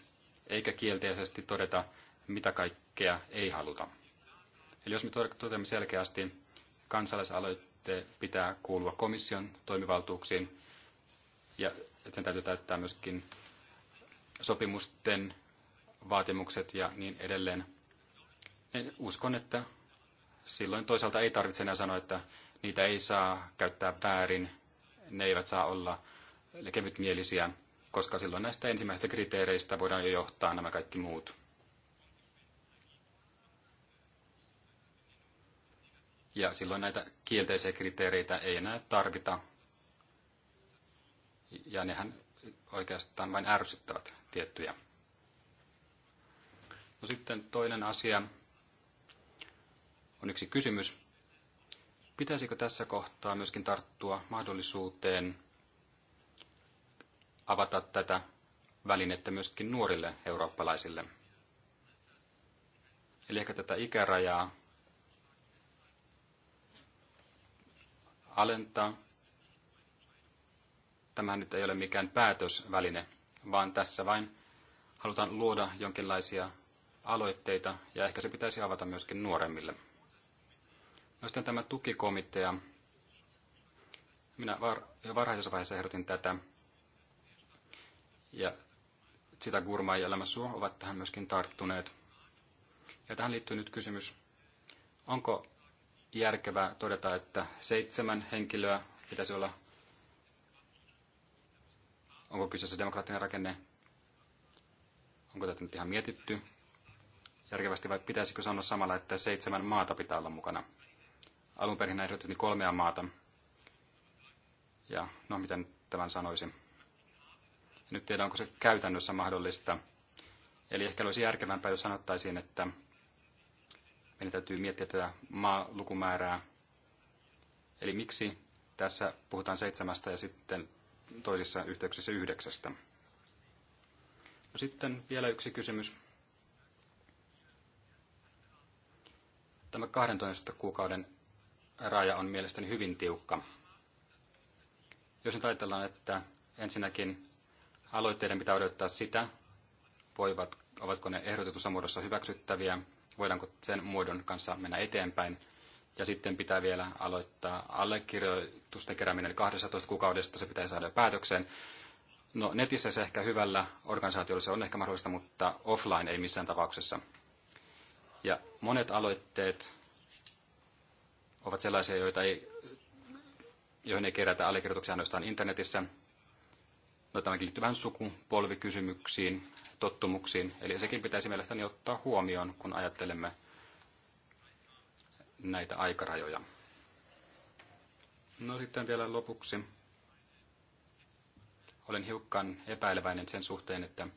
eikä kielteisesti todeta, mitä kaikkea ei haluta. Eli jos me toteamme selkeästi, kansalaisaloitte pitää kuulua komission toimivaltuuksiin ja sen täytyy täyttää myöskin sopimusten vaatimukset ja niin edelleen. En niin uskon, että silloin toisaalta ei tarvitse enää sanoa, että niitä ei saa käyttää väärin, ne eivät saa olla kevytmielisiä koska silloin näistä ensimmäisistä kriteereistä voidaan jo johtaa nämä kaikki muut. Ja silloin näitä kielteisiä kriteereitä ei enää tarvita. Ja nehän oikeastaan vain ärsyttävät tiettyjä. No sitten toinen asia on yksi kysymys. Pitäisikö tässä kohtaa myöskin tarttua mahdollisuuteen avata tätä välinettä myöskin nuorille eurooppalaisille. Eli ehkä tätä ikärajaa alentaa. Tämä nyt ei ole mikään päätösväline, vaan tässä vain halutaan luoda jonkinlaisia aloitteita, ja ehkä se pitäisi avata myöskin nuoremmille. No sitten tämä tukikomitea. Minä var- jo varhaisessa vaiheessa ehdotin tätä ja sitä Gurma ja Suo ovat tähän myöskin tarttuneet. Ja tähän liittyy nyt kysymys, onko järkevää todeta, että seitsemän henkilöä pitäisi olla, onko kyseessä demokraattinen rakenne, onko tätä nyt ihan mietitty järkevästi vai pitäisikö sanoa samalla, että seitsemän maata pitää olla mukana. Alun perin ehdotettiin kolmea maata. Ja no, miten tämän sanoisin? Nyt tiedä, onko se käytännössä mahdollista. Eli ehkä olisi järkevämpää, jos sanottaisiin, että meidän täytyy miettiä tätä maalukumäärää. Eli miksi tässä puhutaan seitsemästä ja sitten toisissa yhteyksissä yhdeksästä. No sitten vielä yksi kysymys. Tämä 12 kuukauden raja on mielestäni hyvin tiukka. Jos nyt ajatellaan, että ensinnäkin aloitteiden pitää odottaa sitä, voivat, ovatko ne ehdotetussa muodossa hyväksyttäviä, voidaanko sen muodon kanssa mennä eteenpäin. Ja sitten pitää vielä aloittaa allekirjoitusten kerääminen 12 kuukaudesta, se pitää saada päätökseen. No netissä se ehkä hyvällä organisaatiolla se on ehkä mahdollista, mutta offline ei missään tapauksessa. Ja monet aloitteet ovat sellaisia, joita ei, joihin ei kerätä allekirjoituksia ainoastaan internetissä, No tämäkin liittyy vähän sukupolvikysymyksiin, tottumuksiin, eli sekin pitäisi mielestäni ottaa huomioon, kun ajattelemme näitä aikarajoja. No sitten vielä lopuksi. Olen hiukan epäileväinen sen suhteen, että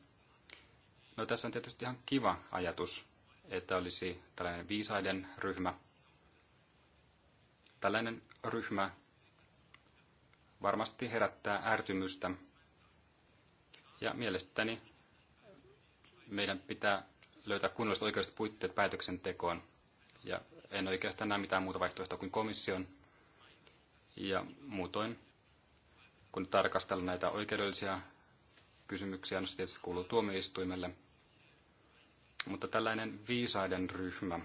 no tässä on tietysti ihan kiva ajatus, että olisi tällainen viisaiden ryhmä. Tällainen ryhmä varmasti herättää ärtymystä ja mielestäni meidän pitää löytää kunnolliset oikeudelliset puitteet päätöksentekoon. Ja en oikeastaan näe mitään muuta vaihtoehtoa kuin komission. Ja muutoin, kun tarkastellaan näitä oikeudellisia kysymyksiä, no se tietysti kuuluu tuomioistuimelle. Mutta tällainen viisaiden ryhmä,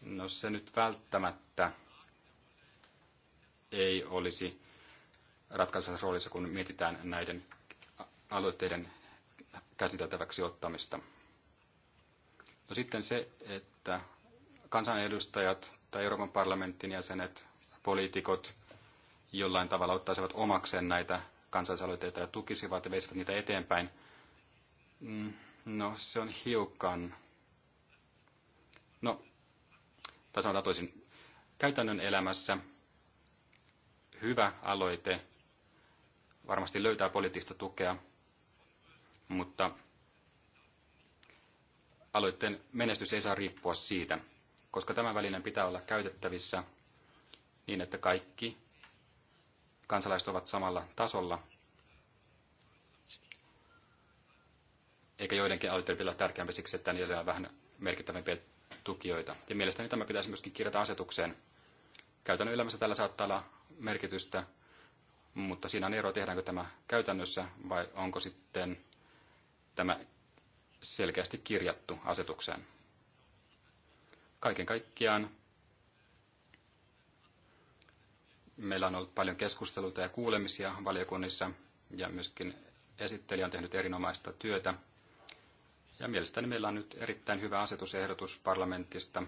no se nyt välttämättä ei olisi ratkaisevassa roolissa, kun mietitään näiden aloitteiden käsiteltäväksi ottamista. No sitten se, että kansanedustajat tai Euroopan parlamentin jäsenet, poliitikot jollain tavalla ottaisivat omakseen näitä kansalaisaloitteita ja tukisivat ja veisivät niitä eteenpäin. Mm, no se on hiukan... No, tai sanotaan toisin. Käytännön elämässä hyvä aloite varmasti löytää poliittista tukea, mutta aloitteen menestys ei saa riippua siitä, koska tämä välinen pitää olla käytettävissä niin, että kaikki kansalaiset ovat samalla tasolla, eikä joidenkin aloitteiden olla tärkeämpi siksi, että niillä on vähän merkittävämpiä tukijoita. Ja mielestäni tämä pitäisi myöskin kirjata asetukseen. Käytännön elämässä tällä saattaa olla merkitystä, mutta siinä on ero, tehdäänkö tämä käytännössä vai onko sitten tämä selkeästi kirjattu asetukseen. Kaiken kaikkiaan meillä on ollut paljon keskusteluita ja kuulemisia valiokunnissa ja myöskin esittelijä on tehnyt erinomaista työtä. Ja mielestäni meillä on nyt erittäin hyvä asetusehdotus parlamentista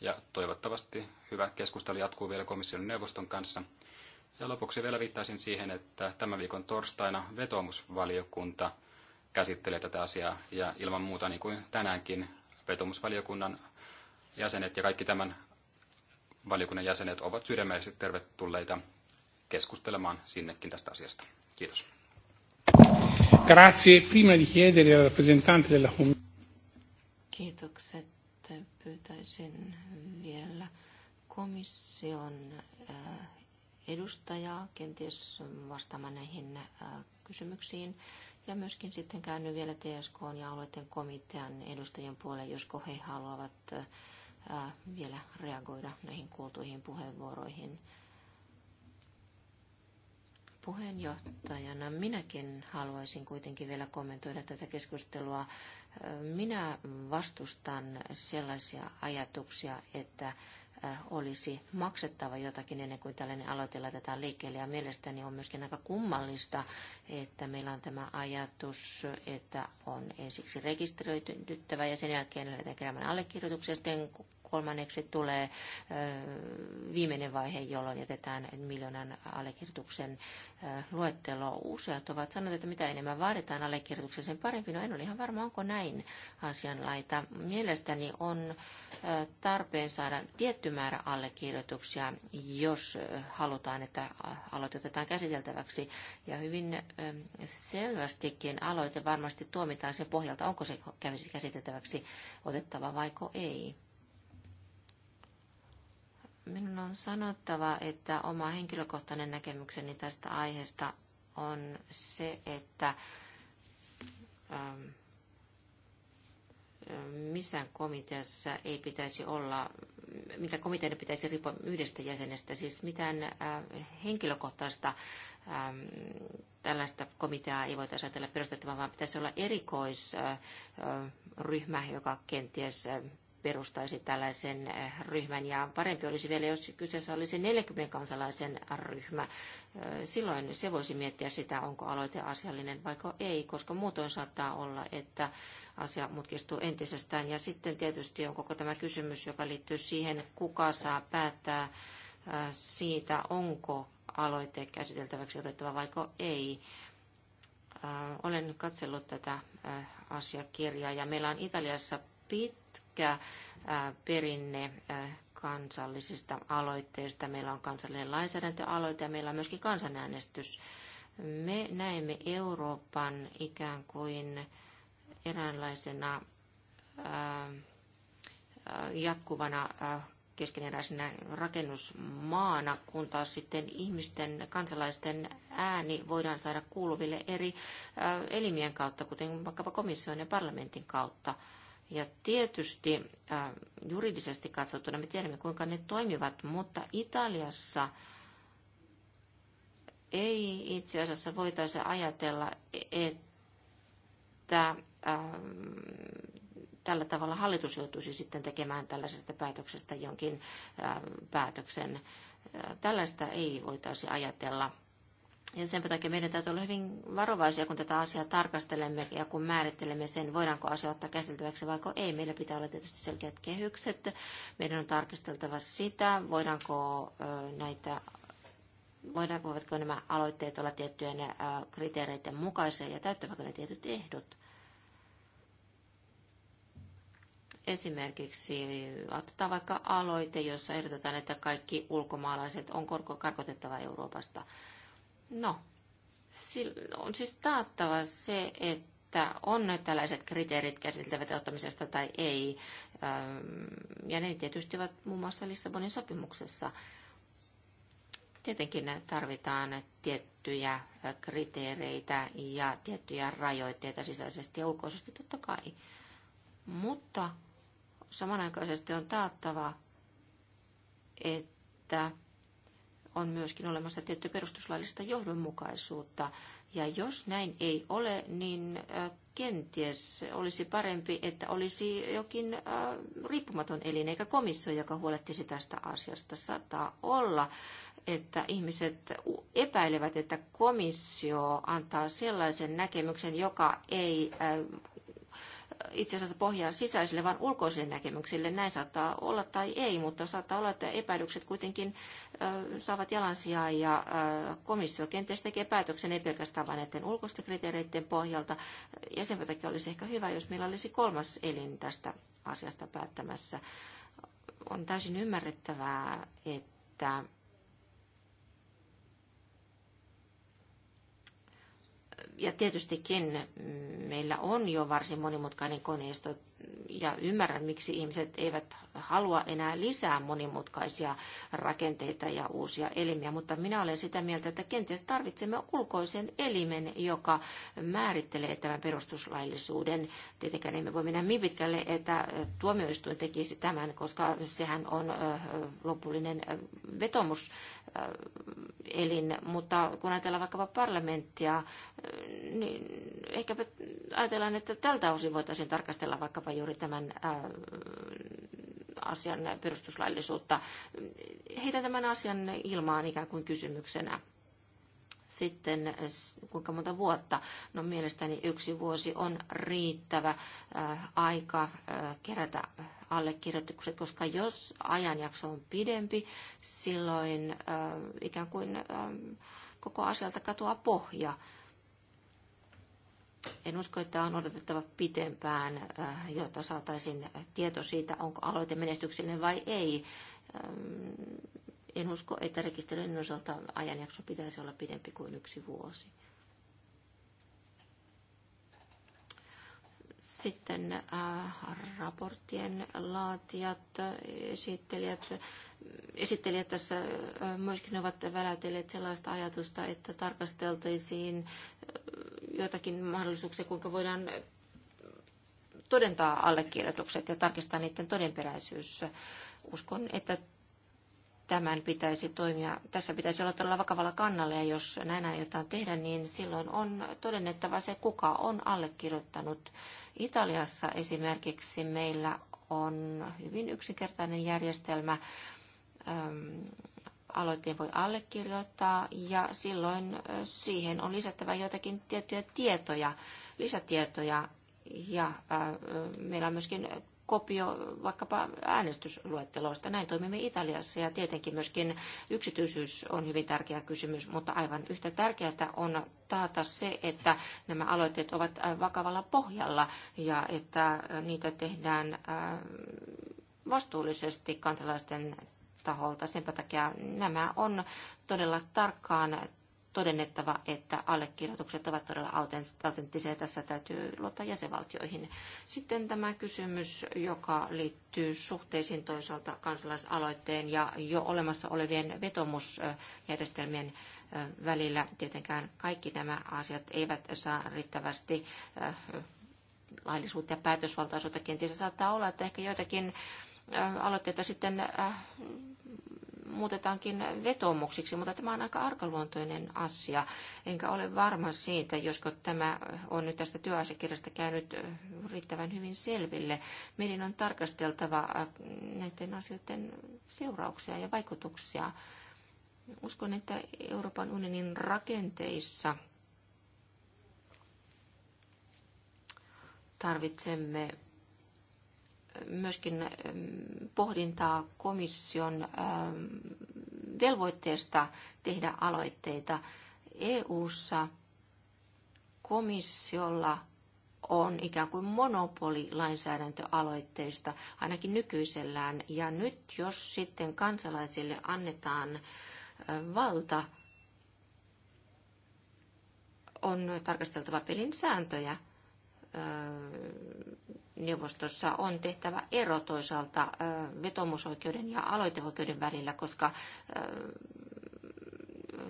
ja toivottavasti hyvä keskustelu jatkuu vielä komission neuvoston kanssa. Ja lopuksi vielä viittaisin siihen, että tämän viikon torstaina vetoomusvaliokunta – käsittelee tätä asiaa. Ja ilman muuta, niin kuin tänäänkin, vetomusvaliokunnan jäsenet ja kaikki tämän valiokunnan jäsenet ovat sydämellisesti tervetulleita keskustelemaan sinnekin tästä asiasta. Kiitos. Grazie. Prima di chiedere al rappresentante della Kiitokset. Pyytäisin vielä komission äh, edustajaa kenties vastaamaan näihin äh, kysymyksiin. Ja myöskin sitten käänny vielä TSK ja alueiden komitean edustajien puoleen, josko he haluavat vielä reagoida näihin kuultuihin puheenvuoroihin. Puheenjohtajana minäkin haluaisin kuitenkin vielä kommentoida tätä keskustelua. Minä vastustan sellaisia ajatuksia, että olisi maksettava jotakin ennen kuin tällainen aloite laitetaan liikkeelle. Ja mielestäni on myöskin aika kummallista, että meillä on tämä ajatus, että on ensiksi rekisteröityttävä ja sen jälkeen lähdetään keräämään allekirjoituksia. Sitten kolmanneksi tulee viimeinen vaihe, jolloin jätetään miljoonan allekirjoituksen luettelo. Useat ovat sanoneet, että mitä enemmän vaaditaan allekirjoituksen, sen parempi. No en ole ihan varma, onko näin asianlaita. Mielestäni on tarpeen saada tietty määrä allekirjoituksia, jos halutaan, että aloite otetaan käsiteltäväksi. Ja hyvin selvästikin aloite varmasti tuomitaan sen pohjalta, onko se käsiteltäväksi otettava vaiko ei. Minun on sanottava, että oma henkilökohtainen näkemykseni tästä aiheesta on se, että ähm, missään komiteassa ei pitäisi olla, mitä komiteiden pitäisi riippua yhdestä jäsenestä, siis mitään äh, henkilökohtaista ähm, tällaista komiteaa ei voitaisiin ajatella perustettavan, vaan pitäisi olla erikoisryhmä, joka kenties äh, perustaisi tällaisen eh, ryhmän. Ja parempi olisi vielä, jos kyseessä olisi 40 kansalaisen ryhmä. Eh, silloin se voisi miettiä sitä, onko aloite asiallinen vai ei, koska muutoin saattaa olla, että asia mutkistuu entisestään. Ja sitten tietysti on koko tämä kysymys, joka liittyy siihen, kuka saa päättää eh, siitä, onko aloite käsiteltäväksi otettava vai ei olen katsellut tätä asiakirjaa ja meillä on Italiassa pit, pitkä perinne kansallisista aloitteista. Meillä on kansallinen lainsäädäntöaloite ja meillä on myöskin kansanäänestys. Me näemme Euroopan ikään kuin eräänlaisena jatkuvana keskeneräisenä rakennusmaana, kun taas sitten ihmisten, kansalaisten ääni voidaan saada kuuluville eri elimien kautta, kuten vaikkapa komission ja parlamentin kautta. Ja tietysti juridisesti katsottuna me tiedämme, kuinka ne toimivat, mutta Italiassa ei itse asiassa voitaisi ajatella, että tällä tavalla hallitus joutuisi sitten tekemään tällaisesta päätöksestä jonkin päätöksen. Tällaista ei voitaisi ajatella ja sen takia meidän täytyy olla hyvin varovaisia, kun tätä asiaa tarkastelemme ja kun määrittelemme sen, voidaanko asia ottaa käsiteltäväksi vai ei. Meillä pitää olla tietysti selkeät kehykset. Meidän on tarkasteltava sitä, voidaanko näitä voidaan, voivatko nämä aloitteet olla tiettyjen kriteereiden mukaisia ja täyttävätkö ne tietyt ehdot. Esimerkiksi otetaan vaikka aloite, jossa ehdotetaan, että kaikki ulkomaalaiset on karkotettava Euroopasta. No, on siis taattava se, että on tällaiset kriteerit käsiteltävät ottamisesta tai ei. Ja ne tietysti ovat muun muassa Lissabonin sopimuksessa. Tietenkin tarvitaan tiettyjä kriteereitä ja tiettyjä rajoitteita sisäisesti ja ulkoisesti totta kai. Mutta samanaikaisesti on taattava, että on myöskin olemassa tietty perustuslaillista johdonmukaisuutta. Ja jos näin ei ole, niin äh, kenties olisi parempi, että olisi jokin äh, riippumaton elin eikä komissio, joka huolehtisi tästä asiasta. Saattaa olla, että ihmiset epäilevät, että komissio antaa sellaisen näkemyksen, joka ei äh, itse asiassa pohjaa sisäisille, vaan ulkoisille näkemyksille. Näin saattaa olla tai ei, mutta saattaa olla, että epäilykset kuitenkin saavat jalansijaa ja komissio kenties tekee päätöksen ei pelkästään vain näiden ulkoisten kriteereiden pohjalta. Ja sen takia olisi ehkä hyvä, jos meillä olisi kolmas elin tästä asiasta päättämässä. On täysin ymmärrettävää, että ja tietystikin mm, meillä on jo varsin monimutkainen koneisto ja ymmärrän, miksi ihmiset eivät halua enää lisää monimutkaisia rakenteita ja uusia elimiä, mutta minä olen sitä mieltä, että kenties tarvitsemme ulkoisen elimen, joka määrittelee tämän perustuslaillisuuden. Tietenkään emme voi mennä niin pitkälle, että tuomioistuin tekisi tämän, koska sehän on lopullinen vetomus Äh, elin, mutta kun ajatellaan vaikkapa parlamenttia, äh, niin ehkä ajatellaan, että tältä osin voitaisiin tarkastella vaikkapa juuri tämän äh, asian perustuslaillisuutta. Heidän tämän asian ilmaan ikään kuin kysymyksenä sitten kuinka monta vuotta. No mielestäni yksi vuosi on riittävä äh, aika äh, kerätä allekirjoitukset, koska jos ajanjakso on pidempi, silloin äh, ikään kuin ähm, koko asialta katoaa pohja. En usko, että on odotettava pitempään, jotta saataisiin tieto siitä, onko aloite menestyksellinen vai ei. Ähm, en usko, että rekisteröinnin osalta ajanjakso pitäisi olla pidempi kuin yksi vuosi. Sitten äh, raporttien laatijat, esittelijät, esittelijät tässä äh, myöskin ovat väläytelleet sellaista ajatusta, että tarkasteltaisiin äh, jotakin mahdollisuuksia, kuinka voidaan todentaa allekirjoitukset ja tarkistaa niiden todenperäisyys. Uskon, että tämän pitäisi toimia, tässä pitäisi olla todella vakavalla kannalla ja jos näin aiotaan tehdä, niin silloin on todennettava se, kuka on allekirjoittanut. Italiassa esimerkiksi meillä on hyvin yksinkertainen järjestelmä. Ähm, aloitteen voi allekirjoittaa ja silloin siihen on lisättävä joitakin tiettyjä tietoja, lisätietoja ja äh, meillä on myöskin kopio vaikkapa äänestysluetteloista. Näin toimimme Italiassa ja tietenkin myöskin yksityisyys on hyvin tärkeä kysymys, mutta aivan yhtä tärkeää on taata se, että nämä aloitteet ovat äh, vakavalla pohjalla ja että äh, niitä tehdään äh, vastuullisesti kansalaisten taholta. Senpä takia nämä on todella tarkkaan todennettava, että allekirjoitukset ovat todella autenttisia. Tässä täytyy luottaa jäsenvaltioihin. Sitten tämä kysymys, joka liittyy suhteisiin toisaalta kansalaisaloitteen ja jo olemassa olevien vetomusjärjestelmien välillä. Tietenkään kaikki nämä asiat eivät saa riittävästi laillisuutta ja päätösvaltaisuutta. Kenties saattaa olla, että ehkä joitakin aloitteita sitten muutetaankin vetomuksiksi, mutta tämä on aika arkaluontoinen asia. Enkä ole varma siitä, josko tämä on nyt tästä työasiakirjasta käynyt riittävän hyvin selville. Meidän on tarkasteltava äh, näiden asioiden seurauksia ja vaikutuksia. Uskon, että Euroopan unionin rakenteissa tarvitsemme myöskin pohdintaa komission velvoitteesta tehdä aloitteita. EU:ssa komissiolla on ikään kuin monopoli lainsäädäntöaloitteista, ainakin nykyisellään. Ja nyt jos sitten kansalaisille annetaan valta, on tarkasteltava pelin sääntöjä neuvostossa on tehtävä ero toisaalta vetomusoikeuden ja aloiteoikeuden välillä, koska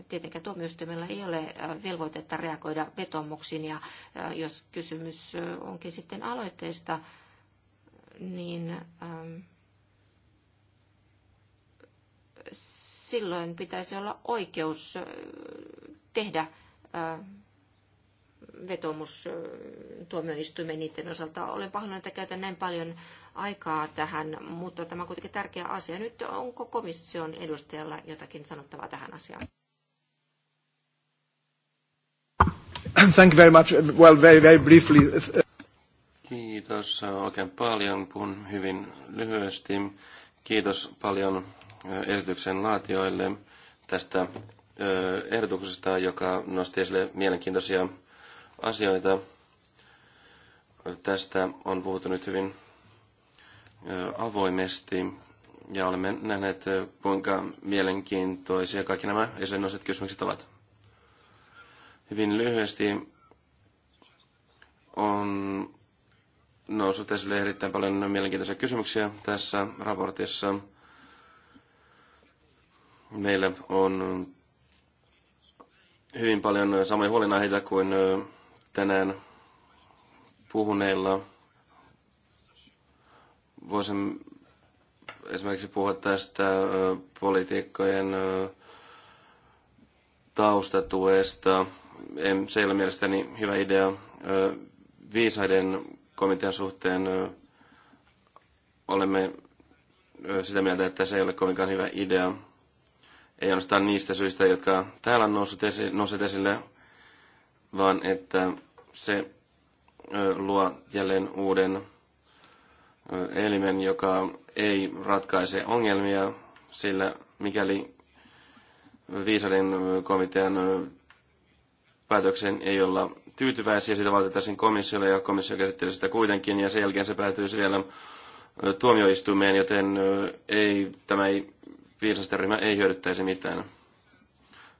tietenkään tuomioistuimella ei ole velvoitetta reagoida vetomuksiin ja jos kysymys onkin sitten aloitteesta, niin silloin pitäisi olla oikeus tehdä vetomus tuomioistuimen niiden osalta. Olen pahoillani, että käytän näin paljon aikaa tähän, mutta tämä on kuitenkin tärkeä asia. Nyt onko komission edustajalla jotakin sanottavaa tähän asiaan? Thank you very much. Well, very, very briefly. Kiitos oikein paljon. Puhun hyvin lyhyesti. Kiitos paljon esityksen laatioille tästä ehdotuksesta, joka nosti esille mielenkiintoisia asioita. Tästä on puhuttu nyt hyvin avoimesti ja olemme nähneet, kuinka mielenkiintoisia kaikki nämä esiinnoiset kysymykset ovat. Hyvin lyhyesti on noussut esille erittäin paljon mielenkiintoisia kysymyksiä tässä raportissa. Meillä on hyvin paljon samoja huolenaiheita kuin tänään puhuneilla voisin esimerkiksi puhua tästä poliitikkojen taustatuesta. se ei ole mielestäni hyvä idea. Viisaiden komitean suhteen olemme sitä mieltä, että se ei ole kovinkaan hyvä idea. Ei ainoastaan niistä syistä, jotka täällä on noussut, esi- noussut esille, vaan että se luo jälleen uuden elimen, joka ei ratkaise ongelmia, sillä mikäli viisauden komitean päätöksen ei olla tyytyväisiä, sitä valitettaisiin komissiolle ja komissio käsitteli sitä kuitenkin ja sen jälkeen se päätyisi vielä tuomioistuimeen, joten ei, tämä ei, viisasten ryhmä ei hyödyttäisi mitään.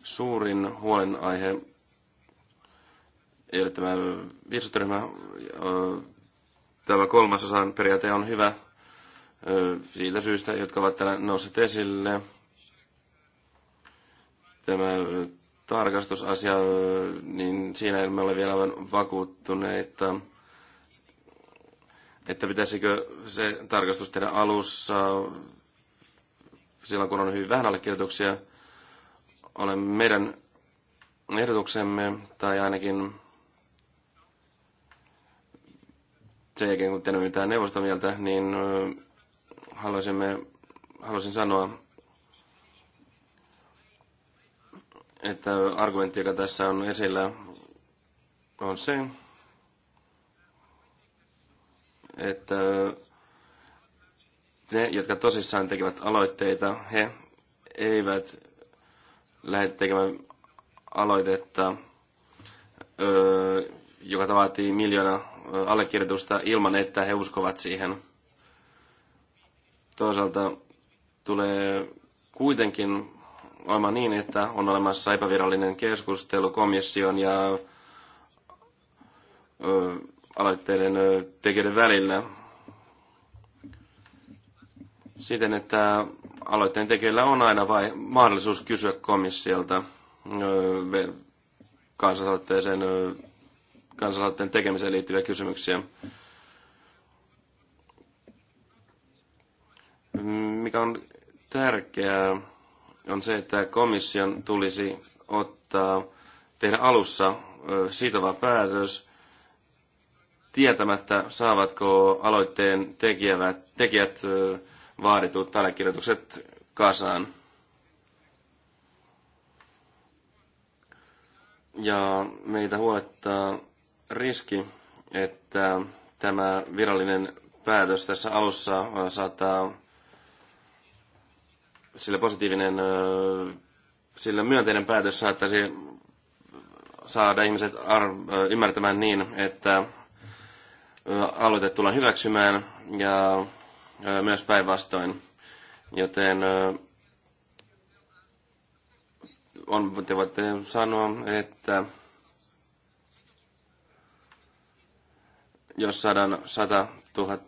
Suurin huolenaihe Eli tämä virsutyryhmä, tämä kolmasosan periaate on hyvä siitä syystä, jotka ovat täällä nousseet esille. Tämä tarkastusasia, niin siinä emme ole vielä aivan vakuuttuneita, että pitäisikö se tarkastus tehdä alussa, silloin kun on hyvin vähän allekirjoituksia, ole meidän ehdotuksemme, tai ainakin sen jälkeen kun tiedämme mitään neuvostomieltä, niin haluaisimme, haluaisin sanoa, että argumentti, joka tässä on esillä, on se, että ne, jotka tosissaan tekevät aloitteita, he eivät lähde tekemään aloitetta, joka vaatii miljoona allekirjoitusta ilman, että he uskovat siihen. Toisaalta tulee kuitenkin olemaan niin, että on olemassa epävirallinen keskustelu komission ja aloitteiden tekijöiden välillä siten, että aloitteen tekijöillä on aina vai mahdollisuus kysyä komissiolta kansalaisaloitteeseen kansalaisten tekemiseen liittyviä kysymyksiä. Mikä on tärkeää, on se, että komission tulisi ottaa, tehdä alussa sitova päätös, tietämättä saavatko aloitteen tekijät, tekijät vaaditut allekirjoitukset kasaan. Ja meitä huolettaa riski, että tämä virallinen päätös tässä alussa äh, saattaa sillä positiivinen, äh, sillä myönteinen päätös saattaisi saada ihmiset äh, ymmärtämään niin, että aloite tullaan hyväksymään ja myös päinvastoin. Joten on, te voitte sanoa, että Jos saadaan 100 000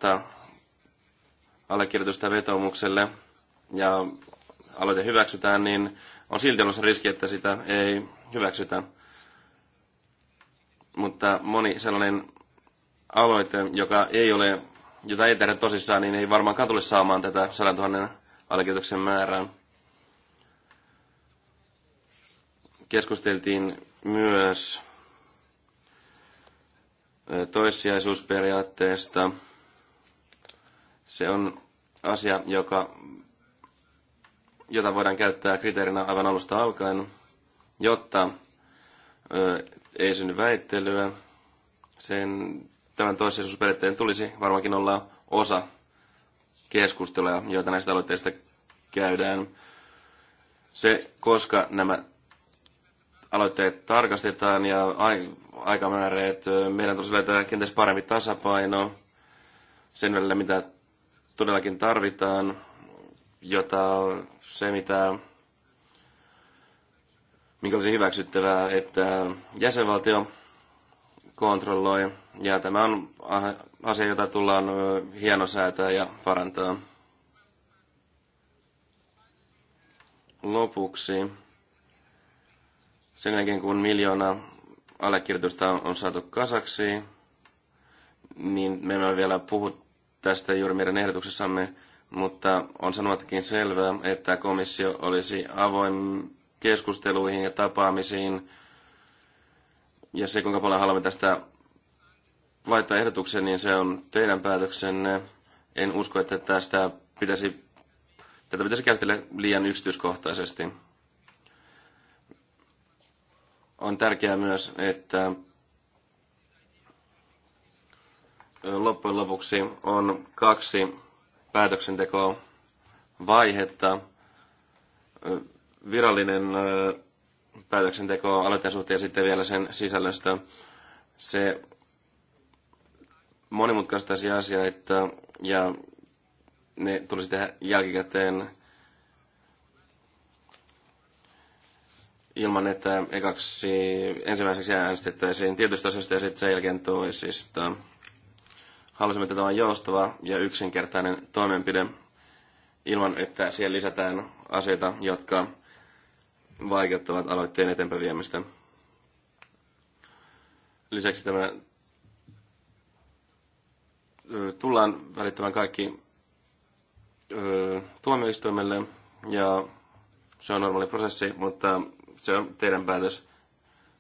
allekirjoitusta vetoomukselle ja aloite hyväksytään, niin on silti ollut se riski, että sitä ei hyväksytä. Mutta moni sellainen aloite, joka ei ole, jota ei tehdä tosissaan, niin ei varmaankaan tule saamaan tätä 100 000 allekirjoituksen määrää. Keskusteltiin myös toissijaisuusperiaatteesta. Se on asia, joka, jota voidaan käyttää kriteerinä aivan alusta alkaen, jotta ö, ei synny väittelyä. Sen, tämän toissijaisuusperiaatteen tulisi varmaankin olla osa keskusteluja, joita näistä aloitteista käydään. Se, koska nämä aloitteet tarkastetaan ja aikamääreet. Meidän tulisi löytää kenties parempi tasapaino sen välillä, mitä todellakin tarvitaan, jota se, mitä mikä olisi hyväksyttävää, että jäsenvaltio kontrolloi. Ja tämä on asia, jota tullaan hienosäätää ja parantaa. Lopuksi sen jälkeen kun miljoona allekirjoitusta on saatu kasaksi, niin me emme vielä puhu tästä juuri meidän ehdotuksessamme, mutta on sanottakin selvää, että komissio olisi avoin keskusteluihin ja tapaamisiin. Ja se, kuinka paljon haluamme tästä laittaa ehdotuksen, niin se on teidän päätöksenne. En usko, että tästä pitäisi, tätä pitäisi käsitellä liian yksityiskohtaisesti. On tärkeää myös, että loppujen lopuksi on kaksi päätöksentekoa vaihetta. Virallinen päätöksenteko aloitteen suhteen ja sitten vielä sen sisällöstä. Se monimutkaistaisi asioita ja ne tulisi tehdä jälkikäteen ilman, että ekaksi, ensimmäiseksi äänestettäisiin tietystä asioista ja sitten sen jälkeen toisista. Halusimme, että tämä on joustava ja yksinkertainen toimenpide ilman, että siihen lisätään asioita, jotka vaikeuttavat aloitteen eteenpäin viemistä. Lisäksi tämä tullaan välittämään kaikki tuomioistuimelle ja se on normaali prosessi, mutta se on teidän päätös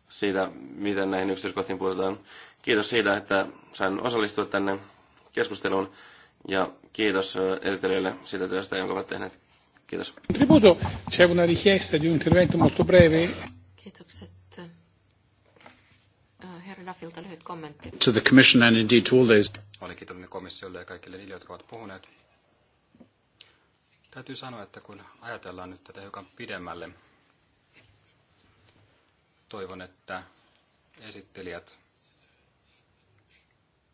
siitä, miten näihin yksityiskohtiin puututaan. Kiitos siitä, että sain osallistua tänne keskusteluun ja kiitos esittelijöille siitä työstä, jonka ovat tehneet. Kiitos. Tributo, c'è una richiesta di un intervento molto breve. Kiitokset. Herra Daffilta lyhyt kommentti. To the commission and indeed to all those. Olen kiitollinen komissiolle ja kaikille niille, jotka ovat puhuneet. Täytyy sanoa, että kun ajatellaan nyt tätä hiukan pidemmälle, toivon, että esittelijät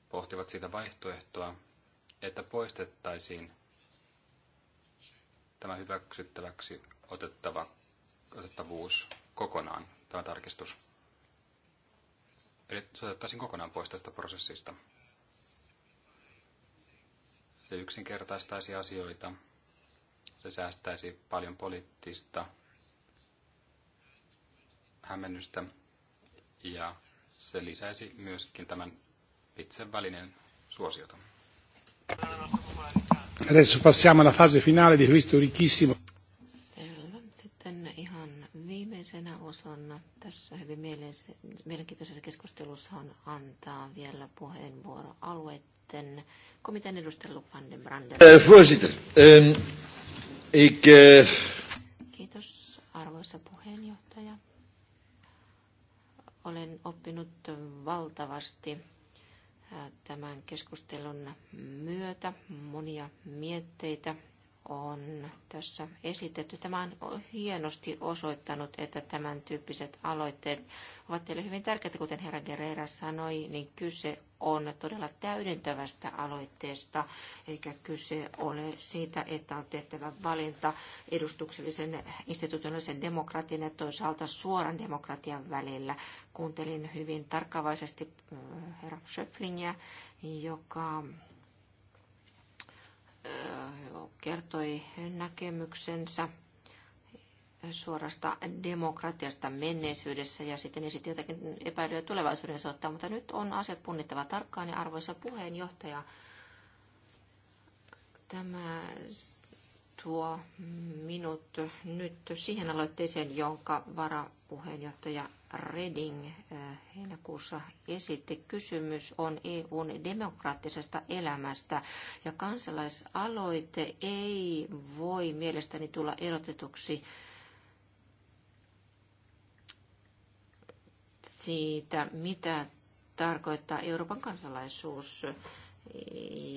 pohtivat sitä vaihtoehtoa, että poistettaisiin tämä hyväksyttäväksi otettava, otettavuus kokonaan, tämä tarkistus. Eli se otettaisiin kokonaan pois tästä prosessista. Se yksinkertaistaisi asioita, se säästäisi paljon poliittista hämmennystä ja se lisäisi myöskin tämän itse välinen suosiota. Adesso passiamo alla fase finale di questo ricchissimo Sitten ihan viimeisenä osana tässä hyvin mielenkiintoisessa keskustelussa on antaa vielä puheenvuoro alueiden komitean edustajalle Van den Branden. Eh, Voorzitter, ehm, ik... eh... Kiitos arvoisa puheenjohtaja. Olen oppinut valtavasti tämän keskustelun myötä monia mietteitä on tässä esitetty. Tämä on hienosti osoittanut, että tämän tyyppiset aloitteet ovat teille hyvin tärkeitä, kuten herra Guerrera sanoi, niin kyse on todella täydentävästä aloitteesta, eikä kyse ole siitä, että on tehtävä valinta edustuksellisen institutionaalisen demokratian ja toisaalta suoran demokratian välillä. Kuuntelin hyvin tarkkaavaisesti äh, herra Schöflingiä, joka kertoi näkemyksensä suorasta demokratiasta menneisyydessä ja sitten esitti jotakin epäilyä tulevaisuuden suhteen, mutta nyt on asiat punnittava tarkkaan ja arvoisa puheenjohtaja, tämä tuo minut nyt siihen aloitteeseen, jonka varapuheenjohtaja Reding eh, heinäkuussa esitti. Kysymys on EUn demokraattisesta elämästä ja kansalaisaloite ei voi mielestäni tulla erotetuksi siitä, mitä tarkoittaa Euroopan kansalaisuus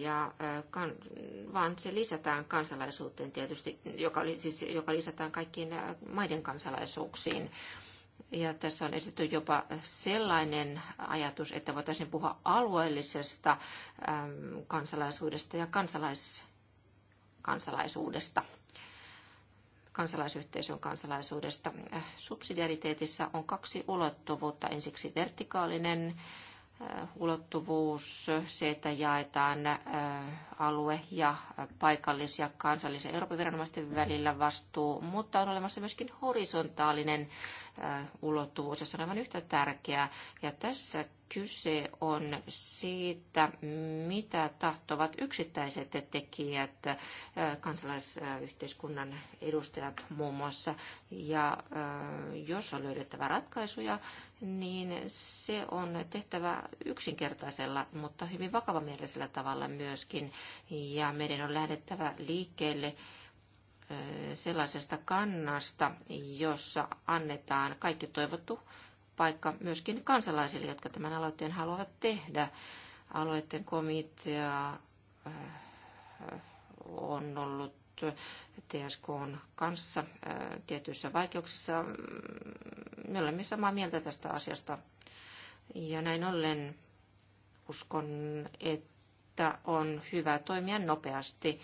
ja, eh, kan, vaan se lisätään kansalaisuuteen tietysti, joka, siis, joka lisätään kaikkiin eh, maiden kansalaisuuksiin. Ja tässä on esitetty jopa sellainen ajatus, että voitaisiin puhua alueellisesta ähm, kansalaisuudesta ja kansalais, kansalaisuudesta kansalaisyhteisön kansalaisuudesta. Äh, subsidiariteetissa on kaksi ulottuvuutta. Ensiksi vertikaalinen Äh, ulottuvuus, se, että jaetaan äh, alue- ja paikallis- ja kansallisen Euroopan viranomaisten välillä vastuu, mutta on olemassa myöskin horisontaalinen äh, ulottuvuus, ja se on aivan yhtä tärkeää. Ja tässä kyse on siitä, mitä tahtovat yksittäiset tekijät, kansalaisyhteiskunnan edustajat muun muassa. Ja jos on löydettävä ratkaisuja, niin se on tehtävä yksinkertaisella, mutta hyvin vakavamielisellä tavalla myöskin. Ja meidän on lähdettävä liikkeelle sellaisesta kannasta, jossa annetaan kaikki toivottu paikka myöskin kansalaisille, jotka tämän aloitteen haluavat tehdä. Aloitteen komitea äh, äh, on ollut TSK on kanssa äh, tietyissä vaikeuksissa. Mm, me olemme samaa mieltä tästä asiasta. Ja näin ollen uskon, että on hyvä toimia nopeasti,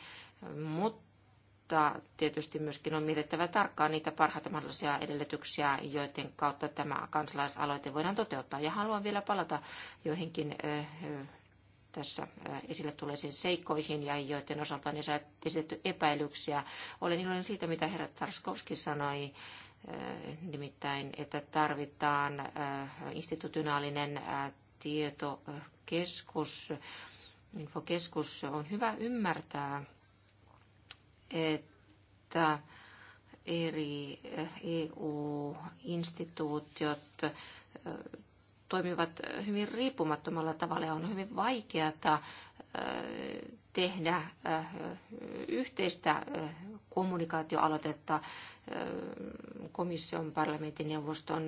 mutta mutta tietysti myöskin on mietittävä tarkkaan niitä parhaita mahdollisia edellytyksiä, joiden kautta tämä kansalaisaloite voidaan toteuttaa. Ja haluan vielä palata joihinkin tässä esille tulleisiin seikkoihin ja joiden osalta on esitetty epäilyksiä. Olen iloinen siitä, mitä herra Tarskovski sanoi, nimittäin, että tarvitaan institutionaalinen tietokeskus. Infokeskus on hyvä ymmärtää että eri EU-instituutiot eh, e eh, toimivat hyvin riippumattomalla tavalla ja on hyvin vaikeata eh, tehdä äh, yhteistä äh, kommunikaatioaloitetta äh, komission, parlamentin, neuvoston,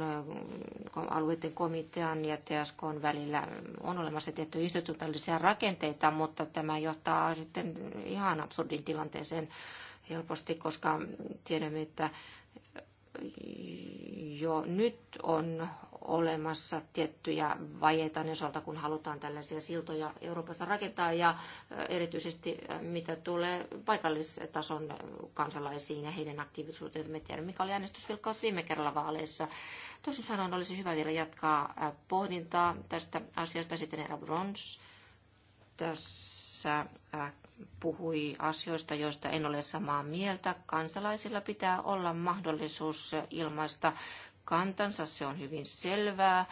alueiden komitean ja TSK välillä. On olemassa tiettyjä institutionaalisia rakenteita, mutta tämä johtaa sitten ihan absurdin tilanteeseen helposti, koska tiedämme, että jo nyt on olemassa tiettyjä vajeita osalta, kun halutaan tällaisia siltoja Euroopassa rakentaa ja erityisesti mitä tulee paikallistason kansalaisiin ja heidän aktiivisuuteen Me tiedämme, mikä oli äänestysvilkkaus viime kerralla vaaleissa. Tosin sanoen olisi hyvä vielä jatkaa pohdintaa tästä asiasta. Sitten Era Brons tässä puhui asioista, joista en ole samaa mieltä. Kansalaisilla pitää olla mahdollisuus ilmaista kantansa, se on hyvin selvää.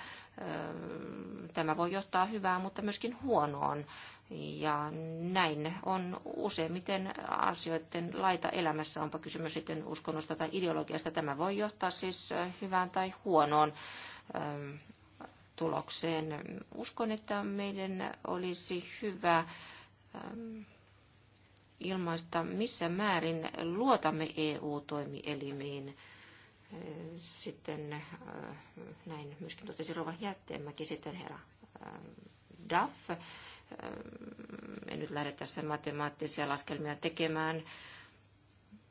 Tämä voi johtaa hyvää, mutta myöskin huonoon. Ja näin on useimmiten asioiden laita elämässä, onpa kysymys sitten uskonnosta tai ideologiasta. Tämä voi johtaa siis hyvään tai huonoon tulokseen. Uskon, että meidän olisi hyvä ilmaista, missä määrin luotamme EU-toimielimiin sitten äh, näin myöskin totesi Rova Jätteenmäki, sitten herra äh, Duff. Äh, en nyt lähde tässä matemaattisia laskelmia tekemään,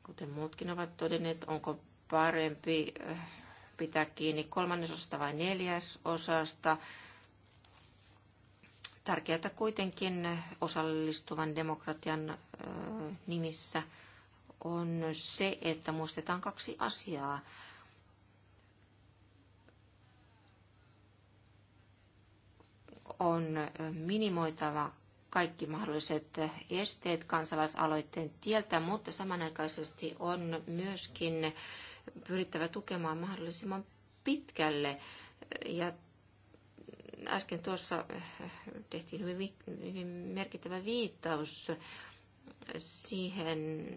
kuten muutkin ovat todenneet, onko parempi pitää kiinni kolmannesosasta vai neljäsosasta. Tärkeää kuitenkin osallistuvan demokratian nimissä on se, että muistetaan kaksi asiaa. on minimoitava kaikki mahdolliset esteet kansalaisaloitteen tieltä, mutta samanaikaisesti on myöskin pyrittävä tukemaan mahdollisimman pitkälle. Ja äsken tuossa tehtiin hyvin, hyvin merkittävä viittaus siihen,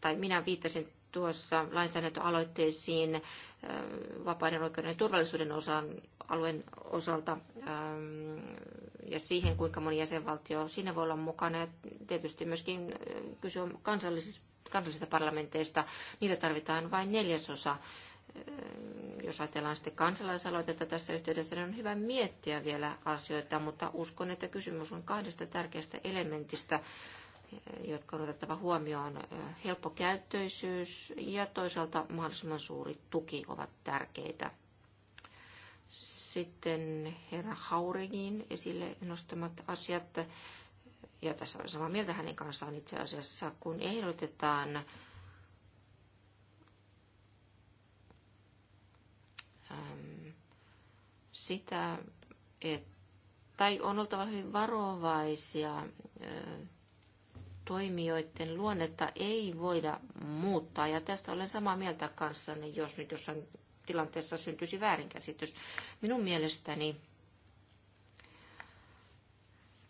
tai minä viittasin tuossa lainsäädäntöaloitteisiin äh, vapaiden oikeuden ja turvallisuuden osan, alueen osalta ähm, ja siihen, kuinka moni jäsenvaltio siinä voi olla mukana. Ja tietysti myöskin äh, kyse on kansallisista, kansallisista parlamenteista. Niitä tarvitaan vain neljäsosa äh, jos ajatellaan sitten kansalaisaloitetta tässä yhteydessä, niin on hyvä miettiä vielä asioita, mutta uskon, että kysymys on kahdesta tärkeästä elementistä, jotka on otettava huomioon. Helppokäyttöisyys ja toisaalta mahdollisimman suuri tuki ovat tärkeitä. Sitten herra Hauregin esille nostamat asiat, ja tässä olen samaa mieltä hänen kanssaan itse asiassa, kun ehdotetaan sitä, että tai on oltava hyvin varovaisia toimijoiden luonnetta ei voida muuttaa. Ja tästä olen samaa mieltä kanssanne, jos nyt jossain tilanteessa syntyisi väärinkäsitys. Minun mielestäni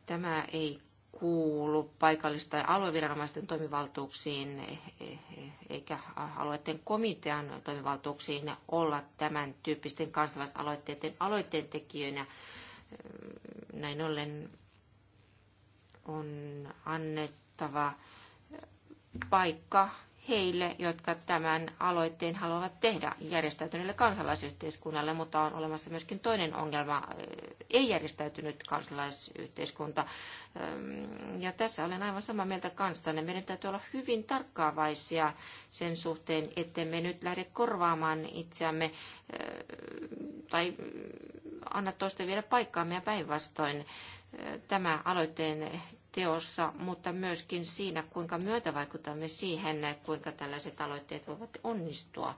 tämä ei kuulu paikallista tai alueviranomaisten toimivaltuuksiin eikä alueiden komitean toimivaltuuksiin olla tämän tyyppisten kansalaisaloitteiden aloitteen tekijöinä. Näin ollen on annettu vaikuttava paikka heille, jotka tämän aloitteen haluavat tehdä järjestäytyneelle kansalaisyhteiskunnalle, mutta on olemassa myöskin toinen ongelma, eh, ei järjestäytynyt kansalaisyhteiskunta. Ehm, ja tässä olen aivan samaa mieltä kanssanne. Meidän täytyy olla hyvin tarkkaavaisia sen suhteen, että me nyt lähde korvaamaan itseämme eh, tai anna toista vielä paikkaamme ja päinvastoin tämä aloitteen teossa, mutta myöskin siinä, kuinka vaikutamme siihen, kuinka tällaiset aloitteet voivat onnistua.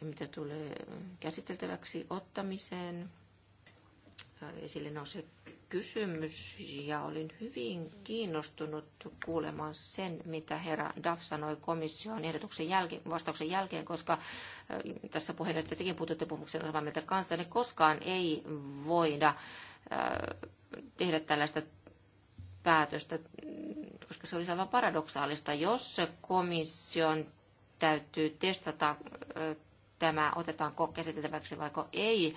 Mitä tulee käsiteltäväksi ottamiseen, esille nousee kysymys ja olin hyvin kiinnostunut kuulemaan sen, mitä herra Duff sanoi komission ehdotuksen jälkeen, vastauksen jälkeen, koska äh, tässä puheenjohtaja tekin puhutte puhumuksen samaa mieltä kanssa, niin koskaan ei voida äh, tehdä tällaista päätöstä, koska se olisi aivan paradoksaalista, jos komission täytyy testata äh, tämä, otetaanko käsiteltäväksi vaiko ei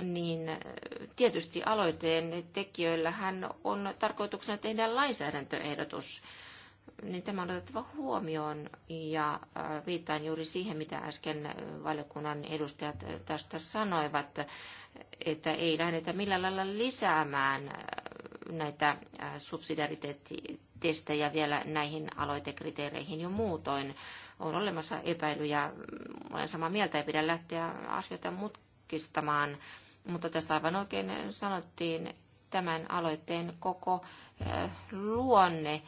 niin äh, tietysti aloiteen tekijöillähän on tarkoituksena tehdä lainsäädäntöehdotus, niin tämä on otettava huomioon ja äh, viittaan juuri siihen, mitä äsken äh, valiokunnan edustajat tästä sanoivat, että ei lähdetä millään lailla lisäämään näitä subsidiariteettitestejä vielä näihin aloitekriteereihin jo muutoin. On olemassa epäilyjä, olen samaa mieltä, ei pidä lähteä asioita mutkistamaan mutta tässä aivan oikein sanottiin, tämän aloitteen koko eh, luonne eh,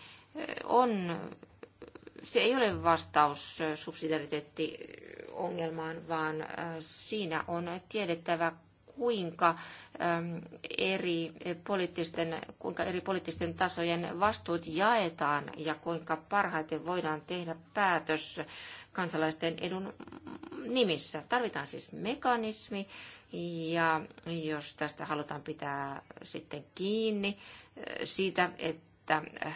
on, se ei ole vastaus eh, subsidiariteettiongelmaan, vaan siinä on tiedettävä kuinka ehm, eri poliittisten, kuinka eri poliittisten tasojen vastuut jaetaan ja kuinka parhaiten voidaan tehdä päätös kansalaisten edun nimissä. Tarvitaan siis mekanismi, ja jos tästä halutaan pitää sitten kiinni eh, siitä, että eh,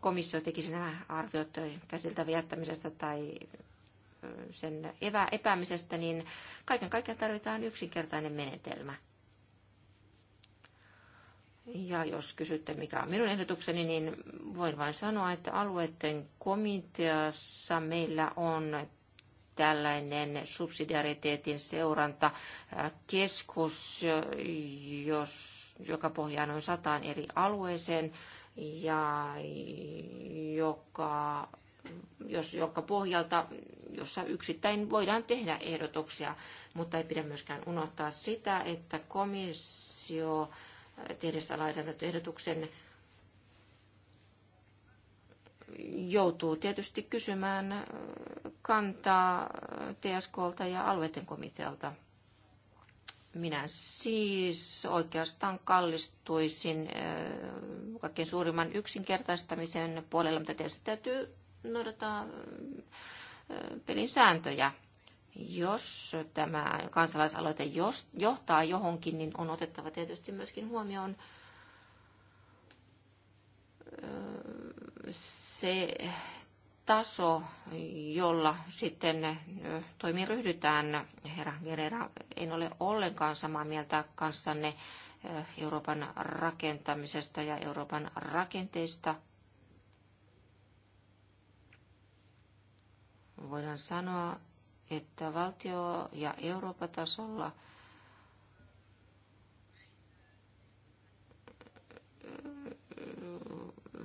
komissio tekisi nämä arviot käsiltä viettämisestä tai eh, sen epäämisestä, niin kaiken kaikkiaan tarvitaan yksinkertainen menetelmä. Ja jos kysytte, mikä on minun ehdotukseni, niin voin vain sanoa, että alueiden komiteassa meillä on tällainen subsidiariteetin seurantakeskus, jos, joka pohjaa noin sataan eri alueeseen ja joka jos, joka pohjalta, jossa yksittäin voidaan tehdä ehdotuksia, mutta ei pidä myöskään unohtaa sitä, että komissio tehdessä lainsäädäntöehdotuksen joutuu tietysti kysymään kantaa TSKlta ja alueiden komitealta. Minä siis oikeastaan kallistuisin kaikkein suurimman yksinkertaistamisen puolella, mutta tietysti täytyy noudattaa pelin sääntöjä. Jos tämä kansalaisaloite johtaa johonkin, niin on otettava tietysti myöskin huomioon se taso, jolla sitten toimiin ryhdytään, herra Gerera, en ole ollenkaan samaa mieltä kanssanne Euroopan rakentamisesta ja Euroopan rakenteista. Voidaan sanoa, että valtio- ja Euroopan tasolla –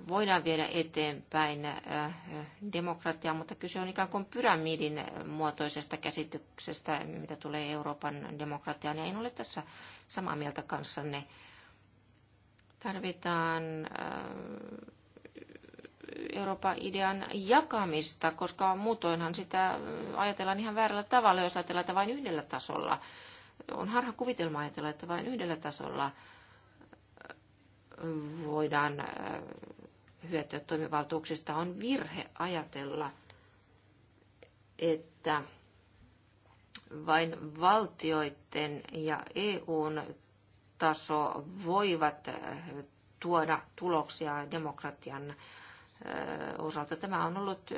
voidaan viedä eteenpäin äh, äh, demokratiaa, mutta kyse on ikään kuin pyramidin äh, muotoisesta käsityksestä, mitä tulee Euroopan demokratiaan. Ja en ole tässä samaa mieltä kanssanne. Tarvitaan Euroopan idean jakamista, koska muutoinhan sitä ajatellaan ihan väärällä tavalla, jos ajatellaan, että vain yhdellä tasolla. On harha kuvitelma ajatella, että vain yhdellä tasolla voidaan hyötyä toimivaltuuksista. On virhe ajatella, että vain valtioiden ja EUn taso voivat tuoda tuloksia demokratian osalta. Tämä on ollut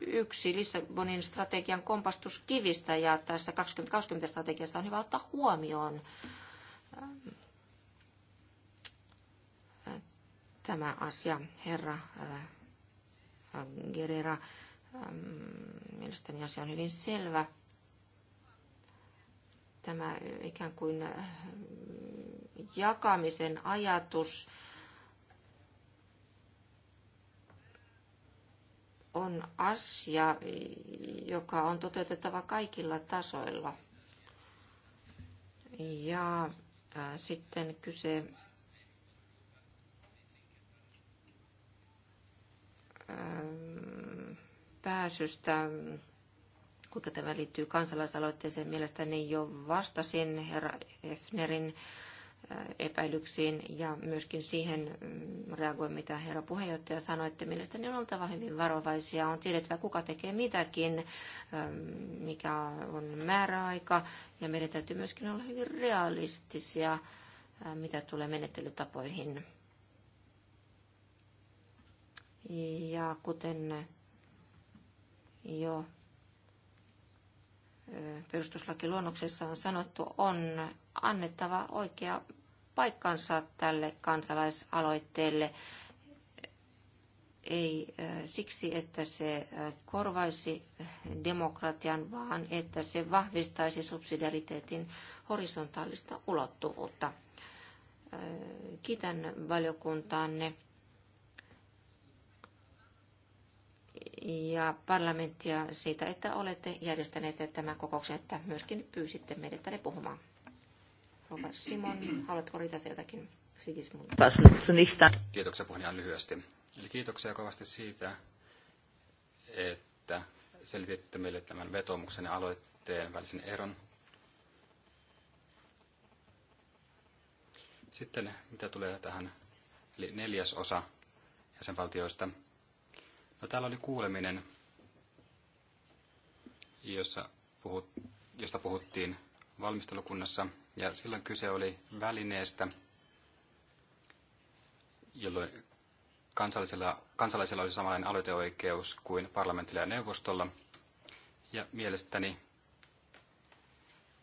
yksi Lissabonin strategian kompastuskivistä ja tässä 2020 strategiassa on hyvä ottaa huomioon tämä asia. Herra Gerera, mielestäni asia on hyvin selvä. Tämä ikään kuin jakamisen ajatus on asia, joka on toteutettava kaikilla tasoilla. Ja sitten kyse pääsystä, kuinka tämä liittyy kansalaisaloitteeseen, mielestäni jo vastasin herra Efnerin epäilyksiin ja myöskin siihen mm, reagoin, mitä herra puheenjohtaja sanoi, että mielestäni on oltava hyvin varovaisia. On tiedettävä, kuka tekee mitäkin, mikä on määräaika ja meidän täytyy myöskin olla hyvin realistisia, mitä tulee menettelytapoihin. Ja kuten jo perustuslakiluonnoksessa on sanottu, on annettava oikea paikkansa tälle kansalaisaloitteelle. Ei siksi, että se korvaisi demokratian, vaan että se vahvistaisi subsidiariteetin horisontaalista ulottuvuutta. Kiitän valiokuntaanne ja parlamenttia siitä, että olette järjestäneet tämän kokouksen, että myöskin pyysitte meidät tänne puhumaan. Rova Simon, haluatko se jotakin? Kiitoksia puhun ihan lyhyesti. Eli kiitoksia kovasti siitä, että selititte meille tämän vetomuksen ja aloitteen välisen eron. Sitten mitä tulee tähän, eli neljäs osa jäsenvaltioista – No, täällä oli kuuleminen, jossa puhut, josta puhuttiin valmistelukunnassa, ja silloin kyse oli välineestä, jolloin kansallisella, kansalaisella oli samanlainen aloiteoikeus kuin parlamentilla ja neuvostolla. Ja mielestäni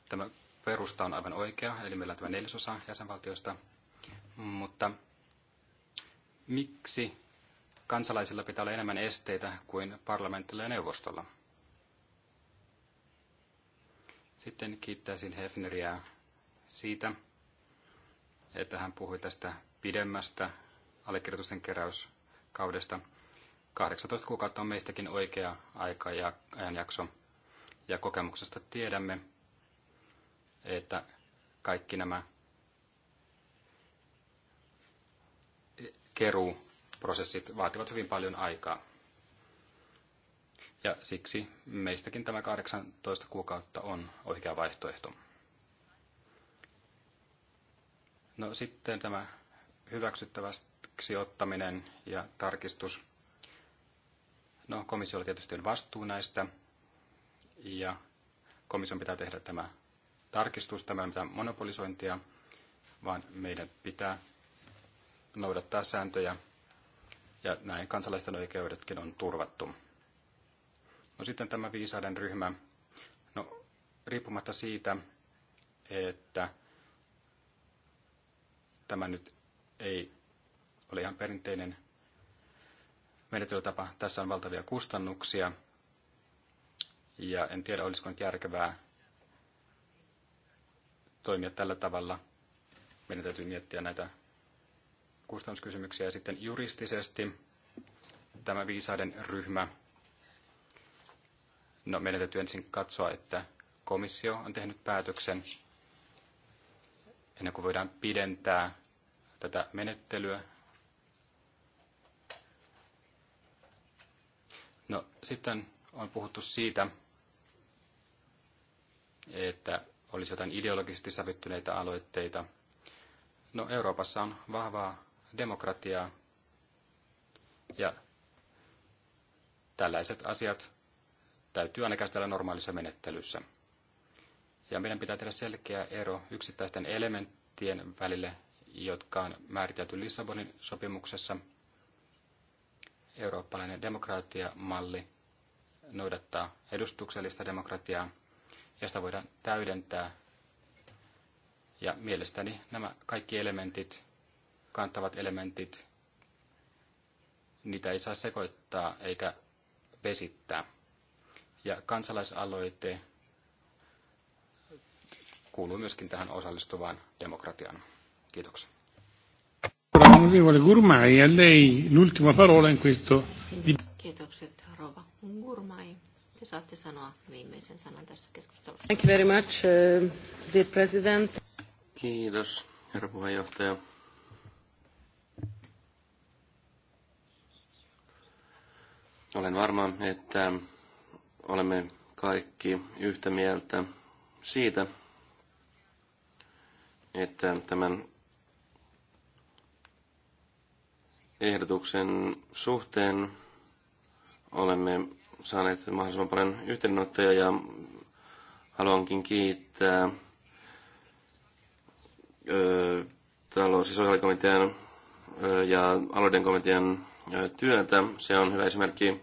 tämä perusta on aivan oikea, eli meillä on tämä neljäsosa jäsenvaltiosta. Mutta miksi kansalaisilla pitää olla enemmän esteitä kuin parlamentilla ja neuvostolla. Sitten kiittäisin Hefneriä siitä, että hän puhui tästä pidemmästä allekirjoitusten keräyskaudesta. 18 kuukautta on meistäkin oikea aika ja ajanjakso. Ja kokemuksesta tiedämme, että kaikki nämä keruu prosessit vaativat hyvin paljon aikaa. Ja siksi meistäkin tämä 18 kuukautta on oikea vaihtoehto. No sitten tämä hyväksyttäväksi ottaminen ja tarkistus. No komissiolla tietysti on vastuu näistä ja komission pitää tehdä tämä tarkistus, tämä ei mitään monopolisointia, vaan meidän pitää noudattaa sääntöjä, ja näin kansalaisten oikeudetkin on turvattu. No sitten tämä viisaiden ryhmä. No, riippumatta siitä, että tämä nyt ei ole ihan perinteinen menetelytapa. Tässä on valtavia kustannuksia. Ja en tiedä, olisiko nyt järkevää toimia tällä tavalla. Meidän täytyy miettiä näitä kustannuskysymyksiä. Ja sitten juristisesti tämä viisaiden ryhmä. No, meidän täytyy ensin katsoa, että komissio on tehnyt päätöksen ennen kuin voidaan pidentää tätä menettelyä. No, sitten on puhuttu siitä, että olisi jotain ideologisesti sävyttyneitä aloitteita. No Euroopassa on vahvaa demokratiaa. Ja tällaiset asiat täytyy aina käsitellä normaalissa menettelyssä. Ja meidän pitää tehdä selkeä ero yksittäisten elementtien välille, jotka on määritelty Lissabonin sopimuksessa. Eurooppalainen demokratiamalli noudattaa edustuksellista demokratiaa, ja sitä voidaan täydentää. Ja mielestäni nämä kaikki elementit kantavat elementit, niitä ei saa sekoittaa eikä vesittää. Ja kansalaisaloite kuuluu myöskin tähän osallistuvaan demokratiaan. Kiitoksia. Onorevole Gurmai, a lei l'ultima parola in questo Kiitokset, Rova Gurmai. Te saatte sanoa viimeisen sanan tässä keskustelussa. Thank you very much, uh, dear president. Kiitos, herra puheenjohtaja. Olen varma, että olemme kaikki yhtä mieltä siitä, että tämän ehdotuksen suhteen olemme saaneet mahdollisimman paljon yhteydenottoja ja haluankin kiittää talous- ja sosiaalikomitean ja alueiden komitean työtä. Se on hyvä esimerkki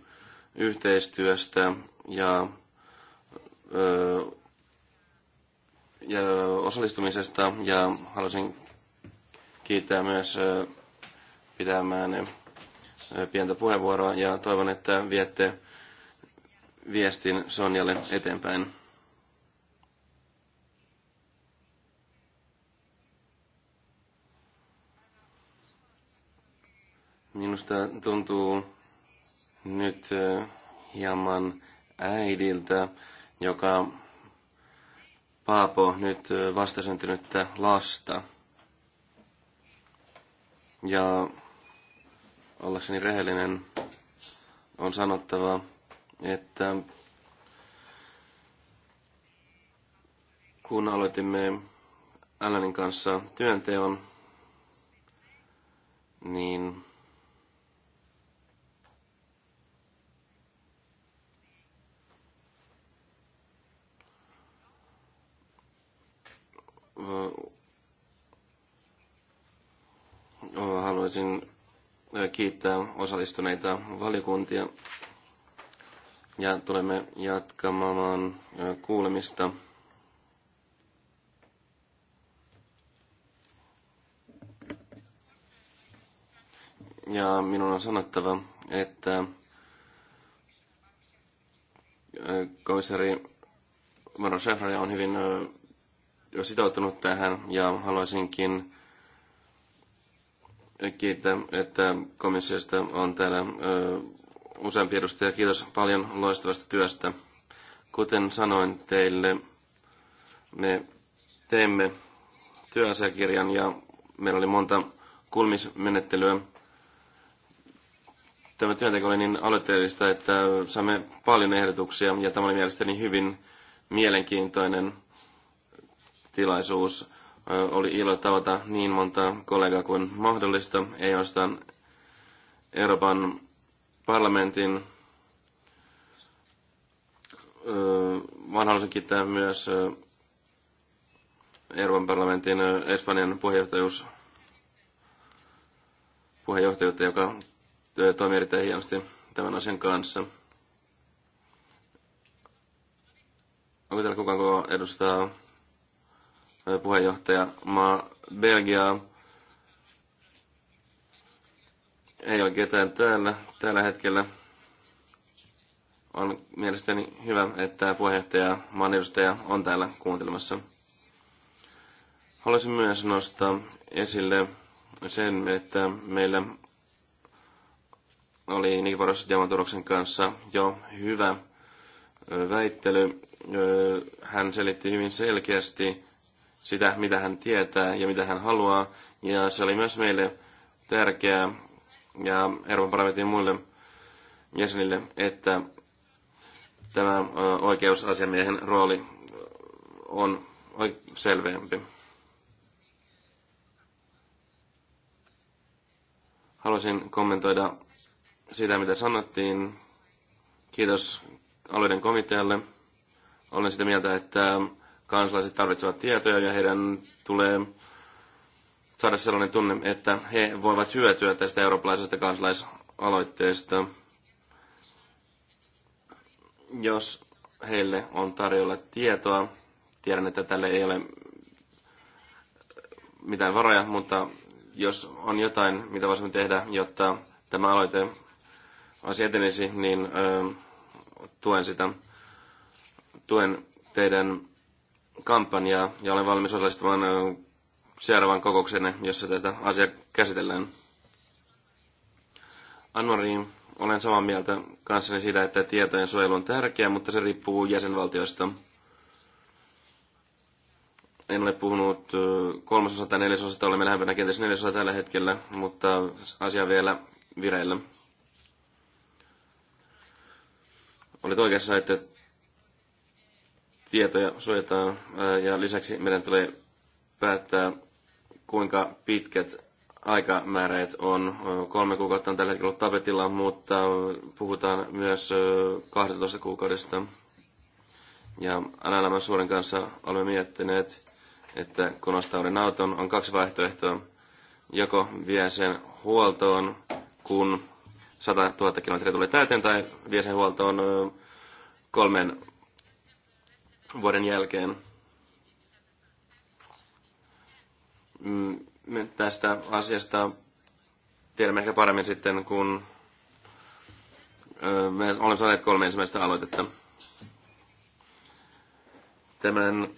yhteistyöstä ja, ja osallistumisesta ja haluaisin kiittää myös pitämään pientä puheenvuoroa ja toivon, että viette viestin Sonjalle eteenpäin. Minusta tuntuu nyt hieman äidiltä, joka paapo nyt vastasyntynyttä lasta. Ja ollakseni rehellinen on sanottava, että kun aloitimme Alanin kanssa työnteon, niin haluaisin kiittää osallistuneita valiokuntia ja tulemme jatkamaan kuulemista. Ja minun on sanottava, että komissari Maro Schäfer on hyvin jo sitoutunut tähän ja haluaisinkin kiittää, että komissiosta on täällä useampi edustaja. Kiitos paljon loistavasta työstä. Kuten sanoin teille, me teemme työasiakirjan ja meillä oli monta kulmismenettelyä. Tämä työnteko oli niin aloitteellista, että saamme paljon ehdotuksia ja tämä oli mielestäni hyvin mielenkiintoinen tilaisuus oli ilo tavata niin monta kollegaa kuin mahdollista, ei ainoastaan Euroopan parlamentin vaan haluaisin kiittää myös Euroopan parlamentin Espanjan puheenjohtajuus, puheenjohtajuutta, joka toimii erittäin hienosti tämän asian kanssa. Onko täällä kukaan, kuka edustaa puheenjohtaja maa Belgiaa. Ei ole ketään täällä tällä hetkellä. On mielestäni hyvä, että puheenjohtaja maan edustaja on täällä kuuntelemassa. Haluaisin myös nostaa esille sen, että meillä oli Nikiforos Diamanturoksen kanssa jo hyvä väittely. Hän selitti hyvin selkeästi sitä, mitä hän tietää ja mitä hän haluaa. Ja se oli myös meille tärkeää ja Euroopan parlamentin muille jäsenille, että tämä oikeusasiamiehen rooli on selvempi. Haluaisin kommentoida sitä, mitä sanottiin. Kiitos alueiden komitealle. Olen sitä mieltä, että kansalaiset tarvitsevat tietoja ja heidän tulee saada sellainen tunne, että he voivat hyötyä tästä eurooppalaisesta kansalaisaloitteesta, jos heille on tarjolla tietoa. Tiedän, että tälle ei ole mitään varoja, mutta jos on jotain, mitä voisimme tehdä, jotta tämä aloite asia etenisi, niin ö, tuen sitä. Tuen teidän kampanjaa ja olen valmis osallistumaan seuraavan kokouksen, jossa tästä asiaa käsitellään. Anmari, olen samaa mieltä kanssani siitä, että tietojen suojelu on tärkeää, mutta se riippuu jäsenvaltioista. En ole puhunut kolmasosa tai neljäsosasta, olemme lähempänä kenties neljäsosa tällä hetkellä, mutta asia vielä vireillä. Olet oikeassa, että tietoja suojataan ja lisäksi meidän tulee päättää, kuinka pitkät aikamääreet on. Kolme kuukautta on tällä hetkellä ollut tapetilla, mutta puhutaan myös 12 kuukaudesta. Ja Anna-Elämän suuren kanssa olemme miettineet, että kun ostaa uuden auton, on kaksi vaihtoehtoa. Joko vie sen huoltoon, kun 100 000 kilometriä tulee täyteen, tai vie sen huoltoon kolmen vuoden jälkeen. Mm, me tästä asiasta tiedämme ehkä paremmin sitten, kun me olemme saaneet kolme ensimmäistä aloitetta. Tämän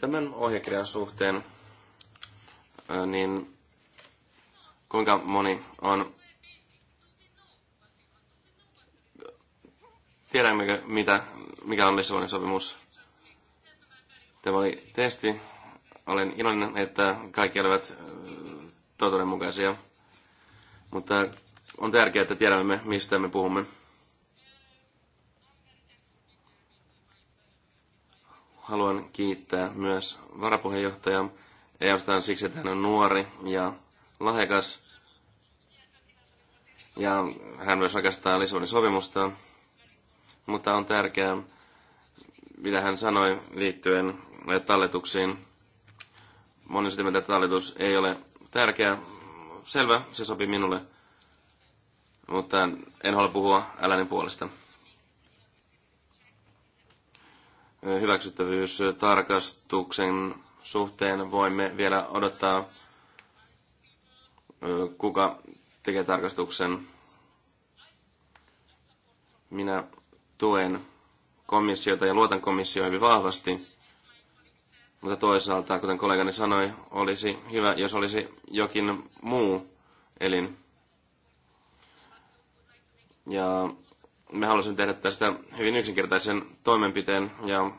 tämän ohjekirjan suhteen, niin kuinka moni on Tiedämmekö, mitä, mikä on Lissabonin sopimus? Tämä oli testi. Olen iloinen, että kaikki olivat totuudenmukaisia. Mutta on tärkeää, että tiedämme, mistä me puhumme. Haluan kiittää myös varapuheenjohtaja ei siksi, että hän on nuori ja lahjakas. Ja hän myös rakastaa Lissabonin sopimusta mutta on tärkeää, mitä hän sanoi liittyen talletuksiin. Moni sitä mieltä, että talletus ei ole tärkeä. Selvä, se sopii minulle, mutta en halua puhua älänin puolesta. Hyväksyttävyystarkastuksen suhteen voimme vielä odottaa, kuka tekee tarkastuksen. Minä tuen komissiota ja luotan komissioon hyvin vahvasti. Mutta toisaalta, kuten kollegani sanoi, olisi hyvä, jos olisi jokin muu elin. Ja me halusimme tehdä tästä hyvin yksinkertaisen toimenpiteen ja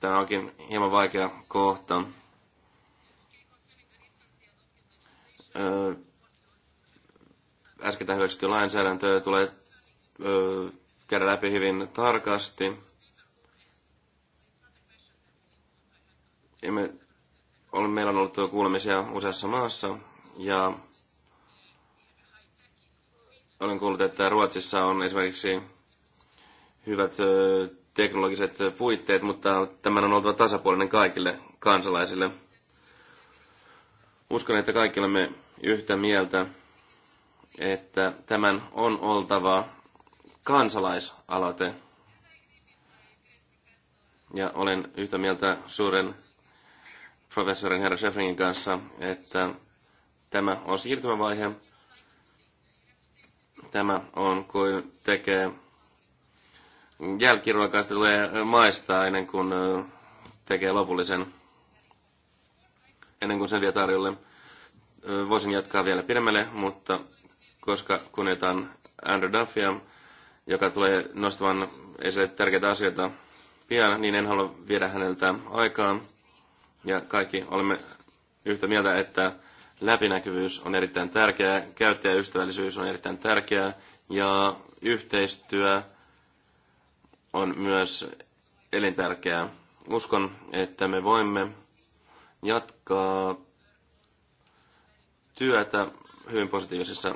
tämä onkin hieman vaikea kohta. Öö, äsken hyväksytty lainsäädäntö tulee öö, käydä läpi hyvin tarkasti. Emme, meillä on ollut kuulemisia useassa maassa ja olen kuullut, että Ruotsissa on esimerkiksi hyvät teknologiset puitteet, mutta tämän on oltava tasapuolinen kaikille kansalaisille. Uskon, että kaikki olemme yhtä mieltä, että tämän on oltava kansalaisaloite. Ja olen yhtä mieltä suuren professorin herra Schäfringin kanssa, että tämä on siirtymävaihe. Tämä on kuin tekee jälkiruokaa, sitä tulee maistaa ennen kuin tekee lopullisen, ennen kuin sen vie tarjolle. Voisin jatkaa vielä pidemmälle, mutta koska kunnioitan Andrew Duffia, joka tulee nostamaan esille tärkeitä asioita pian, niin en halua viedä häneltä aikaa. Ja kaikki olemme yhtä mieltä, että läpinäkyvyys on erittäin tärkeää, käyttäjäystävällisyys on erittäin tärkeää ja yhteistyö on myös elintärkeää. Uskon, että me voimme jatkaa työtä hyvin positiivisessa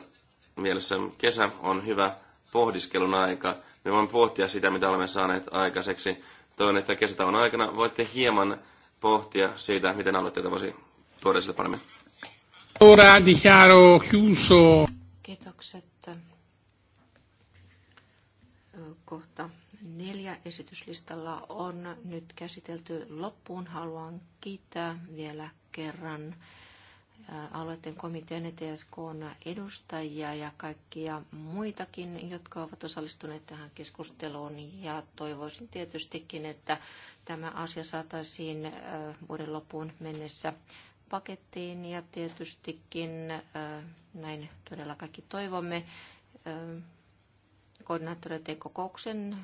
mielessä. Kesä on hyvä pohdiskelun aika. Me voimme pohtia sitä, mitä olemme saaneet aikaiseksi. Toivon, että kesätauon aikana voitte hieman pohtia siitä, miten aloitteita voisi tuoda sille paremmin. Ora dichiaro chiuso. Kiitokset. Kohta neljä esityslistalla on nyt käsitelty loppuun. Haluan kiittää vielä kerran alueiden komitean ETSK edustajia ja kaikkia muitakin, jotka ovat osallistuneet tähän keskusteluun. Ja toivoisin tietystikin, että tämä asia saataisiin vuoden loppuun mennessä pakettiin ja tietystikin näin todella kaikki toivomme koordinaattoreiden kokouksen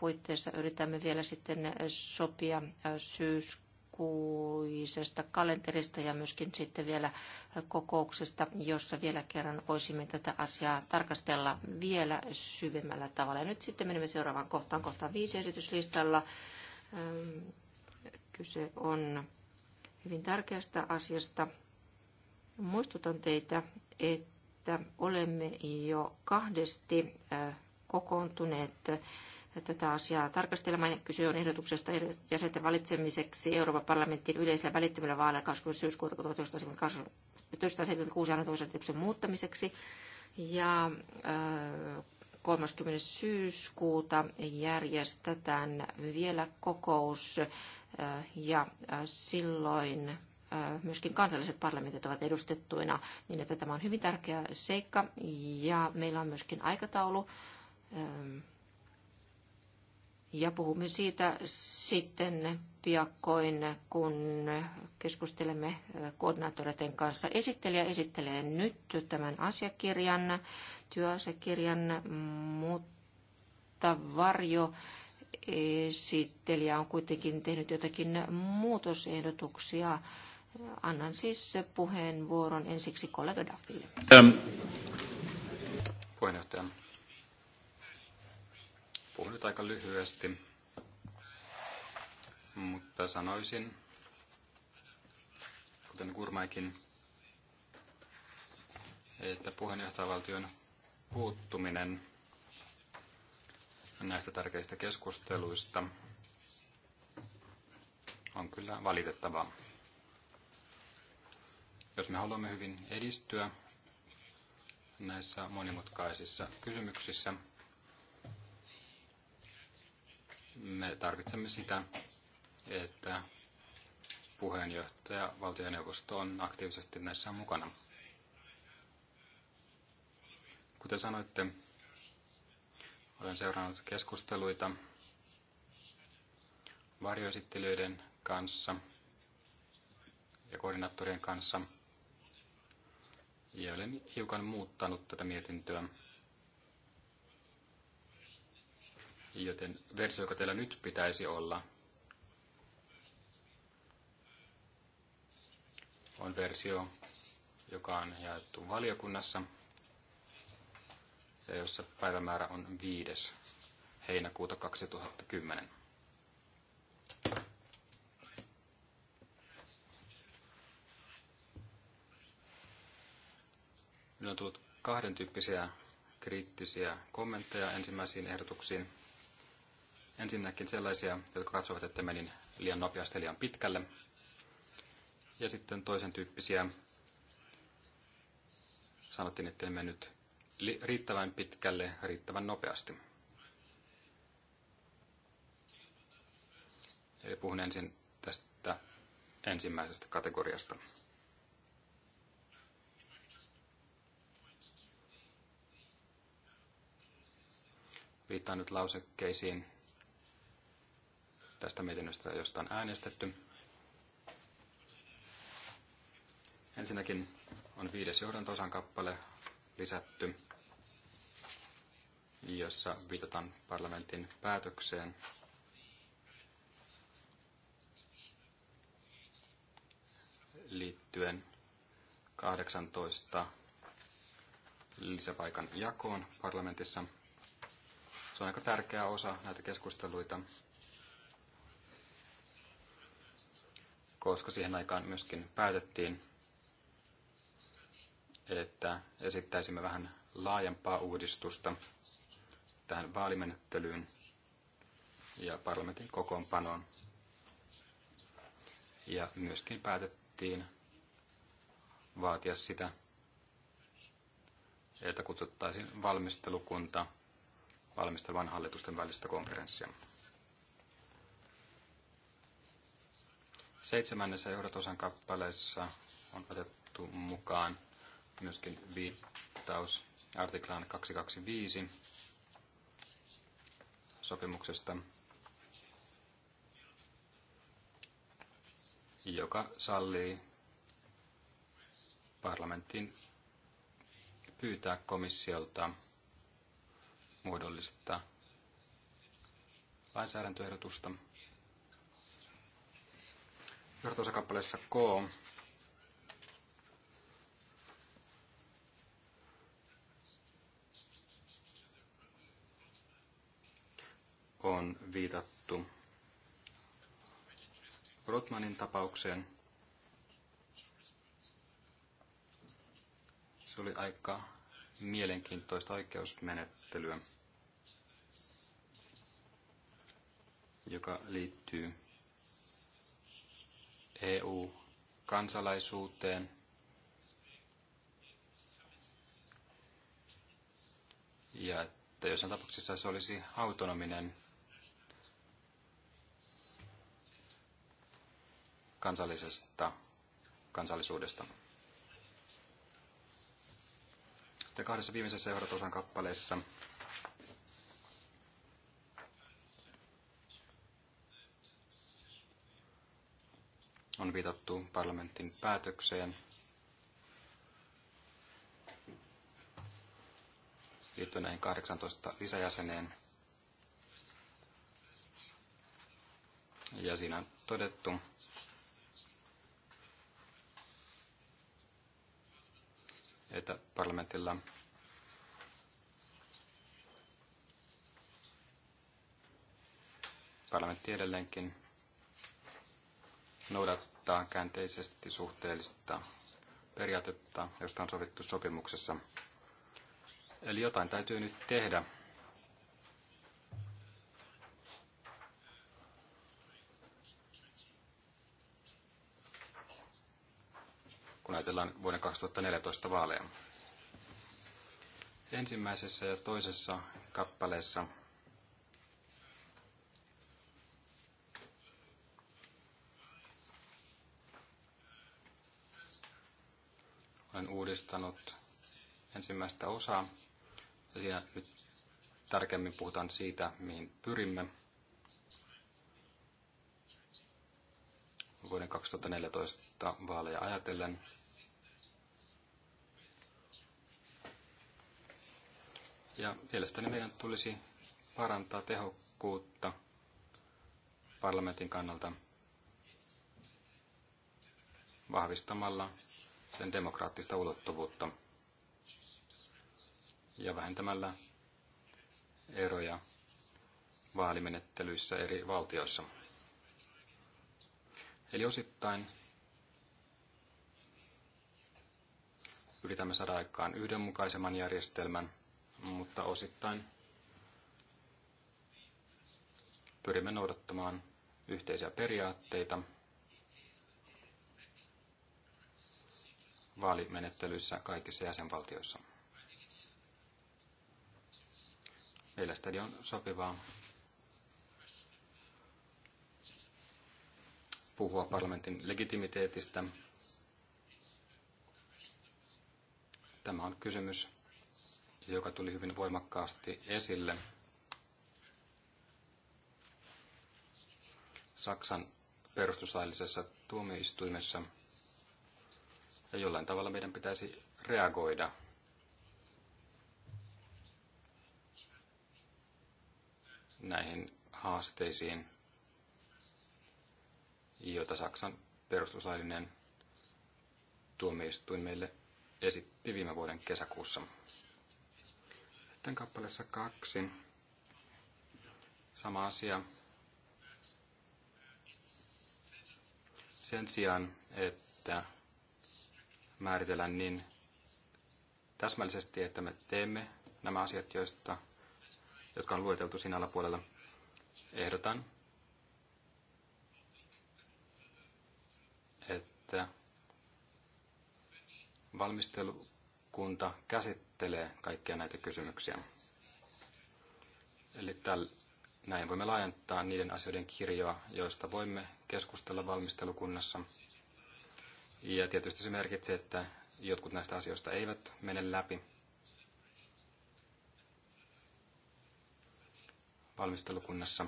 puitteissa yritämme vielä sitten sopia syys joulukuisesta kalenterista ja myöskin sitten vielä kokouksesta, jossa vielä kerran voisimme tätä asiaa tarkastella vielä syvemmällä tavalla. Ja nyt sitten menemme seuraavaan kohtaan, kohtaan viisi esityslistalla. Kyse on hyvin tärkeästä asiasta. Muistutan teitä, että olemme jo kahdesti kokoontuneet tätä asiaa tarkastelemaan. Kyse on ehdotuksesta jäsenten valitsemiseksi Euroopan parlamentin yleisellä välittömillä vaaleilla 20. syyskuuta 1976 annetun muuttamiseksi. Ja 30. Äh, syyskuuta järjestetään vielä kokous äh, ja äh, silloin myöskin kansalliset parlamentit ovat edustettuina, niin että tämä on hyvin tärkeä seikka ja meillä on myöskin aikataulu ähm, ja puhumme siitä sitten piakkoin, kun keskustelemme koordinaattoreiden kanssa. Esittelijä esittelee nyt tämän asiakirjan, työasiakirjan, mutta varjo esittelijä on kuitenkin tehnyt jotakin muutosehdotuksia. Annan siis puheenvuoron ensiksi kollega Daffille. Puheenjohtaja Puhun nyt aika lyhyesti, mutta sanoisin, kuten Kurmaikin, että puheenjohtajavaltion puuttuminen näistä tärkeistä keskusteluista on kyllä valitettavaa. Jos me haluamme hyvin edistyä näissä monimutkaisissa kysymyksissä, me tarvitsemme sitä, että puheenjohtaja valtioneuvosto on aktiivisesti näissä mukana. Kuten sanoitte, olen seurannut keskusteluita varjoesittelijöiden kanssa ja koordinaattorien kanssa ja olen hiukan muuttanut tätä mietintöä Joten versio, joka teillä nyt pitäisi olla, on versio, joka on jaettu valiokunnassa ja jossa päivämäärä on 5. heinäkuuta 2010. Minulla on tullut kahden tyyppisiä kriittisiä kommentteja ensimmäisiin ehdotuksiin. Ensinnäkin sellaisia, jotka katsovat, että menin liian nopeasti liian pitkälle. Ja sitten toisen tyyppisiä sanottiin, että en mennyt riittävän pitkälle, riittävän nopeasti. Eli puhun ensin tästä ensimmäisestä kategoriasta. Viittaan nyt lausekkeisiin, tästä mietinnöstä, josta on äänestetty. Ensinnäkin on viides johdantosan kappale lisätty, jossa viitataan parlamentin päätökseen liittyen 18 lisäpaikan jakoon parlamentissa. Se on aika tärkeä osa näitä keskusteluita. koska siihen aikaan myöskin päätettiin, että esittäisimme vähän laajempaa uudistusta tähän vaalimenettelyyn ja parlamentin kokoonpanoon. Ja myöskin päätettiin vaatia sitä, että kutsuttaisiin valmistelukunta valmistelevan hallitusten välistä konferenssia. Seitsemännessä johdatosan kappaleessa on otettu mukaan myöskin viittaus artiklaan 225 sopimuksesta, joka sallii parlamenttiin pyytää komissiolta muodollista lainsäädäntöehdotusta kappaleessa K on viitattu Rotmanin tapaukseen. Se oli aika mielenkiintoista oikeusmenettelyä, joka liittyy EU-kansalaisuuteen. Ja että jossain tapauksessa se olisi autonominen kansallisesta kansallisuudesta. Sitten kahdessa viimeisessä johdatosan kappaleessa on viitattu parlamentin päätökseen liittyen näihin 18 lisäjäseneen. Ja siinä on todettu, että parlamentilla parlamentti edelleenkin noudattaa noudattaa käänteisesti suhteellista periaatetta, josta on sovittu sopimuksessa. Eli jotain täytyy nyt tehdä. kun ajatellaan vuoden 2014 vaaleja. Ensimmäisessä ja toisessa kappaleessa olen uudistanut ensimmäistä osaa. Ja siinä nyt tarkemmin puhutaan siitä, mihin pyrimme vuoden 2014 vaaleja ajatellen. Ja mielestäni meidän tulisi parantaa tehokkuutta parlamentin kannalta vahvistamalla sen demokraattista ulottuvuutta ja vähentämällä eroja vaalimenettelyissä eri valtioissa. Eli osittain yritämme saada aikaan yhdenmukaisemman järjestelmän, mutta osittain pyrimme noudattamaan yhteisiä periaatteita – vaalimenettelyissä kaikissa jäsenvaltioissa. Mielestäni on sopivaa puhua parlamentin legitimiteetistä. Tämä on kysymys, joka tuli hyvin voimakkaasti esille Saksan perustuslaillisessa tuomioistuimessa – ja jollain tavalla meidän pitäisi reagoida. näihin haasteisiin, joita Saksan perustuslaillinen tuomioistuin meille esitti viime vuoden kesäkuussa. Sitten kappaleessa kaksi. Sama asia. Sen sijaan, että määritellä niin täsmällisesti, että me teemme nämä asiat, joista, jotka on lueteltu siinä alapuolella. Ehdotan, että valmistelukunta käsittelee kaikkia näitä kysymyksiä. Eli täl, näin voimme laajentaa niiden asioiden kirjoa, joista voimme keskustella valmistelukunnassa – ja tietysti se merkitsee, että jotkut näistä asioista eivät mene läpi. valmistelukunnassa.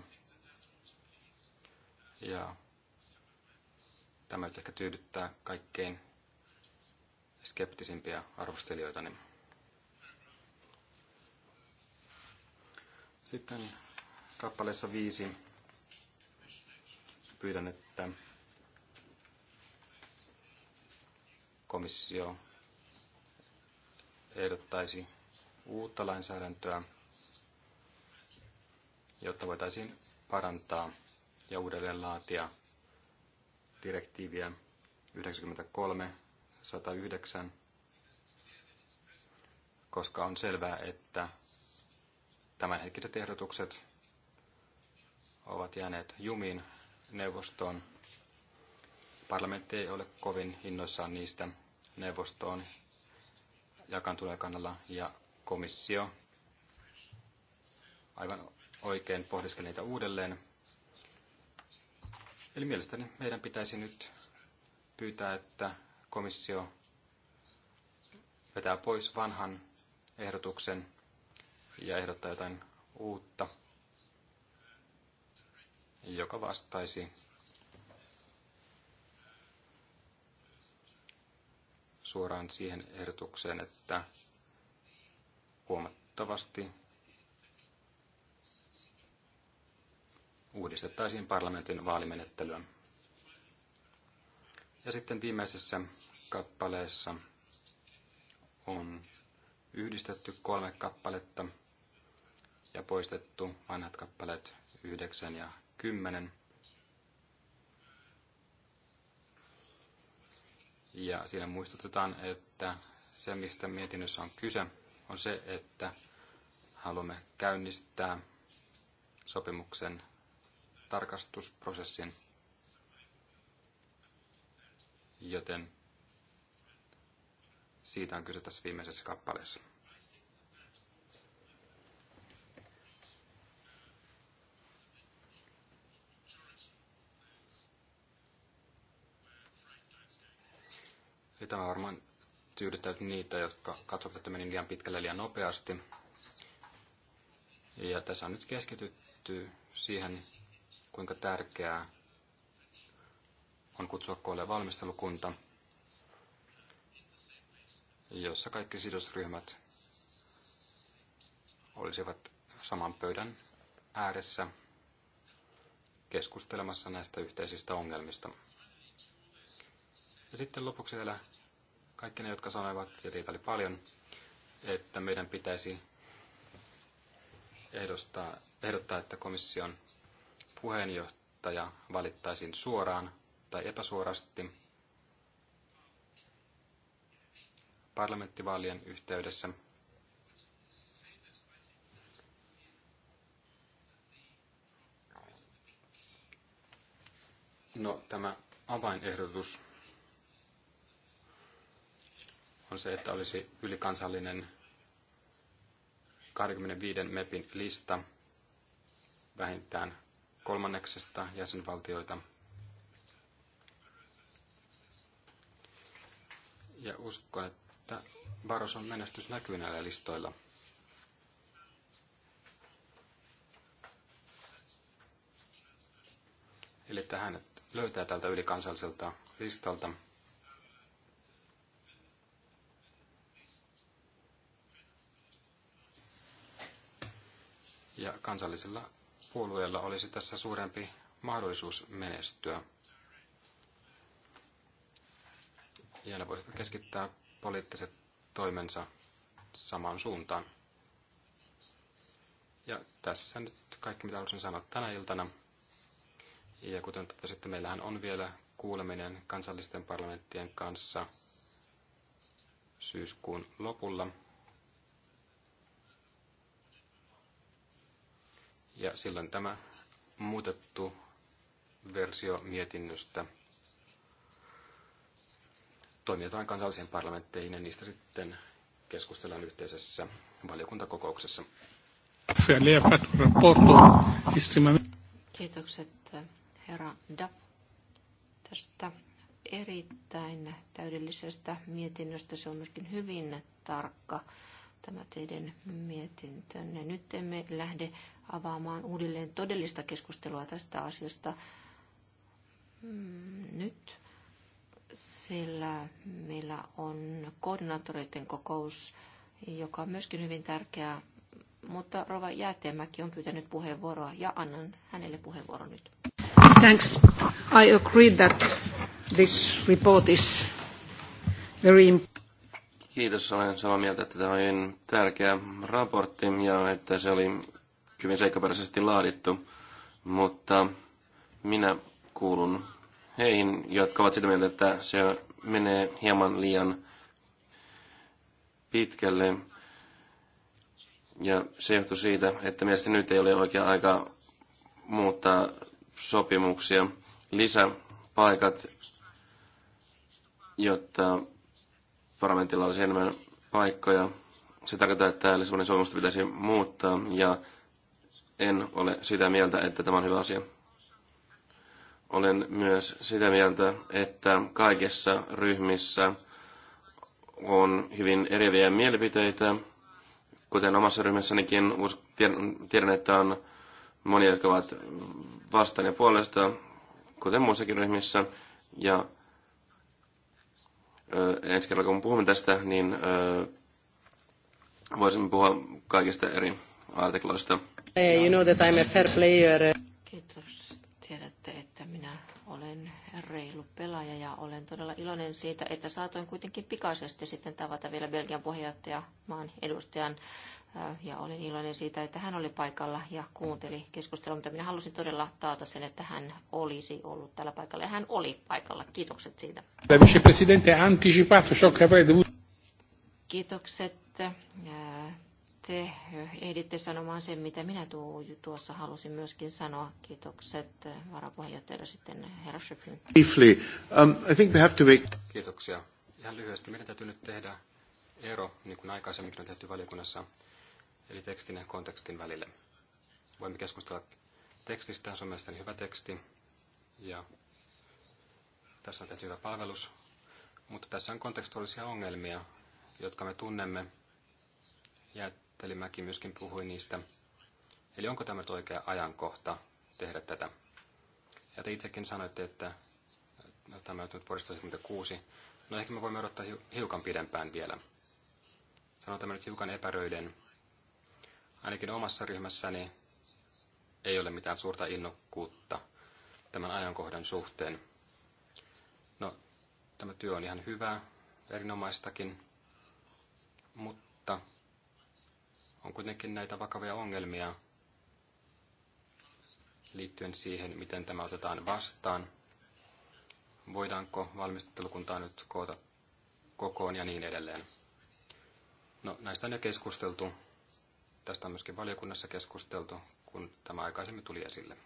Ja tämä nyt ehkä tyydyttää kaikkein skeptisimpiä arvostelijoita. Sitten kappaleessa viisi pyydän, että komissio ehdottaisi uutta lainsäädäntöä, jotta voitaisiin parantaa ja uudelleen laatia direktiiviä 93-109, koska on selvää, että tämänhetkiset ehdotukset ovat jääneet jumiin neuvostoon. Parlamentti ei ole kovin innoissaan niistä, neuvosto on kannalla ja komissio aivan oikein pohdiskeli niitä uudelleen. Eli mielestäni meidän pitäisi nyt pyytää, että komissio vetää pois vanhan ehdotuksen ja ehdottaa jotain uutta, joka vastaisi suoraan siihen ehdotukseen, että huomattavasti uudistettaisiin parlamentin vaalimenettelyä. Ja sitten viimeisessä kappaleessa on yhdistetty kolme kappaletta ja poistettu vanhat kappaleet 9 ja 10 Ja siinä muistutetaan, että se mistä mietinnössä on kyse, on se, että haluamme käynnistää sopimuksen tarkastusprosessin, joten siitä on kyse tässä viimeisessä kappaleessa. Ja tämä varmaan tyydyttää niitä, jotka katsovat, että menin liian pitkälle liian nopeasti. Ja tässä on nyt keskitytty siihen, kuinka tärkeää on kutsua koolle valmistelukunta, jossa kaikki sidosryhmät olisivat saman pöydän ääressä keskustelemassa näistä yhteisistä ongelmista. Ja sitten lopuksi vielä kaikki ne, jotka sanoivat, ja niitä oli paljon, että meidän pitäisi ehdostaa, ehdottaa, että komission puheenjohtaja valittaisiin suoraan tai epäsuorasti parlamenttivaalien yhteydessä. No, tämä avainehdotus on se, että olisi ylikansallinen 25 MEPin lista vähintään kolmanneksesta jäsenvaltioita. Ja uskon, että on menestys näkyy näillä listoilla. Eli tähän löytää tältä ylikansalliselta listalta – ja kansallisilla puolueilla olisi tässä suurempi mahdollisuus menestyä. Ja ne voisivat keskittää poliittiset toimensa samaan suuntaan. Ja tässä nyt kaikki, mitä haluaisin sanoa tänä iltana. Ja kuten totesitte, meillähän on vielä kuuleminen kansallisten parlamenttien kanssa syyskuun lopulla. Ja silloin tämä muutettu versio mietinnöstä toimitetaan kansallisiin parlamentteihin ja niistä sitten keskustellaan yhteisessä valiokuntakokouksessa. Kiitokset herra Duff tästä erittäin täydellisestä mietinnöstä. Se on myöskin hyvin tarkka tämä teidän mietintönne. Nyt emme lähde avaamaan uudelleen todellista keskustelua tästä asiasta mm, nyt, sillä meillä on koordinaattoreiden kokous, joka on myöskin hyvin tärkeä, mutta Rova Jäätemäki on pyytänyt puheenvuoroa ja annan hänelle puheenvuoron nyt. Thanks. I agree that this report is very important. Kiitos, olen samaa mieltä, että tämä on tärkeä raportti ja että se oli hyvin seikkaperäisesti laadittu, mutta minä kuulun heihin, jotka ovat sitä mieltä, että se menee hieman liian pitkälle. Ja se johtuu siitä, että mielestäni nyt ei ole oikea aika muuttaa sopimuksia. Lisäpaikat, jotta parlamentilla olisi enemmän paikkoja. Se tarkoittaa, että Lissabonin sopimusta pitäisi muuttaa ja en ole sitä mieltä, että tämä on hyvä asia. Olen myös sitä mieltä, että kaikissa ryhmissä on hyvin eriäviä mielipiteitä. Kuten omassa ryhmässänikin tiedän, että on monia, jotka ovat vastaan ja puolesta, kuten muissakin ryhmissä. Ja ensi kerralla kun puhumme tästä, niin voisimme puhua kaikista eri artikloista. Hey, You know that I'm a fair player. Kiitos. Tiedätte, että minä olen reilu pelaaja ja olen todella iloinen siitä, että saatoin kuitenkin pikaisesti sitten tavata vielä Belgian puheenjohtaja maan edustajan Äh, ja olin iloinen siitä, että hän oli paikalla ja kuunteli keskustelua, mutta minä halusin todella taata sen, että hän olisi ollut tällä paikalla ja hän oli paikalla. Kiitokset siitä. Kiitokset. Äh, te ehditte sanomaan sen, mitä minä tuossa halusin myöskin sanoa. Kiitokset äh, varapuheenjohtajalle sitten herra Schöpfin. Um, Kiitoksia. Ihan lyhyesti, meidän täytyy nyt tehdä ero, niin kuin aikaisemmin on tehty valiokunnassa, eli tekstin ja kontekstin välille. Voimme keskustella tekstistä, se on mielestäni hyvä teksti, ja tässä on tehty hyvä palvelus, mutta tässä on kontekstuaalisia ongelmia, jotka me tunnemme, ja Telimäki myöskin puhui niistä. Eli onko tämä oikea ajankohta tehdä tätä? Ja te itsekin sanoitte, että no, tämä on nyt vuodesta 76. No ehkä me voimme odottaa hiukan pidempään vielä. Sanotaan, nyt hiukan epäröiden, Ainakin omassa ryhmässäni ei ole mitään suurta innokkuutta tämän ajankohdan suhteen. No, tämä työ on ihan hyvää, erinomaistakin, mutta on kuitenkin näitä vakavia ongelmia liittyen siihen, miten tämä otetaan vastaan. Voidaanko valmistelukuntaa nyt koota kokoon ja niin edelleen. No, näistä on jo keskusteltu Tästä on myöskin valiokunnassa keskusteltu, kun tämä aikaisemmin tuli esille.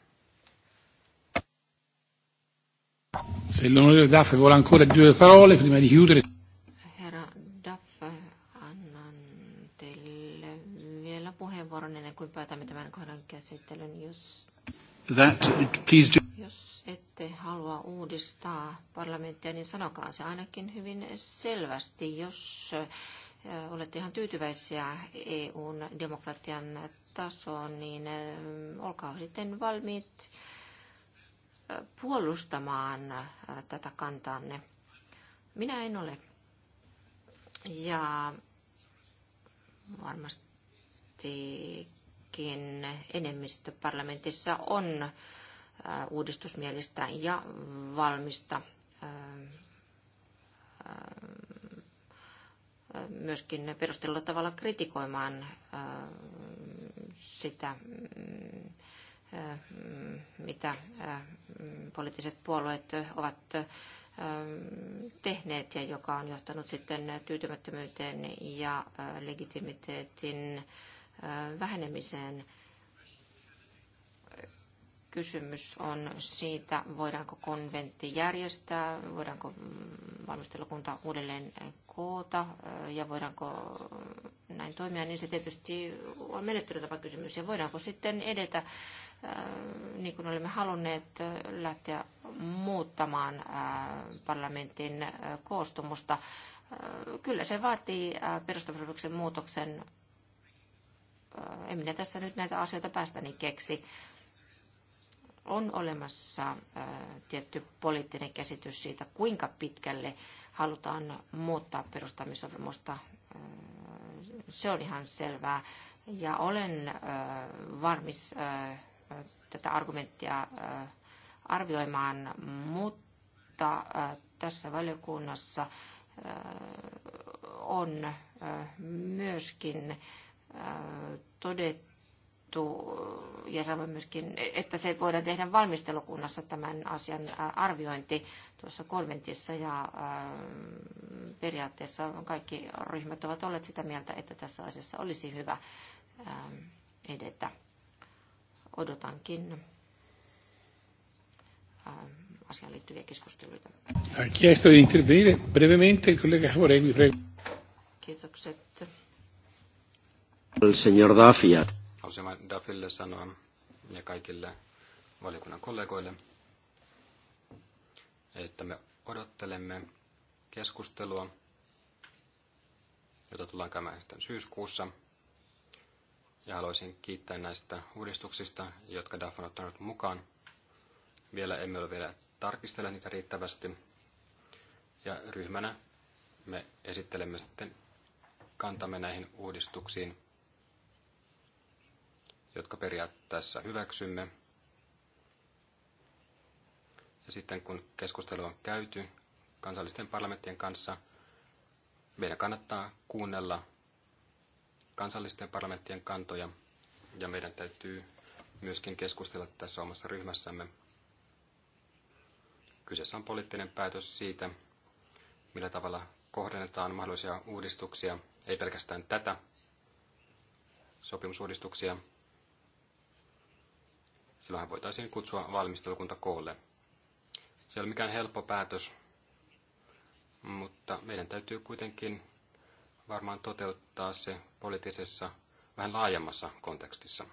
Se l'onorevole Daff vuole ancora due parole prima di chiudere. Herra Daff, annan teille vielä puheenvuoron ennen kuin päätämme tämän kohdan käsittelyn, jos... That, please do. Jos ette halua uudistaa parlamenttia, niin sanokaa se ainakin hyvin selvästi. Jos olette ihan tyytyväisiä EUn demokratian tasoon, niin olkaa sitten valmiit puolustamaan tätä kantaanne. Minä en ole. Ja varmastikin enemmistö parlamentissa on uudistusmielistä ja valmista myöskin perustellulla tavalla kritikoimaan äh, sitä, äh, mitä äh, poliittiset puolueet ovat tehneet ja joka on johtanut sitten tyytymättömyyteen ja legitimiteetin vähenemiseen. Kysymys on siitä, voidaanko konventti järjestää, voidaanko valmistelukunta uudelleen koota ja voidaanko näin toimia, niin se tietysti on menettelytapakysymys. Ja voidaanko sitten edetä, niin kuin olemme halunneet, lähteä muuttamaan parlamentin koostumusta. Kyllä se vaatii perustamisen muutoksen. En minä tässä nyt näitä asioita päästäni keksi on olemassa äh, tietty poliittinen käsitys siitä, kuinka pitkälle halutaan muuttaa perustamisopimusta. Äh, se on ihan selvää. Ja olen äh, varmis tätä argumenttia arvioimaan, mutta tässä valiokunnassa on myöskin todettu, todettu ja samoin myöskin, että se voidaan tehdä valmistelukunnassa tämän asian arviointi tuossa konventissa ja periaatteessa kaikki ryhmät ovat olleet sitä mieltä, että tässä asiassa olisi hyvä edetä. Odotankin asiaan liittyviä keskusteluita. Kiitokset. El señor Haluaisin Dafille sanoa ja kaikille valiokunnan kollegoille, että me odottelemme keskustelua, jota tullaan käymään sitten syyskuussa. Ja haluaisin kiittää näistä uudistuksista, jotka DAF on ottanut mukaan. Vielä emme ole vielä tarkistella niitä riittävästi. Ja ryhmänä me esittelemme sitten kantamme näihin uudistuksiin jotka periaatteessa hyväksymme. Ja sitten kun keskustelu on käyty kansallisten parlamenttien kanssa, meidän kannattaa kuunnella kansallisten parlamenttien kantoja ja meidän täytyy myöskin keskustella tässä omassa ryhmässämme. Kyseessä on poliittinen päätös siitä, millä tavalla kohdennetaan mahdollisia uudistuksia, ei pelkästään tätä sopimusuudistuksia, Silloinhan voitaisiin kutsua valmistelukunta koolle. Se ei ole mikään helppo päätös, mutta meidän täytyy kuitenkin varmaan toteuttaa se poliittisessa vähän laajemmassa kontekstissa.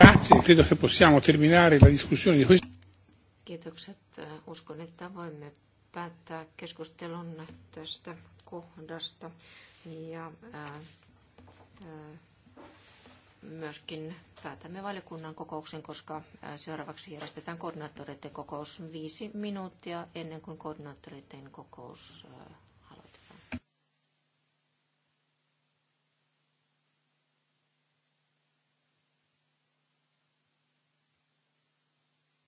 Grazie, credo che possiamo terminare la discussione di questo. Kiitokset. Äh, uskon, että voimme päättää keskustelun tästä kohdasta. Ja, ää, äh, ää, äh, myöskin päätämme valiokunnan kokouksen, koska seuraavaksi järjestetään koordinaattoreiden kokous viisi minuuttia ennen kuin koordinaattoreiden kokous